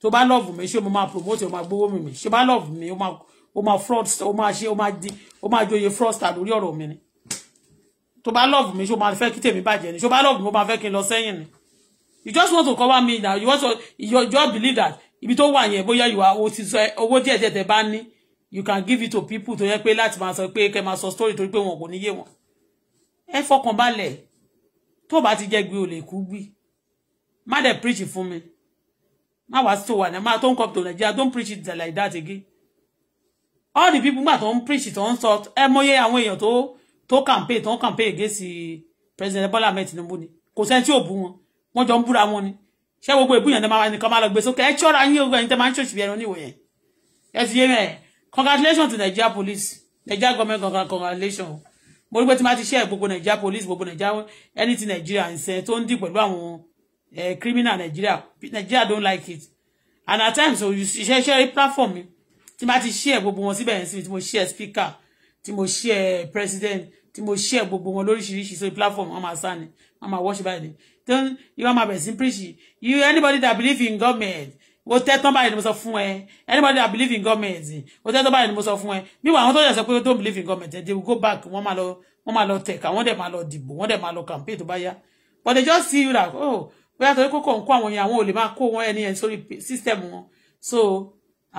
tó bá lọ́ọ̀bù mi ṣé mo máa promote ó máa gbówó mi mi ṣé bá lọ́ọ̀bù mi ó máa fraud ó máa ṣe ó máa di ó máa joyè fraudster lórí ọ̀rọ̀ mi ni tó bá lọ́ọ̀bù mi ṣé ó máa fẹ́ kí tèmi bàjẹ́ ni ṣé bá lọ́ọ̀bù mi ó máa fẹ́ kí n lọ sẹ́yìn ni you just want to cover me now you want to you just believe that ibi tó wà yẹn bóyá ìwà owó ti sọ owó díẹ̀ díẹ̀ tẹ bá ní you can give it to people to yẹ pé láti máa sọ pé kẹ máa sọ story to pé wọn kò ní yé wọn ẹ fọkàn balẹ̀ tó bá ti jẹ́ gbé o lè kú gbì má dẹ̀ preach fún mi má wá sí wà ní má tó ń kọ́ tó don't preach it like that again all the people gbà tó ń preach tó ń sọ ẹ mọyé àwọn èèyàn tó tó campaign tó campaign against president Bola Ahmed Tinubu ni kò sẹ́ni tí ò bú wọn wọ́n jọ ń búra wọn ni ṣé gbogbo ìbúyàn tẹ́ máa wá nìkan máa lọ gbé sókè ẹ ṣọ́ra yín o ẹ̀yin tẹ́ máa ń ṣòṣì bí ẹran níwò yẹn ẹ ti yé mẹ́rin congratulations to Nigeria police Nigeria government congratulations mo rí pé tí máa ti ṣe gbogbo Nigeria police gbogbo Nigeria anything Nigeria ń sẹ tó ń dì pẹ̀lú àwọn criminal Nigeria Nigeria don't like it and at times o oh, ṣe ṣe platform mi tí máa ti ṣe gbogbo wọn síbẹ̀ síbi tí mo ṣe speaker tí mo ṣe president tí mo ṣe gbogbo wọn lóríṣiríṣi sórí platform wọn máa sá ni wọn máa wọ́ṣẹ̀ báyìí then you wan ma bẹ̀rẹ̀ sí preach you anybody that believe in government What tẹ́ tán báyìí ni most of fún anybody that believe in government What tẹ́ tán báyìí ni most of fún meanwhile àwọn tó don't believe in government they will go back wọ́n máa lọ wọ́n take. I want them dẹ̀ máa lọ dìbò wọ́n dẹ̀ campaign to buy yá but they just see you like oh we torí kókò ń kó àwọn yẹn àwọn ò lè máa kó wọn ẹni yẹn sórí system wọn so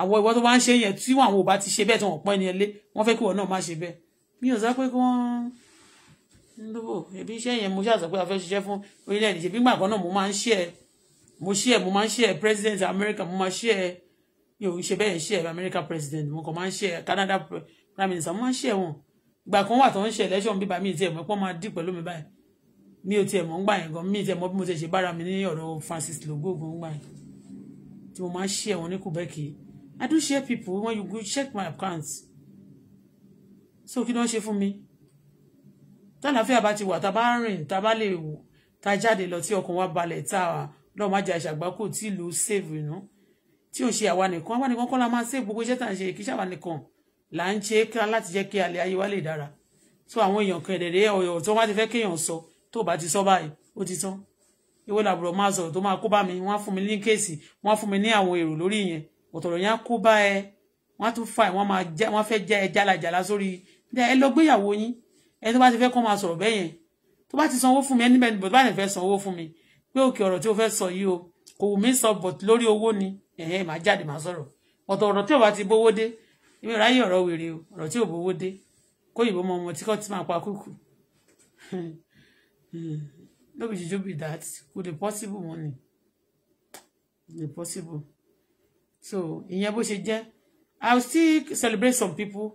àwọn ìwọ tó bá ń ṣe yẹn tí àwọn ò bá ti ṣe bẹ́ẹ̀ tí wọ́n pọ́n ẹni yẹn lé wọ́n fẹ́ kí wọn náà má ṣe bẹ́ẹ̀ You ò sọ pé kí wọ́n ń dúró ebi iṣẹ́ yẹn mo ṣàṣọ pé a fẹ́ ṣiṣẹ́ fún orílẹ̀-èdè ṣèbí gbàgbọ́ náà mo máa ń ṣe ẹ̀ mo share mo máa ń share president America mo máa share mi ò ṣe bẹ́ẹ̀ share America president mo kàn máa ń share Canada prime minister mo máa ń share wọn ìgbà kan wà tó ń ṣe election bíbá mi tiẹ̀ mọ́ pọ́n máa dì pẹ̀lú mi báyìí mi ò tiẹ̀ mọ̀ ń gbà yẹn gan mi tiẹ̀ mọ̀ bí mo ti ṣe bára mi ní ọ̀rọ̀ Francis lógógún gbà yẹn tí mo máa ń share wọn ní Quebec I do share people when you go check my accounts so kí ni wọ́n ṣe fún mi tálàfíà bá ti wà tá a bá rìn tá a bá lè wò tá a jáde lọ tí ọkàn wa balẹ̀ tá a lọ́ọ́ má jẹ́ àṣàgbákò tí ìlú save inú tí ò ṣe àwa nìkan àwa nìkan kọ́ la máa save gbogbo iṣẹ́ tà ń ṣe kí ṣàwa nìkan là ń ṣe kíra láti jẹ́ kí alẹ́ ayé wa lè dára tó àwọn èèyàn kan ẹ̀dẹ̀dẹ̀ ọ̀yọ̀ tó wá ti fẹ́ kéèyàn sọ tó bá ti sọ báyìí ó ti tán ìwé làbúrò máa sọ̀rọ̀ tó máa kó bá mi wọ́n á fún mi ní kéèsì wọ́n á fún mi ní àwọn èrò lórí ìyẹn ọ̀tọ̀rọ̀ yẹn á kó bá ẹ wọ́n á tún fà wọ́n máa já wọ́n fẹ́ já ẹ jálajàla sórí ẹ lọ gbéyàwó yín ẹ tó bá ti fẹ́ kọ́ máa sọ̀rọ̀ bẹ́yẹn tó bá ti sanwó fún mi ẹni bẹ́ẹ̀ bó bá ti fẹ́ sanwó fún mi pé òkè ọ̀rọ̀ tí o fẹ́ sọ yìí o kò wù mí sọ but lórí owó ni ẹ̀hẹ́n màá jáde màá sọ̀rọ̀ ọ̀tọ̀ ọ̀rọ̀ tí o bá ti bówó dé èmi ráyè ọ̀rọ̀ wèrè o ọ̀rọ̀ tí o bówó dé kóyìnbó mọ ọmọ tí kò ti máa pa kúkú hmm, no be juju be that kò dey possible money dey possible so ìyẹn bó ṣe jẹ́ i will still celebrate some people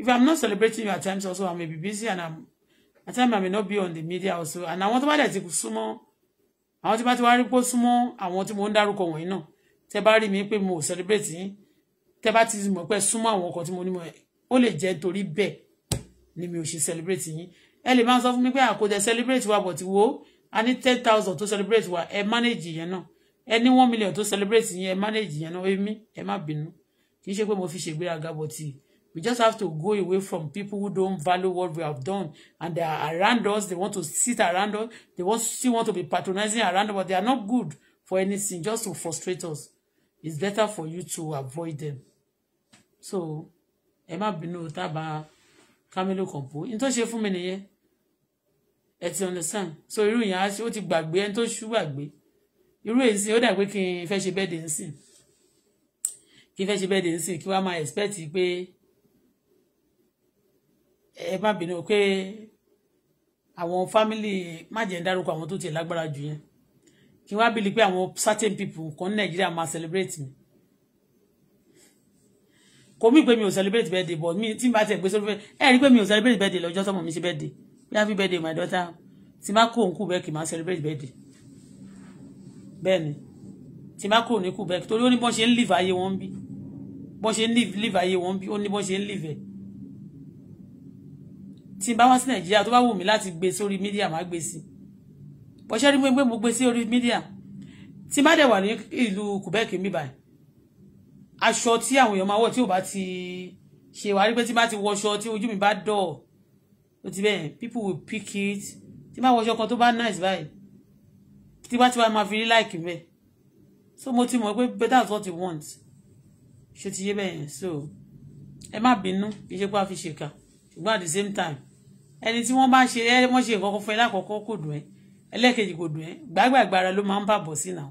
if i'm not celebrating you at times also i may be busy and i'm at times i may not be on the media also and I want to buy dẹ̀ ti súnmọ́ àwọn tí bá ti wá rí pé ó súnmọ́ àwọn tí mo ń dárúkọ wọ̀nyí náà tẹ bá rí mi pé mo ò celebrate yín tẹ bá ti mọ̀ pé súnmọ́ àwọn ọkọ̀ tí mo ní mọ̀ ó lè jẹ́ torí bẹ́ẹ̀ ni mi ò ṣe celebrate yín ẹ lè máa sọ fún mi pé àkójẹ celebrate wa bọ̀ tí wo a ní ten thousand tó celebrate wa ẹ manage yẹn náà ẹ ní one million tó celebrate yẹn ẹ manage yẹn náà èmi ẹ má bínú kì í ṣe pé mo fi ṣègbéraga bọ̀ tí We just have to go away from people who don't value what we have done and they are around us. They want to sit around us. They want, still want to be patronizing around us, but they are not good for anything, just to frustrate us. It's better for you to avoid them. So, ẹ má bínú tábà Camilo Compo. In tó ṣe fún mi understand. So irú yẹn ó ti gbàgbé ẹni tó ṣú gbàgbé. Irú èyí sìn ó dà pé kí n fẹ́ ṣe bẹ́ẹ̀ dé ń sìn. Kí n fẹ́ ṣe bẹ́ẹ̀ dé expect pé ẹ má bínú pé àwọn fámìlì má jẹ́ ń dárúkọ àwọn tó tiẹ̀ lágbára jù yẹn kí wọ́n á bìlí pé àwọn certain people kan ní nàìjíríà máa celebrate mi kò mí pé mi ò celebrate birthday but mi tí n bá tẹ̀ gbé sórí fẹ́ ẹ rí pé mi ò celebrate birthday lọ́jọ́ tọ́mọ mi ṣe birthday bí happy birthday my daughter tí má kó òun kú bẹ́ẹ̀ kì má celebrate birthday bẹ́ẹ̀ ni tí má kó òun kú bẹ́ẹ̀ torí ó ní bọ́n ṣe ń live ayé wọn bí bọ́n ṣe ń live ayé wọn bí ó ní bọ́n ṣe ń live ẹ̀ tí n bá wá sí nàìjíríà tó bá wù mí láti gbé sórí mídíà má gbé sí bọ́sẹ́ rí pé mo gbé sí orí mídíà tí n bá dẹ̀ wà ní ìlú Quebec mi báyìí aṣọ tí àwọn èèyàn máa wọ̀ tí ò bá ti ṣe wá rí pé tí bá ti wọṣọ tí ojú mi bá dọ̀ ó ti bẹ́ẹ̀ people will pick it tí n bá wọṣọ kan tó bá nice báyìí tí n bá ti wá máa fi rí láìkì mẹ́ so mo ti mọ̀ pé better is what you want ṣe ti yé bẹ́ẹ̀ so ẹ má bínú kì í ṣe pé a fi ṣèkà ṣùgbọ́n at the same time ẹni tí wọ́n bá ṣe ẹ́ wọ́n ṣe nǹkan kan fún ẹ lákọ̀ọ́kọ́ kò dùn ẹ́ ẹlẹ́ẹ̀kejì kò dùn ẹ́ gbàgbàgbàrà ló máa ń bàbọ̀ sí náà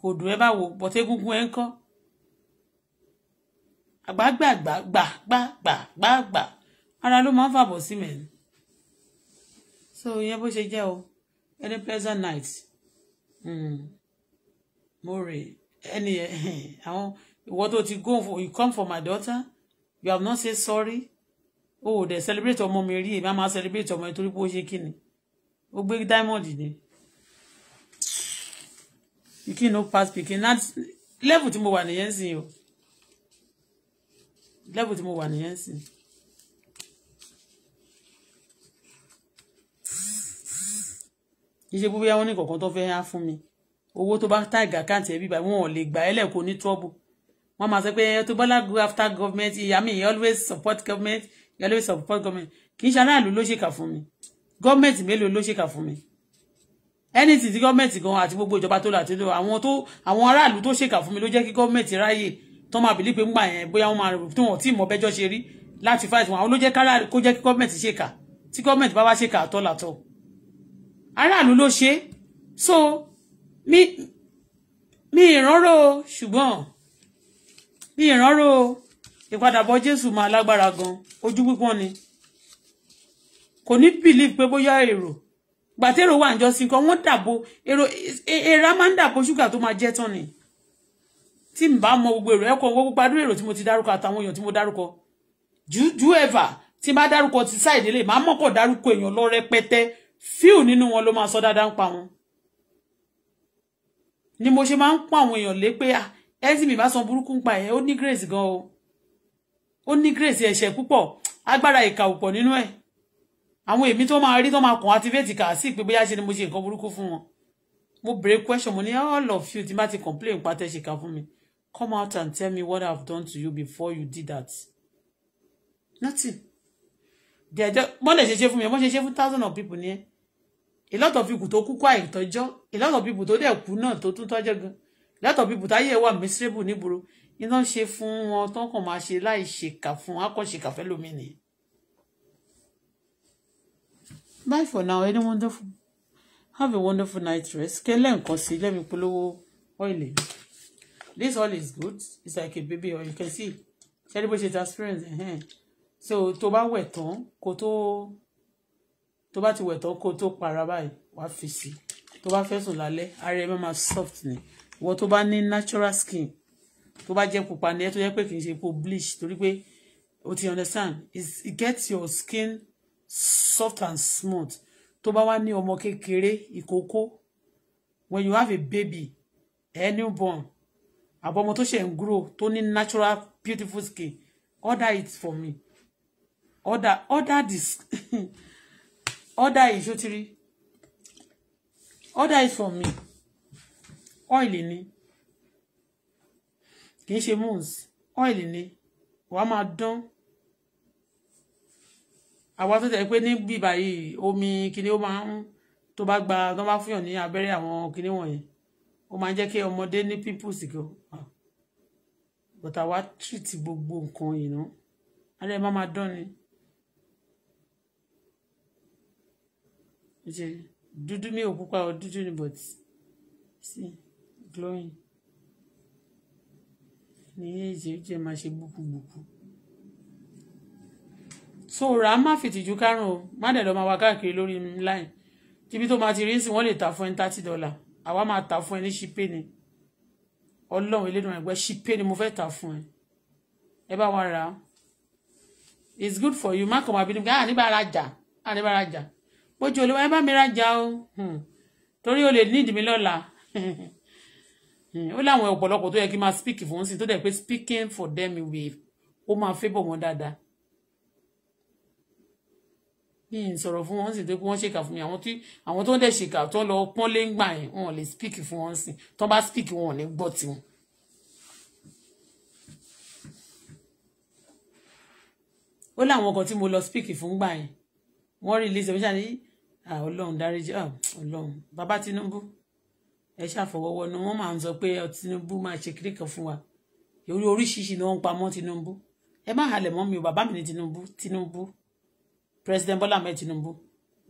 kò dùn ẹ́ báwo bọ́tẹ́gúngún ẹ̀ ń kọ́ àgbàgbàgbàgbàgbàgbà ara ló máa ń fàbọ̀ sí mẹ́rin so ìyẹn bó ṣe jẹ́ o any pleasant night hmm. mo rè ẹni àwọn ìwọ tó ti go you come for my daughter you have not said sorry o ò celebrate ọmọ mi rí èmi á máa celebrate ọmọ yẹn torí pé ó ṣe kíni ó gbé diamond ni pikin no pass pikin na level tí mo wà nìyẹn sìn o level tí mo wà nìyẹn sìn. ìṣe bóyá wọn ní kọ̀ọ̀kan tó fẹ́ há fún mi owó tó bá tag account ẹ̀ bíbá wọn ò lè gbà ẹ́ lẹ́kọ̀ọ́ ní trouble wọ́n máa sọ pé tó bá lágbo after government I mean always support government you always support government kì í ṣe aráàlú ló ṣèkà fún mi gọ́ọ̀mẹ̀ntì mélòó ló ṣèkà fún mi anything tí gọ́ọ̀mẹ̀ntì gan àti gbogbo ìjọba tó là tó lò àwọn tó àwọn aráàlú tó ṣèkà fún mi ló jẹ́ kí gọ́ọ̀mẹ̀ntì ráyè tó máa bìlí pé ńgbà yẹn bóyá wọ́n máa tó wọ́n tí ìmọ̀ bẹ́jọ́ ṣe rí láti fight wọn àwọn ló jẹ́ kára kó jẹ́ kí gọ́ọ̀mẹ̀ntì ṣèkà tí gọ́ọ̀mẹ̀ntì bá wá ṣèkà àtọ́ làtọ́ aráàlú ló ṣe so mi mi ìrànrò ṣùgbọ́n mi ìrànrò ìpadàbọ̀ jésù máa lágbára gan ojú pípọ́n ni kò ní believe pé bóyá èrò gbàtẹ́rò wà níjọ sí nǹkan wọ́n dàbò èrò èèrà máa ń dàbò ṣúgà tó máa jẹ́ tán ni tí n bá mọ gbogbo èrò ẹ̀kọ́ owó pípa dúró èrò tí mo ti dárúkọ àtàwọn èèyàn tí mo dárúkọ jù jù ẹ̀fà tí n bá dárúkọ ti sáìdì lè máa mọ̀kọ̀ dárúkọ èèyàn lọ rẹpẹtẹ fíù nínú wọn ló máa sọ dáadáa ń pa wọn ni mo ṣe máa ń pọ́n àwọn èèyàn lé pé ah ẹ́sìn mi bá san burúkú ń pa ẹ̀ ó ní grace gan o ó ní grace ẹ̀ṣẹ̀ púpọ̀ agbára ìkà ò pọ̀ nínú ẹ̀ àwọn èmi tó máa rí tó máa kàn activate kà sí pé bóyá ṣe ni mo ṣe nǹkan burúkú fún wọn mo béèrè question mo ní all of you ti má ti complain pa tẹ́ ṣe kà fún mi come out and tell me what I've done to you before you did that nothing they are just mọ́lẹ̀ ṣe ṣe fún mi ẹ̀ ṣe ṣe fún thousand of people ní ẹ̀ a lot of people tó kú kó àìtọ́jọ́ a lot of people tó dẹ̀ kú náà tó tún tọ́jọ́ gan a lot of people táyé wà miserable níburo iná ṣe fún wọn tó kàn máa ṣe láì ṣèkà fún wọn á lómi nìyí. bye for now any wonderful have a wonderful night rest kẹlẹ́ nǹkan sí lẹ́mi polówó ọ́ìlì this oil is good it's like a baby oil you can see ṣe é bó ṣe transparent so tó bá wẹ̀ tán kó tó tó bá ti wẹ̀ tán kó tó para báyìí wàá fi sí tó bá fẹ́ sùn lálẹ́ ara ẹ máa soft ni ìwọ tó bá ní natural skin tó bá jẹ́ pupa ni ẹ tó yẹ pé kì í ṣe epo bleach torí pé o ti understand It's, it gets your skin soft and smooth tó bá wá ní ọmọ kékeré ìkókó when you have a baby a newborn àbọ̀mọ tó ṣe ń grow tó ní natural beautiful skin order it for me order order this order ìṣótiri order it for me oil ni kì í ṣe moons oil ni wàá máa dán àwa tó tẹ̀ pé ní bíbá yìí omi kìíní ó máa ń tó bá gba tó bá fúnyàn ní abẹ́rẹ́ àwọn kìíní wọ̀nyẹn ó máa ń jẹ́ kí ọmọdé ní pimples gan but àwa treat gbogbo nǹkan yìí ná alẹ́ má máa dán ni. dúdú mi ò pupa o dúdú ni but see glowing nìyẹn ìṣe jẹ́ máa ṣe gbùkúgbùkú. so rà á má fìtìjú kárùn o má dẹ̀ lọ́ máa wá káàkiri lórí line tíbi tó máa ti rí sí wọ́n lè ta fún ẹ thirty dollar àwa máa ta fún ẹ ní ṣípé ni ọlọ́run elédùn àgbẹ̀ ṣípé ni mo fẹ́ ta fún ẹ ẹ bá wa rà á it's good for you má kàn máa bínú káà ah, níbà ra jà káà ah, níbà ra jà bójú olúwa ẹ bá mi ra jà o hmm. torí o lè ní ìdí lọ́la. Hmm, ó láwọn ọ̀pọ̀lọpọ̀ tó yẹ kí n máa speak fún sí tó dẹ̀ pé speaking for them will ó máa favour wọn dáadáa mi ì sọ̀rọ̀ fún wọn sì tó kí wọ́n ṣèkà fún mi àwọn tí àwọn tó ń dẹ̀ ṣèkà tó ń lọ pọ́n lé ń gbà yẹn wọn lè speak fún wọn sí tó bá speak wọn ò ní gbọ́ tiwọn. ó láwọn kan tí mo lọ speak fún gbà yẹn wọ́n rí ilé ìṣẹ́ mi ṣáà ní ọlọ́run dáríjì ah, ọlọ́run bàbá Tinubu ẹ ṣàfọwọ́wọ́nú wọ́n máa ń sọ pé Tinubu máa ṣe kiri kan fún wa orí oríṣiríṣi ni wọ́n ń pamọ́ Tinubu ẹ má halẹ̀ mọ́ mi o bàbá mi ni Tinubu Tinubu President Bola Ahmed Tinubu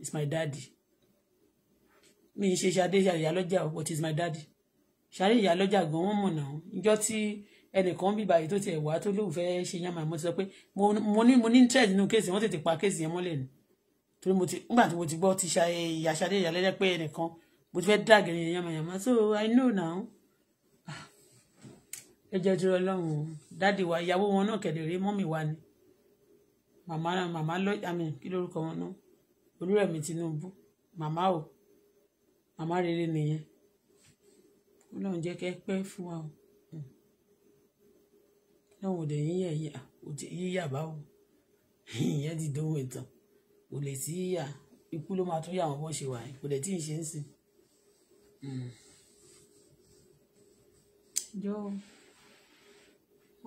is my daddy mi ń ṣe ṣadé ìyálọ́jà but is my daddy ṣadé ìyálọ́jà gan wọ́n mọ̀ náà níjọ́ tí ẹnìkan bíbá yìí tó tiẹ̀ wá tó lóun fẹ́ ṣe yánmà mo ti sọ pé mo ní mo ní interest nínú kéèsì wọ́n tètè pa kéèsì yẹn mọ́lẹ̀ ni torí mo ti nígbà tí mo ti gbọ́ ti ṣe ìyàṣadé ìyálọ́jà pé ẹnìkan bó ti fẹ́ dàgẹ̀ yẹn yamayama so i know now ẹ jẹ́ dúró lọ́hùn dáàdi wa ìyàwó wọn náà kẹ̀dẹ̀ rí mọ́mì wa ni màmá màmá lọ àmì kí lórúkọ wọn náà olúrẹ̀mí Tinubu màmá o màmá rere nìyẹn Ọlọ́run jẹ́ kẹ́ pẹ́ fún wa o náà ò dẹ̀ yíyà yíyà ò dẹ̀ yíyà báwo ìyẹn ti dóhùn ìtàn ò lè sí yíyà ikú ló máa tún yà wọn bó ṣe wà kò dẹ̀ tí ì ṣe ń sìn jọ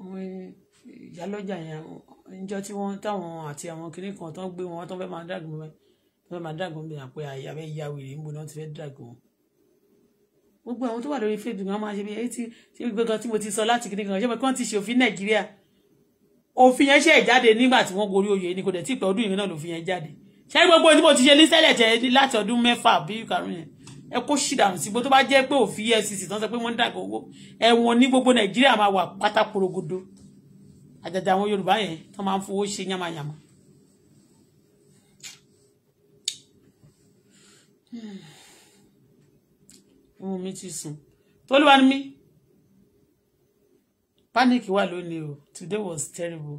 àwọn ìyálọ́jà yẹn níjọ́ tí wọ́n táwọn àti àwọn kinní kan tó ń gbé wọn tó ń fẹ́ máa dàgbò mọ́ tó fẹ́ máa dàgbò mọ́ àpé àyà fẹ́ ya wèrè ń bo náà ti fẹ́ dàgbò wọn. gbogbo àwọn tó wà lórí facebook wọn máa ṣe bí ẹ ti ṣe gbẹgàn tí mo ti sọ láti kinní kan ṣé pé kí wọ́n ti ṣe òfin nàìjíríà òfin yẹn ṣe jáde nígbà tí wọ́n gorí oyè ni kò dẹ̀ tí ì ọdún yìí náà lòfin yẹn jáde ṣé gbogbo tí ẹ kó ṣìdànù sí gbogbo tó bá jẹ́ pé òfin EFCC tán sọ pé wọ́n ń dàgbà owó ẹ̀wọ̀n ní gbogbo Nàìjíríà máa wà pátá porogodo àjàjà àwọn Yorùbá yẹn tó máa ń fowó ṣe yàmàyàmà. Hmm. ohun mi ti sùn tolúwa ni mí panic wà lónìí o today was terrible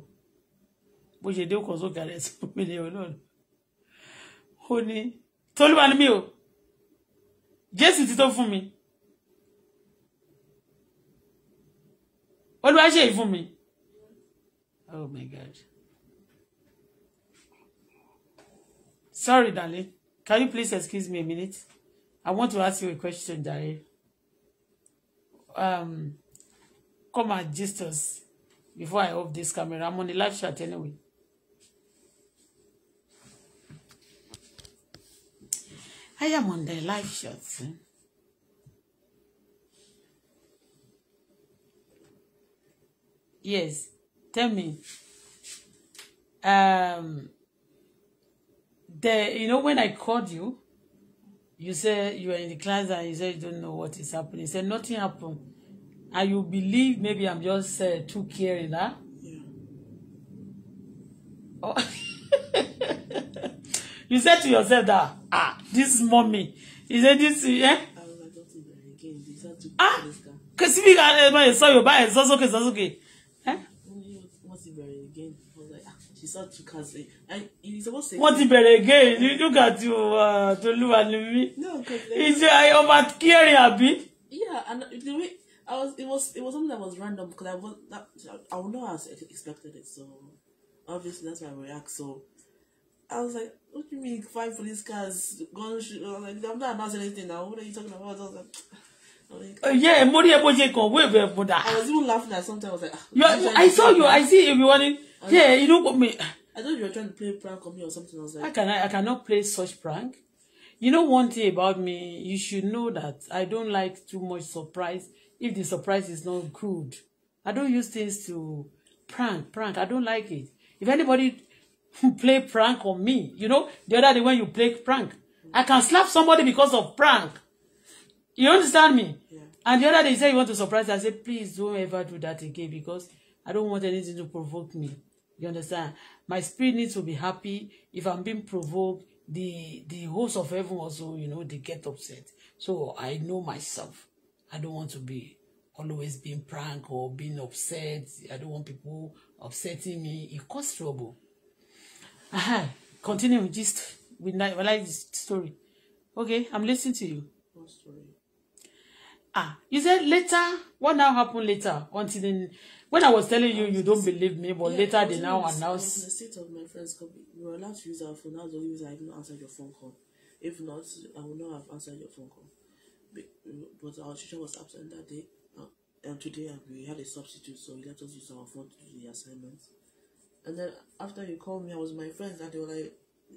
bó ṣe dé kàn sókè àrẹ sí mi ní Ọlọ́run ó ní mí o jésù ti tó fún mi olúwa ṣe ìfún mi oh my god sorry darling can you please excuse me a minute i want to ask you a question darling um come and gist us before i off this camera i'm on a live chat anyway I am on the live shots. Eh? Yes, tell me. Um, the you know when I called you, you said you were in the class and you said you don't know what is happening. You said nothing happened, and you believe maybe I'm just uh, too caring, huh? Yeah. Oh. you said to yourself that ah this mommy you say this eh. ah if you got kò saw ẹgbẹ́ yẹn sọ yorùbá yẹn sọ́sọ́kè sọ́sọ́kè. Eh? wọ́n ti bẹ̀rẹ̀ again you you to? look at uh, ní lùkà No, because he said I ọba a bit. yeah and the way I was it was it was something that was random because I was that I would not have expected it so obviously that's why I react so I was like What do you mean five police cars? Gun uh, like, I'm not announcing anything now. What are you talking about? I was like, like uh, yeah, Mori Eboje can that. I was even laughing at sometimes. I was like, you are, I saw you. I see everyone. Yeah, you know what me. I thought you were trying to play prank on me or something. I was like, I cannot, I cannot play such prank. You know one thing about me, you should know that I don't like too much surprise if the surprise is not good. I don't use things to prank, prank. I don't like it. If anybody play prank on me. You know, the other day when you play prank, I can slap somebody because of prank. You understand me? Yeah. And the other day, he said, you want to surprise me. I said, please don't ever do that again because I don't want anything to provoke me. You understand? My spirit needs to be happy. If I'm being provoked, the the host of heaven also, you know, they get upset. So I know myself. I don't want to be always being pranked or being upset. I don't want people upsetting me. It causes trouble. Aha. Continue with this. We like this story. Okay, I'm listening to you. What story? Ah, you said later. What now happened later? Until then, when I was telling you, you don't believe me, but yeah, later they now announce. The state of my friend's company, you were allowed to use our phone. That's the only reason I didn't answer your phone call. If not, I would not have answered your phone call. But our teacher was absent that day, uh, and today uh, we had a substitute, so he let us use our phone to do the assignments. And then after you called me, I was my friends, and they were like,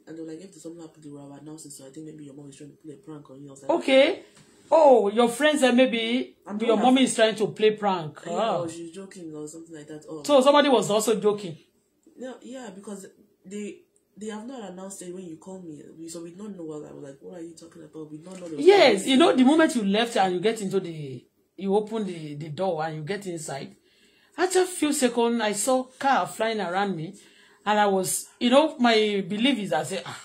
and they were like, if there's something happened, they would announcing. So I think maybe your mom is trying to play a prank on you. I was like, okay. Oh, your friends said maybe I'm your mommy is trying to play prank. Yeah, wow. Ah. or she's joking or something like that. Or, so somebody was also joking. No, yeah, because they they have not announced it when you call me. We, so we don't know what I was like, what are you talking about? We don't know. Yes, you know, the moment you left and you get into the, you open the, the door and you get inside, After a few seconds, I saw car flying around me, and I was, you know, my belief is I say, ah.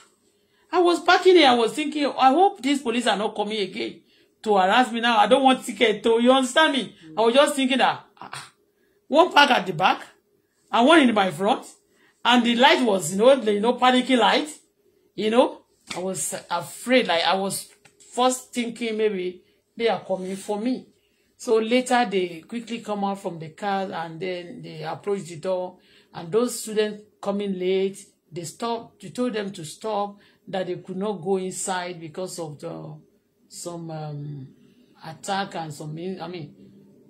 I was parking here, I was thinking, I hope these police are not coming again to harass me now. I don't want ticket to, you understand me? I was just thinking that, ah, ah, one park at the back, and one in my front, and the light was, you know, the, you know, panicky light, you know, I was afraid, like, I was first thinking maybe they are coming for me. So later they quickly come out from the car and then they approach the door. And those students coming late, they stopped. You told them to stop, that they could not go inside because of the some um, attack and some, I mean,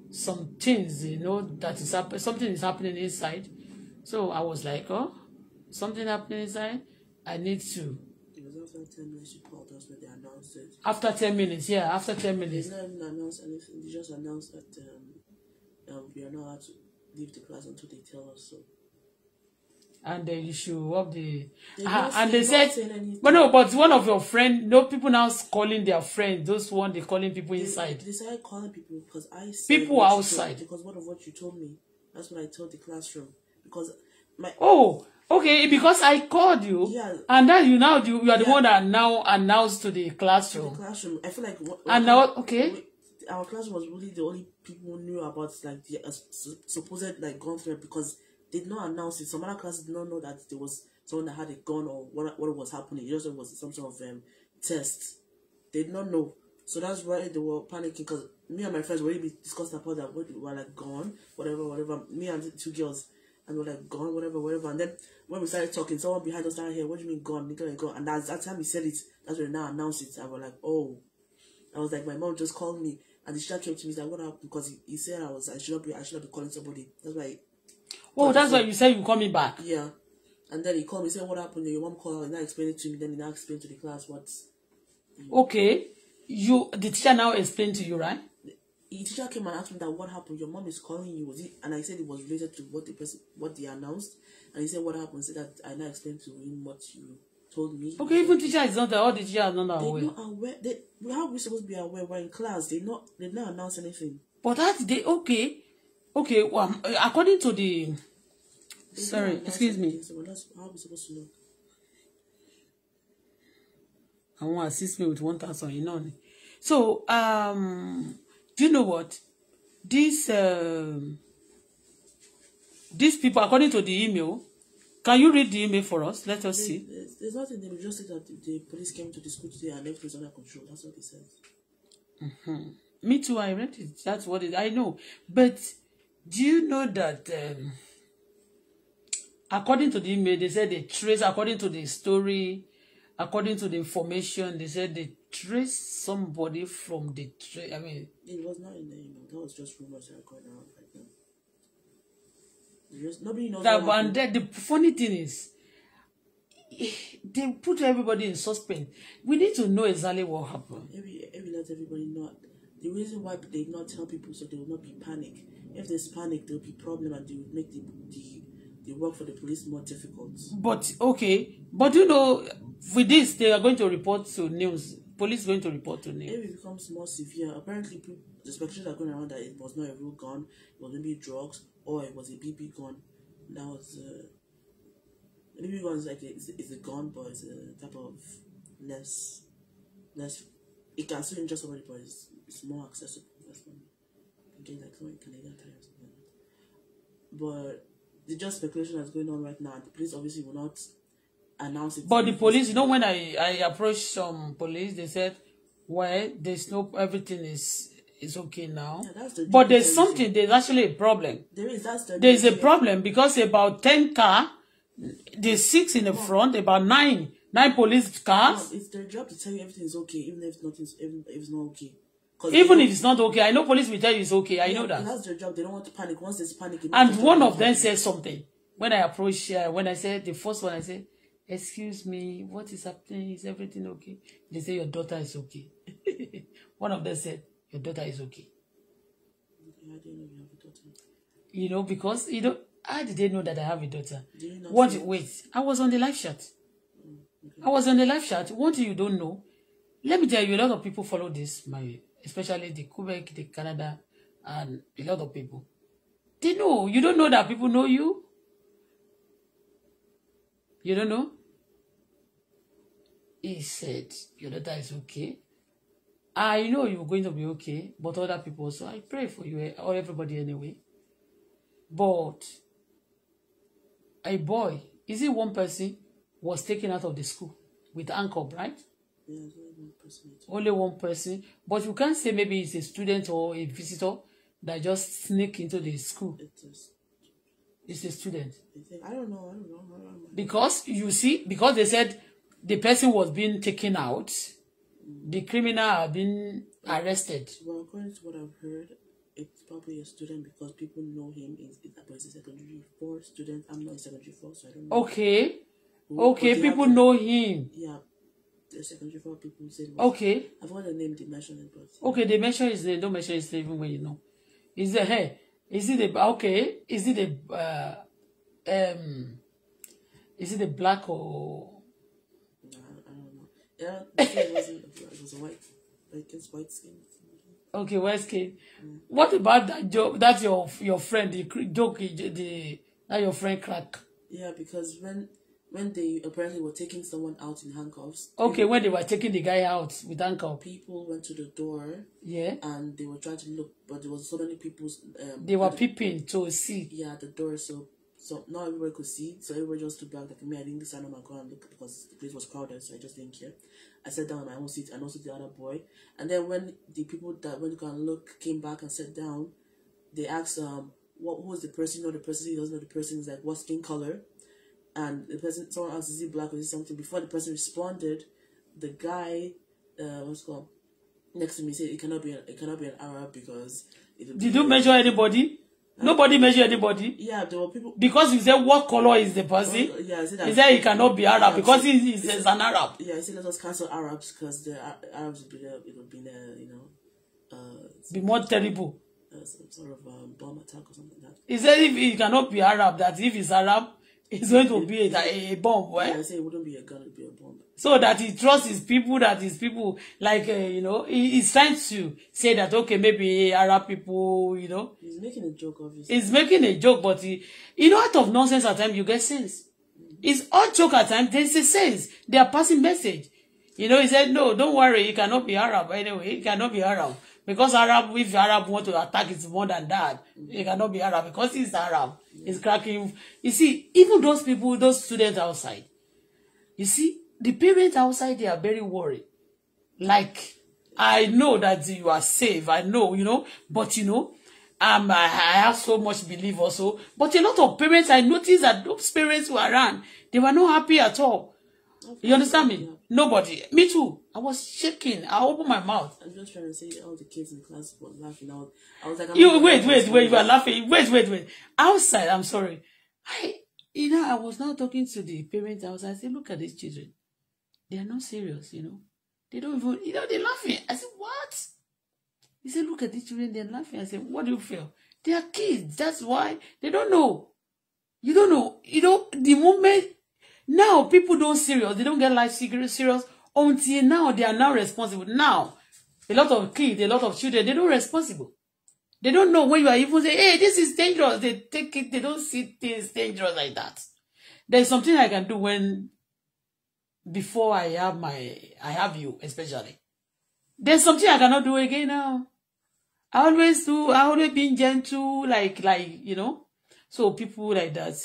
some things, you know, that is happen something is happening inside. So I was like, oh, something happening inside. I need to After 10 minutes, she called us when they announced it. After 10 minutes, yeah, after 10 minutes. They didn't announce anything. They just announced that um, um, we are not allowed to leave the class until they tell us so. And then you should walk the. uh, and they said, but no, but one of your friend, no people now calling their friend. Those one they calling people they, inside. They started calling people because I. People outside. Told, because one of what you told me? That's what I told the classroom because my. Oh, Okay, because I called you, yeah. and that you now you, you are the one that now announced to the classroom. To the classroom, I feel like. What, and now, okay. We, our class was really the only people knew about like the uh, supposed like gun threat because they did not announce it. Some other classes did not know that there was someone that had a gun or what what was happening. It just was some sort of um, test. They did not know, so that's why they were panicking. Because me and my friends were really discussed about that. We were like gone, whatever, whatever. Me and the two girls, and were like gone, whatever, whatever. And then when we started talking, someone behind us started here, what do you mean gone, nigga, gone? And that's that time he said it, that's when now announced it. I was like, oh. I was like, my mom just called me and the teacher came to me and what happened? Because he, he said I was I should not be I should not be calling somebody. That's why Oh, that's why you said you call me back. Yeah. And then he called me said, What happened? Your mom called and I explained it to me, then he now explained to the class what Okay. You the teacher now explained to you, right? The teacher came and asked me that what happened, your mom is calling you, was it? And I said it was related to what the person what they announced. And he said, What happened? He said that I now explain to him what you told me. Okay, even teacher is not all the teachers are not aware. They're not aware. They, how are we supposed to be aware? We're in class. They not they not announce anything. But that they okay, okay. Well, according to the they sorry, excuse me. So that's how we supposed to know. I Àwọn assist me with one thousand You know, So um, do you know what? This um, these people, according to the email, can you read the email for us? Let us there's, see. There's, nothing. They just said that the police came to the school today and left it under control. That's what they said. Mm-hmm. Me too. I read it. That's what it. I know. But do you know that? Um, according to the email, they said they trace. According to the story, according to the information, they said they trace somebody from the. Tra- I mean, it was not in the email. That was just rumors that are going around nobody knows. That, and then the funny thing is, they put everybody in suspense. We need to know exactly what happened. Every, every let everybody know. The reason why they not tell people so they will not be panic. If there's panic, there will be problem and they will make the, the the work for the police more difficult. But okay, but you know, with this they are going to report to news. Police going to report to news. If it becomes more severe, apparently the speculations are going around that it was not a real gun, it was maybe drugs, or it was a BB gun. That was a, uh, BB gun is like a, it's, it's a gun, but it's a type of less less. It can still injure somebody, but it's, it's more accessible. That's what i like someone can But the just speculation that's going on right now, the police obviously will not announce it. But the police, you know, when I I approached some police, they said, "Well, there's no everything is it's okay now. Yeah, the but there's something, there's actually a problem. There is, that's the There's a problem because about 10 car, there's six in the no. front, about nine, nine police cars. No, it's their job to tell you everything is okay, even if nothing's, even if it's not okay. Even if it's not okay, I know police will tell you it's okay. I yeah, know that. That's their job. They don't want to panic. Once there's panic, and one of them says something. When I approached, uh, when I said the first one, I said, "Excuse me, what is happening? Is everything okay?" They say your daughter is okay. one of them said, Your daughter is okay. Yeah, I didn't know you have a daughter. You know, because, you know, I didn't know that I have a daughter? What, see? wait, I was on the live chat. Mm, okay. I was on the live chat. What you don't know, let me tell you, a lot of people follow this, my, especially the Quebec, the Canada, and a lot of people. They know. You don't know that people know you. You don't know? He said, your daughter is okay. I know you're going to be okay, but other people So I pray for you eh, or everybody anyway. But a boy, is it one person was taken out of the school with ankle, right? Yeah, only one, only one person. But you can't say maybe it's a student or a visitor that just sneak into the school. It's a student. I don't know. I don't know. I don't know. Because you see, because they said the person was being taken out the criminal have been arrested. Well, according to what I've heard, it's probably a student because people know him in, in it's a secondary four student. I'm not a secondary four, so I don't know. Okay. Who, okay, people know him. Yeah. The secondary four people say Okay. I've got the name they mention it, but Okay, they mention his name, don't mention his name even when you know. Is it hey? Is it a okay? Is it a uh, um is it a black or Yeah, it wasn't. It was a white, like it's white skin. Okay, white skin. Mm. What about that joke? That your your friend the joke the that your friend crack. Yeah, because when when they apparently were taking someone out in handcuffs. Okay, when they were taking the guy out with handcuffs. People went to the door. Yeah. And they were trying to look, but there was so many people. Um, they were peeping to see. Yeah, the door. So So not everybody could see, so everybody just stood back. Like me, I didn't stand on my car and look because the place was crowded, so I just didn't care. I sat down in my own seat and also the other boy. And then when the people that went to go and look came back and sat down, they asked um what who's the person, you know the person, he doesn't know the person, is like what skin color? And the person someone asked, is he black or is he something? Before the person responded, the guy uh what's called next to me said it cannot be an, it cannot be an Arab because Did you measure anybody? Nobody measure anybody. Yeah, there were people. Because you say what color is the person? Well, yeah, I said He said he cannot be Arab yeah, because he is an Arab. Yeah, he said let us cancel Arabs because the Arabs will be there, it will be there, you know. Uh, be more terrible. Uh, some sort of um, bomb attack or something like that. He said if he cannot be Arab, that if he's Arab, It's going to be a, a bomb, right? Eh? Yeah, I say it wouldn't be a gun, it'd be a bomb. So that he trusts his people, that his people, like, uh, you know, he, he's trying to say that, okay, maybe Arab people, you know. He's making a joke, obviously. He's making a joke, but he, you know, out of nonsense at times, you get sense. Mm-hmm. It's all joke at times, there's a sense. They are passing message. You know, he said, no, don't worry, he cannot be Arab anyway, he cannot be Arab because Arab, if Arab want to attack, it's more than that. It cannot be Arab because he's Arab. He's cracking. You see, even those people, those students outside, you see, the parents outside, they are very worried. Like, I know that you are safe. I know, you know, but you know, um, I, I have so much belief also. But a lot of parents, I noticed that those parents who are around, they were not happy at all. You understand me? Nobody. Me too. I was shaking. I opened my mouth. I'm just trying to say all the kids in class were laughing out. I was like, I'm you wait, wait, wait. You are laughing. Wait, wait, wait. Outside, I'm sorry. I, you know, I was now talking to the parents I was, I said, look at these children. They are not serious, you know. They don't even, you know, they're laughing. I said, what? He said, look at these children. They're laughing. I said, what do you feel? They are kids. That's why they don't know. You don't know. You know, the moment Now people don't serious. They don't get life serious until now. They are now responsible. Now, a lot of kids, a lot of children, they don't responsible. They don't know when you are even say, hey, this is dangerous. They take it. They don't see things dangerous like that. There's something I can do when before I have my I have you especially. There's something I cannot do again now. I always do. I always been gentle, like like you know. So people like that.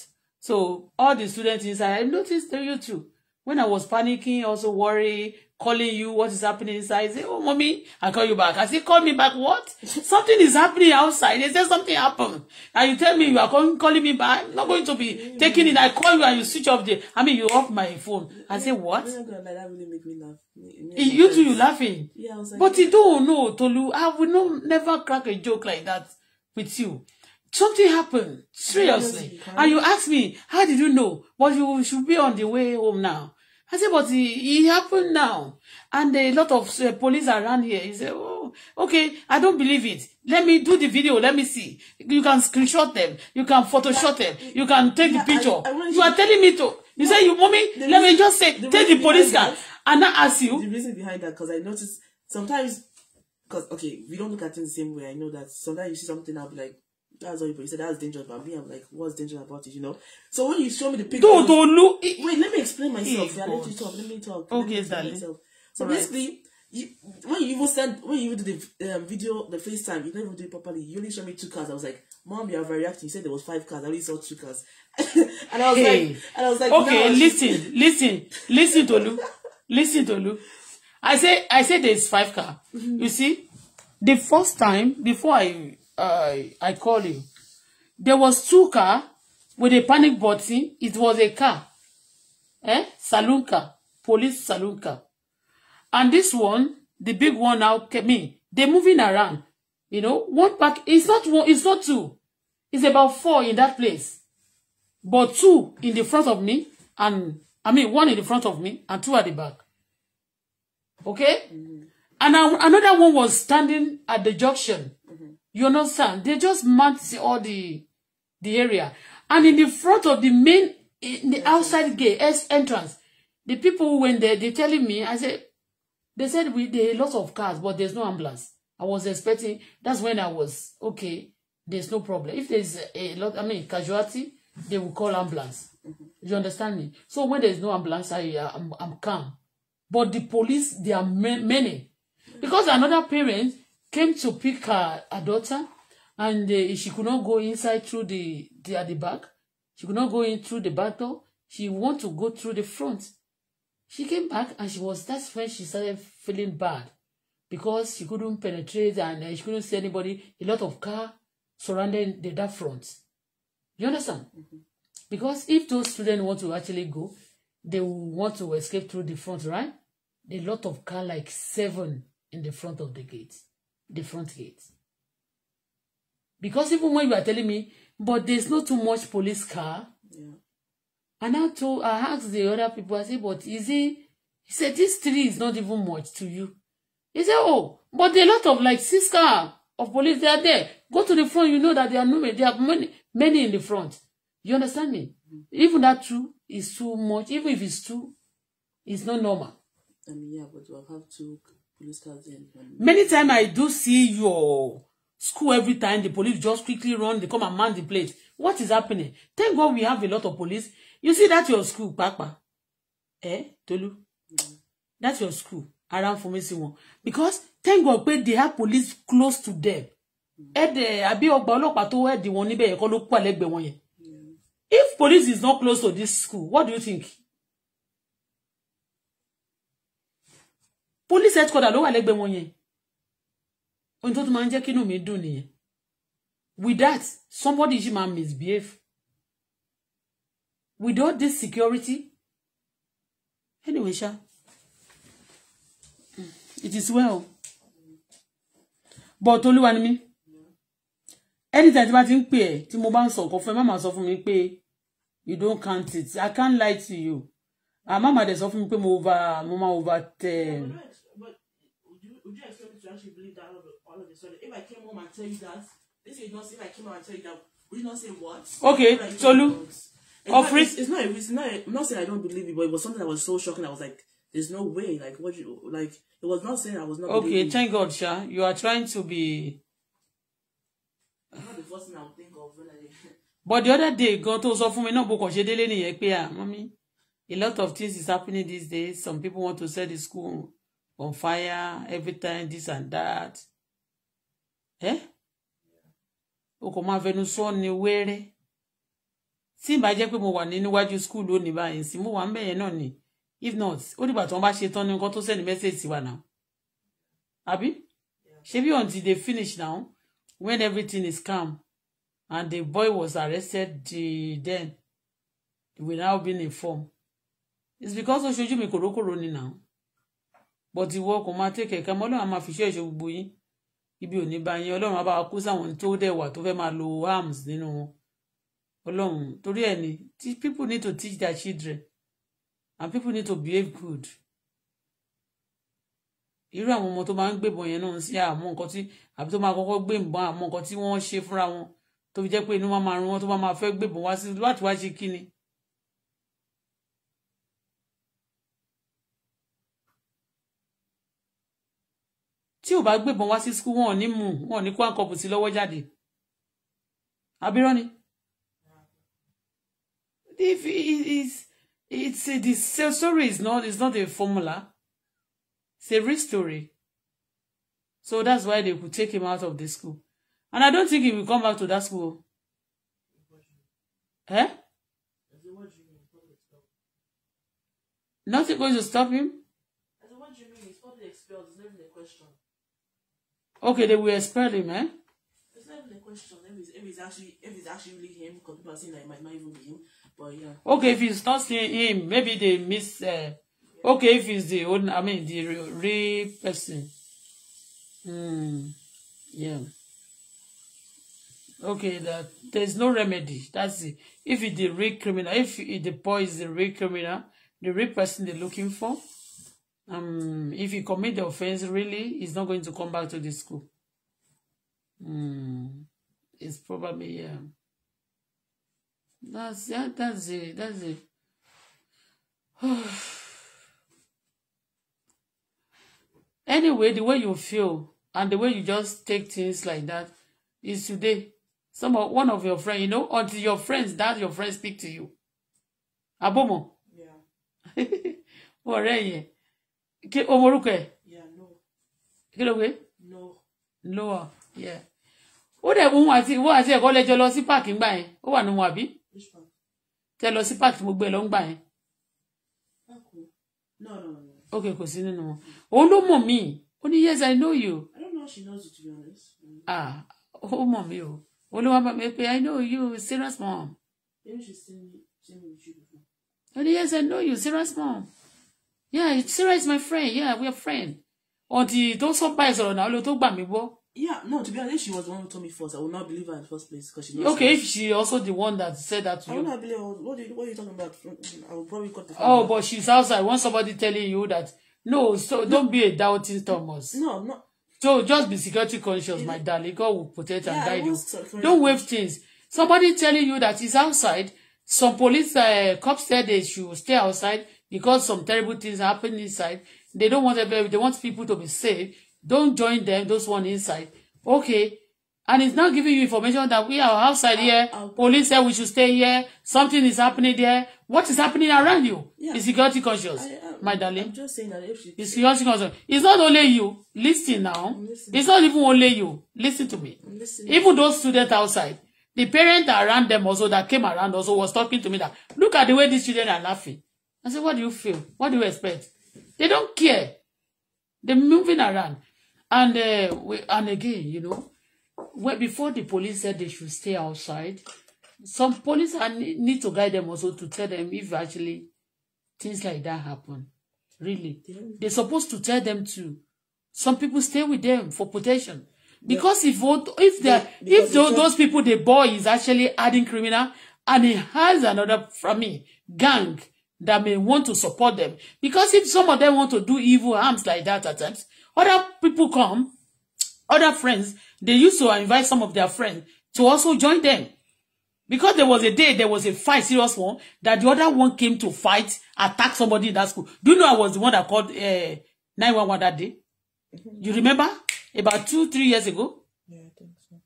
So all the students inside, I noticed you too. When I was panicking, also worry, calling you, what is happening inside? say, oh, mommy, I call you back. I say, call me back, what? Something is happening outside. They say something happened. And you tell me you are calling, calling me back. I'm not going to be taking it. I call you and you switch off the, I mean, you off my phone. I say, what? You too, you laughing. Yeah, I was like, but you don't know, Tolu. I would not, never crack a joke like that with you something happened seriously and you ask me how did you know but you should be on the way home now I said but it, it happened now and a lot of uh, police around here he said oh okay I don't believe it let me do the video let me see you can screenshot them you can photoshot them you can take yeah, the picture I, I you are telling me to you no, say you mommy let reason, me just say the take the police car and not ask you the reason behind that because I noticed sometimes because okay we don't look at things the same way I know that sometimes you see something I'll be like That's what you said. That's dangerous But me. I'm like, what's dangerous about it? You know. So when you show me the picture, don't don't look. Wait, let me explain myself. Yeah, let me talk. Let me talk. Okay, let darling. So right. basically, you, when you even send, when you even do the um, video, the FaceTime, you never do it properly. You only showed me two cars. I was like, Mom, you are overreacting. You said there was five cars. I only saw two cars. and I was hey. like, and I was like, okay, no. listen, listen, listen, Tolu, listen, Tolu. I say, I say there's five car. Mm-hmm. You see, the first time before I uh, I call you. There was two car with a panic button. It was a car, eh? Saloon car, police saloon car. And this one, the big one now came in. They're moving around. You know, one pack, it's not one, it's not two. It's about four in that place. But two in the front of me and, I mean, one in the front of me and two at the back. Okay? Mm-hmm. And I, another one was standing at the junction You understand? They just marked all the the area. And in the front of the main, in the outside gate, S entrance, the people who went there, they telling me, I said, they said we there are lots of cars, but there's no ambulance. I was expecting, that's when I was, okay, there's no problem. If there's a lot, I mean, casualty, they will call ambulance. You understand me? So when there's no ambulance, I, uh, I'm, I'm calm. But the police, they are many. Because another parent, came to pick her, her daughter, and uh, she could not go inside through the, the at the back. She could not go in through the back door. She wanted to go through the front. She came back and she was that's when she started feeling bad because she couldn't penetrate and uh, she couldn't see anybody. A lot of car surrounding the that front. You understand? Mm-hmm. Because if those students want to actually go, they will want to escape through the front, right? A lot of car, like seven in the front of the gate the front gate. Because even when you are telling me, but there's not too much police car. Yeah. And I told, I asked the other people, I said, but is it, he said, this three is not even much to you. He said, oh, but there are a lot of like six car of police, they are there. Go to the front, you know that there are no, there are many, many in the front. You understand me? Mm-hmm. Even that two is too much, even if it's two, it's not normal. I mean, yeah, but we'll have to. Many times I do see your school every time the police just quickly run, they come and man the place. What is happening? Thank God we have a lot of police. You see that your school, Papa. Eh, Tolu? Mm. That's your school. Around for me, one. Because thank God pé they have police close to them. Mm. Ẹ̀dẹ̀ àbí ọgbà ọlọ́pàá tó ẹ̀dì wọn níbẹ̀ yẹn kọ́ If police is not close to this school, what do you think? police headquarter ló wà lẹ́gbẹ̀ẹ́ wọn yẹn ohun tó tún máa ń jẹ́ kínú mi dùn nìyẹn with that somebody yìí máa misbehave without this security anyway ṣá hmm, it is well but olúwa ni mí anytime tí bá ti ń pè ẹ́ tí mo bá ń sọ nǹkan fún ẹ má sọ fún mi pé you don't count it i can't lie to you àmọ́ màdẹ̀ sọ fún mi pé mo over mo máa over tẹ̀ you actually believe that all of, all of a sudden. If I came home and tell you that, this is not saying I came home and tell you that, would you not say what? Okay, Tolu. Of it's, it's not it's not I'm not saying I don't believe you, but it was something that was so shocking. I was like, there's no way. Like what you like it was not saying I was not Okay, believing. thank God, Sha. You are trying to be not the first thing I think of but the other day God tó sọ fún mi náà bó kàn ṣe délé nìyẹn pé ah a lot of things is happening these days some people want to sell the school on fire every time this and that Eh? o kò máa fẹnu sọ ni wéré tí ìbá jẹ́ pé mo wà ní níwájú school lónìí báyìí sí mo wà ń bẹ̀yẹn ni if not ó dìgbà tí wọ́n bá ṣe tán ní nǹkan tó sẹ́ni mẹ́sẹ̀ẹ̀sì wa náà she be until they finish now when everything is calm and the boy was arrested the, then we now been informed it's because ó ṣojú mi kòrókòrò ni now but ìwọ kò máa tẹ kẹ̀kẹ́ mọ́ ọlọ́run á máa fi iṣẹ́ ìṣe gbogbo yín ibi ò ní bá yín ọlọ́run á bá wa kó sáwọn tó dẹ̀wà tó fẹ́ máa lo arms nínú wọn ọlọ́run torí ẹ̀ ni people need to teach their children and people need to behave good irú àwọn ọmọ tó máa ń gbébọn yẹn náà sí àmọ́ nǹkan tí àbí tó máa kọ́kọ́ gbé ìbọn àmọ́ nǹkan tí wọ́n ṣe fúnra wọn tó fi jẹ́ pé inú máa máa rún wọn tó máa máa fẹ́ gbébọn wá sí láti wá ṣe kíni tí ò bá gbébọn wá sí skul wọn ò ní mú wọn ò ní kó àǹkọ̀pù sí lọ́wọ́ jáde abirọ́ ni if it is it's a the story is not it's not a formula it's a real story so that's why they could take him out of the school and I don't think he will come back to that school. Eh? Nothing going to stop him. Okay, they will expel him, eh? It's question if it's, if it's actually if it's actually really him, because people are saying that it might not even be him. But yeah. Okay, if it's not seeing him, maybe they miss. Uh, yeah. Okay, if it's the own, I mean the real, real person. Hmm. Yeah. Okay, that there's no remedy. That's it. If it's the real criminal, if the boy is the real criminal, the real person they're looking for um, if he commit the offense, really, he's not going to come back to the school. Mm, it's probably yeah. That's yeah, That's it. That's it. anyway, the way you feel and the way you just take things like that is today. Some of, one of your friends, you know, until your friends, that your friends speak to you. Abomo. Yeah. ọ̀rẹ́ yẹn kí o morúkọ ẹ kí ló pé Noah ó dẹ̀ mú àti ìwọ àti ẹ̀kọ́ lẹ́jọ́ lọ sí páàkì ńgbà yẹn ó wà nínú àbí tẹ lọ sí páàkì gbogbo ẹ̀ lọ ńgbà yẹn ok kò sí nínú wọn òun ló mọ̀ mí ó ní yes I know you ah ó mọ̀ mí o olúwa bá mi pé I know you serious mom ó ní yes I know you serious mom yeah Sarah is my friend yeah we are friends ọ̀dì tó sọ́pà ẹ̀ sọ̀rọ̀ náà ló tó gbà mí gbọ́. yeah no to be honest she was the one who told me first i would not believe her in the first place because she knows okay if she also the one that said that to I you. i would not believe her what, you, what are you talking about i would probably cut the phone. oh but she's outside when somebody telling you that no so no. don't be a doubting Thomas. no no. so just be security conscious my darling God will protect yeah, and guide you don't wave things somebody telling you that he's outside some police uh, cops said they should stay outside because some terrible things happen inside they don't want everybody they want people to be safe don't join them those one inside okay and it's now giving you information that we are outside here police said we should stay here something is happening there what is happening around you yeah. is security conscious I, I, my darling I'm just saying that if is security conscious it's not only you listen now it's not even only you listen to me even those students outside the parents around them also that came around also was talking to me that look at the way these children are laughing I said, what do you feel? What do you expect? They don't care. They're moving around. And uh, we, and again, you know, where before the police said they should stay outside, some police are, need to guide them also to tell them if actually things like that happen. Really. They're supposed to tell them to. Some people stay with them for protection. Because yeah. if if the yeah, if those, those people the boy is actually adding criminal and he has another from me gang. Mm-hmm that may want to support them. Because if some of them want to do evil harms like that at times, other people come, other friends, they used to invite some of their friends to also join them. Because there was a day, there was a fight, serious one, that the other one came to fight, attack somebody in that school. Do you know I was the one that called uh, eh, 911 that day? You remember? About two, three years ago? Yeah, I think so.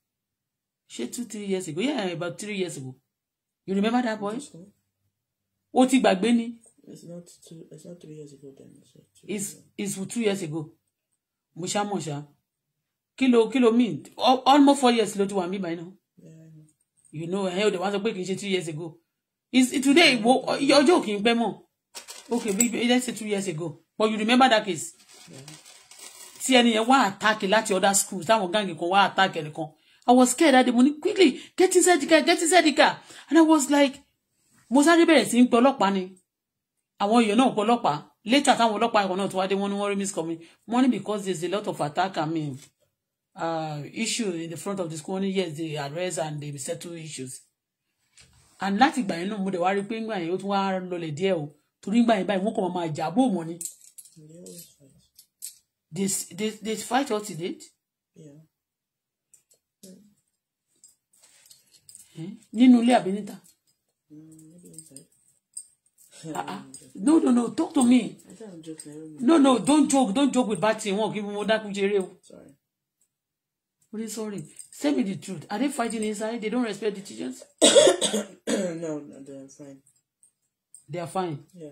She two, three years ago. Yeah, about three years ago. You remember that boy? So o ti gbàgbé ni. it's not two it's not three years ago then. it's it's two years ago mo ṣá mọ̀ ṣá kí ló kí ló almost four years ló ti wà mí báyìí náà you know ẹ̀hìn òde wá sọ pé kì í ṣe two years ago is today wo ọjọ́ òkè ń pẹ́ mọ̀ okay bí let's say two years ago but you remember that case Yeah. tí ẹni yẹn wá attack láti other schools táwọn gáàngì kan wá attack ẹnìkan I was scared that day mo quickly get inside the car get inside the car and I was like mo sáré bẹ̀rẹ̀ sí ń pe ọlọ́pàá ni àwọn èèyàn náà pe ọlọ́pàá later táwọn ọlọ́pàá ẹ̀kọ́ náà tó wá dé wọ́n ní wọ́n rí miss coming wọ́n ní because there is a lot of attack I mean uh, issue in the front of the school wọ́n yes they arrest and they settle issues and láti ìgbà yẹn náà mo dẹ̀ wá rí pé ńgbà yẹn ó tún wá lọlẹ̀ díẹ̀ o torí ńgbà yẹn báyìí wọ́n kàn máa jà bó ni they they fight all to date. Yeah. Hmm? nínú ilé àbí níta. Uh-uh. No, no, no. Talk to me. I I'm joking. No, no. Don't joke. Don't joke with Bati. Won't give him more that Sorry. What is sorry? Tell me the truth. Are they fighting inside? They don't respect the teachers? no, they're fine. They are fine. Yeah.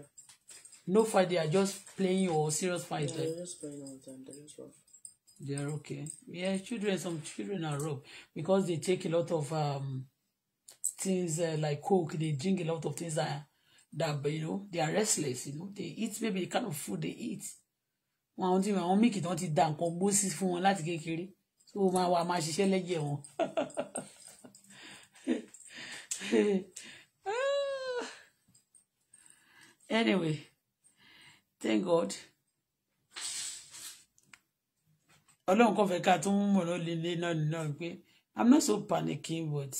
No fight. They are just playing or serious fight. Yeah, they're just playing all the time. They're just rough. They are okay. Yeah, children. Some children are rough because they take a lot of um things uh, like coke. They drink a lot of things that that but you know they are restless you know they eat maybe the kind of food they eat wọn àwọn tí àwọn míìkì tán ti da nǹkan gbósí fún wọn láti kékeré tó máa wà máa ṣiṣẹ́ lẹ́jẹ̀ wọn anyway thank God ọlọ́run kan fẹ́ ká tún mọ̀ lọ́lẹ́lẹ́ náà nínú pé I'm not so panicking but.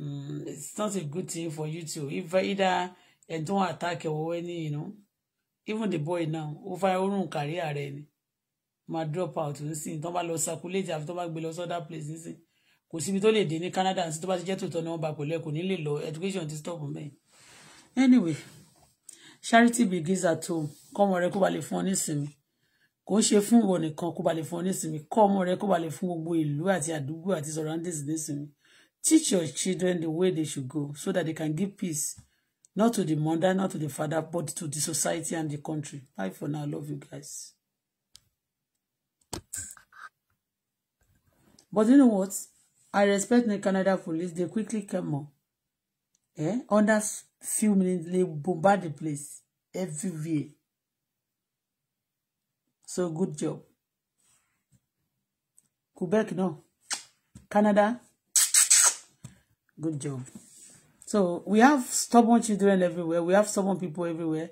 Mm, it's not a good thing for you to if either and don't attack or any you know even the boy now over orun career rẹ ni ma drop out You see, bá lọ circulate àfi tó bá gbé lọ place you see, síbi tó lè dé ní Canada and tó bá to jẹ́ tòótọ́ ni wọ́n bá pẹ̀lú ẹ̀ kò ní lè education ti stop mẹ́yìn. anyway charity begins at home Come ọmọ rẹ kó ba lè fún ọ nísìnyí kò ń ṣe fún ìwọ nìkan kó ba lè fún ọ nísìnyí kọ́ ọmọ rẹ ba lè fún gbogbo ìlú àti àdúgbò àti surroundings nísìnyí Teach your children the way they should go so that they can give peace, not to the mother, not to the father, but to the society and the country. Bye for now. Love you guys. But you know what? I respect the Canada police. They quickly came on, Eh? Under few minutes, they bombard the place everywhere. So good job. Quebec, no. Canada, Good job. So we have stubborn children everywhere. We have stubborn people everywhere.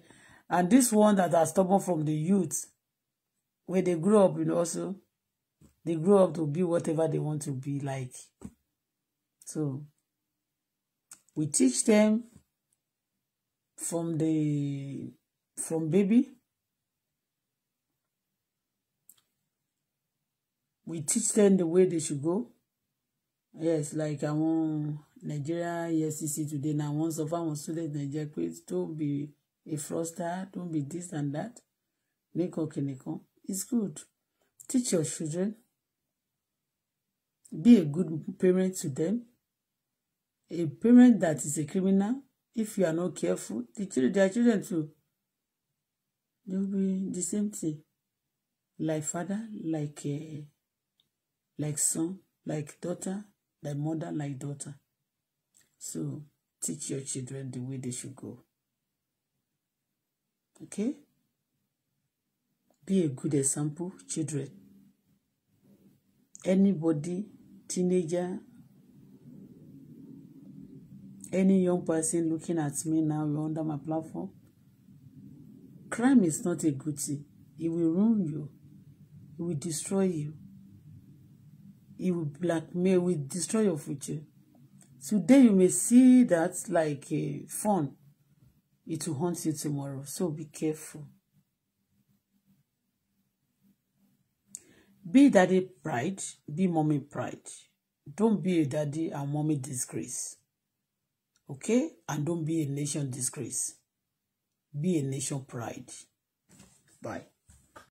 And this one that are stubborn from the youth, where they grow up, you know, also, they grow up to be whatever they want to be like. So we teach them from the from baby. We teach them the way they should go. Yes, like I want Nigeria EFCC today na one sọ fáwọn student Nigeria pé don't be a fraudster don't be this and that nìkan kìnìkan it's good teach your children be a good parent to them a parent that is a criminal if you are not careful the children their children too they will be the same thing like father like uh, like son like daughter like mother like daughter So teach your children the way they should go. Okay? Be a good example, children. Anybody, teenager, any young person looking at me now, you're under my platform. Crime is not a good thing. It will ruin you. It will destroy you. It will blackmail, it will destroy your future. Today you may see that like a eh, fun. It will haunt you tomorrow. So be careful. Be daddy pride, be mommy pride. Don't be a daddy and mommy disgrace. Okay? And don't be a nation disgrace. Be a nation pride. Bye.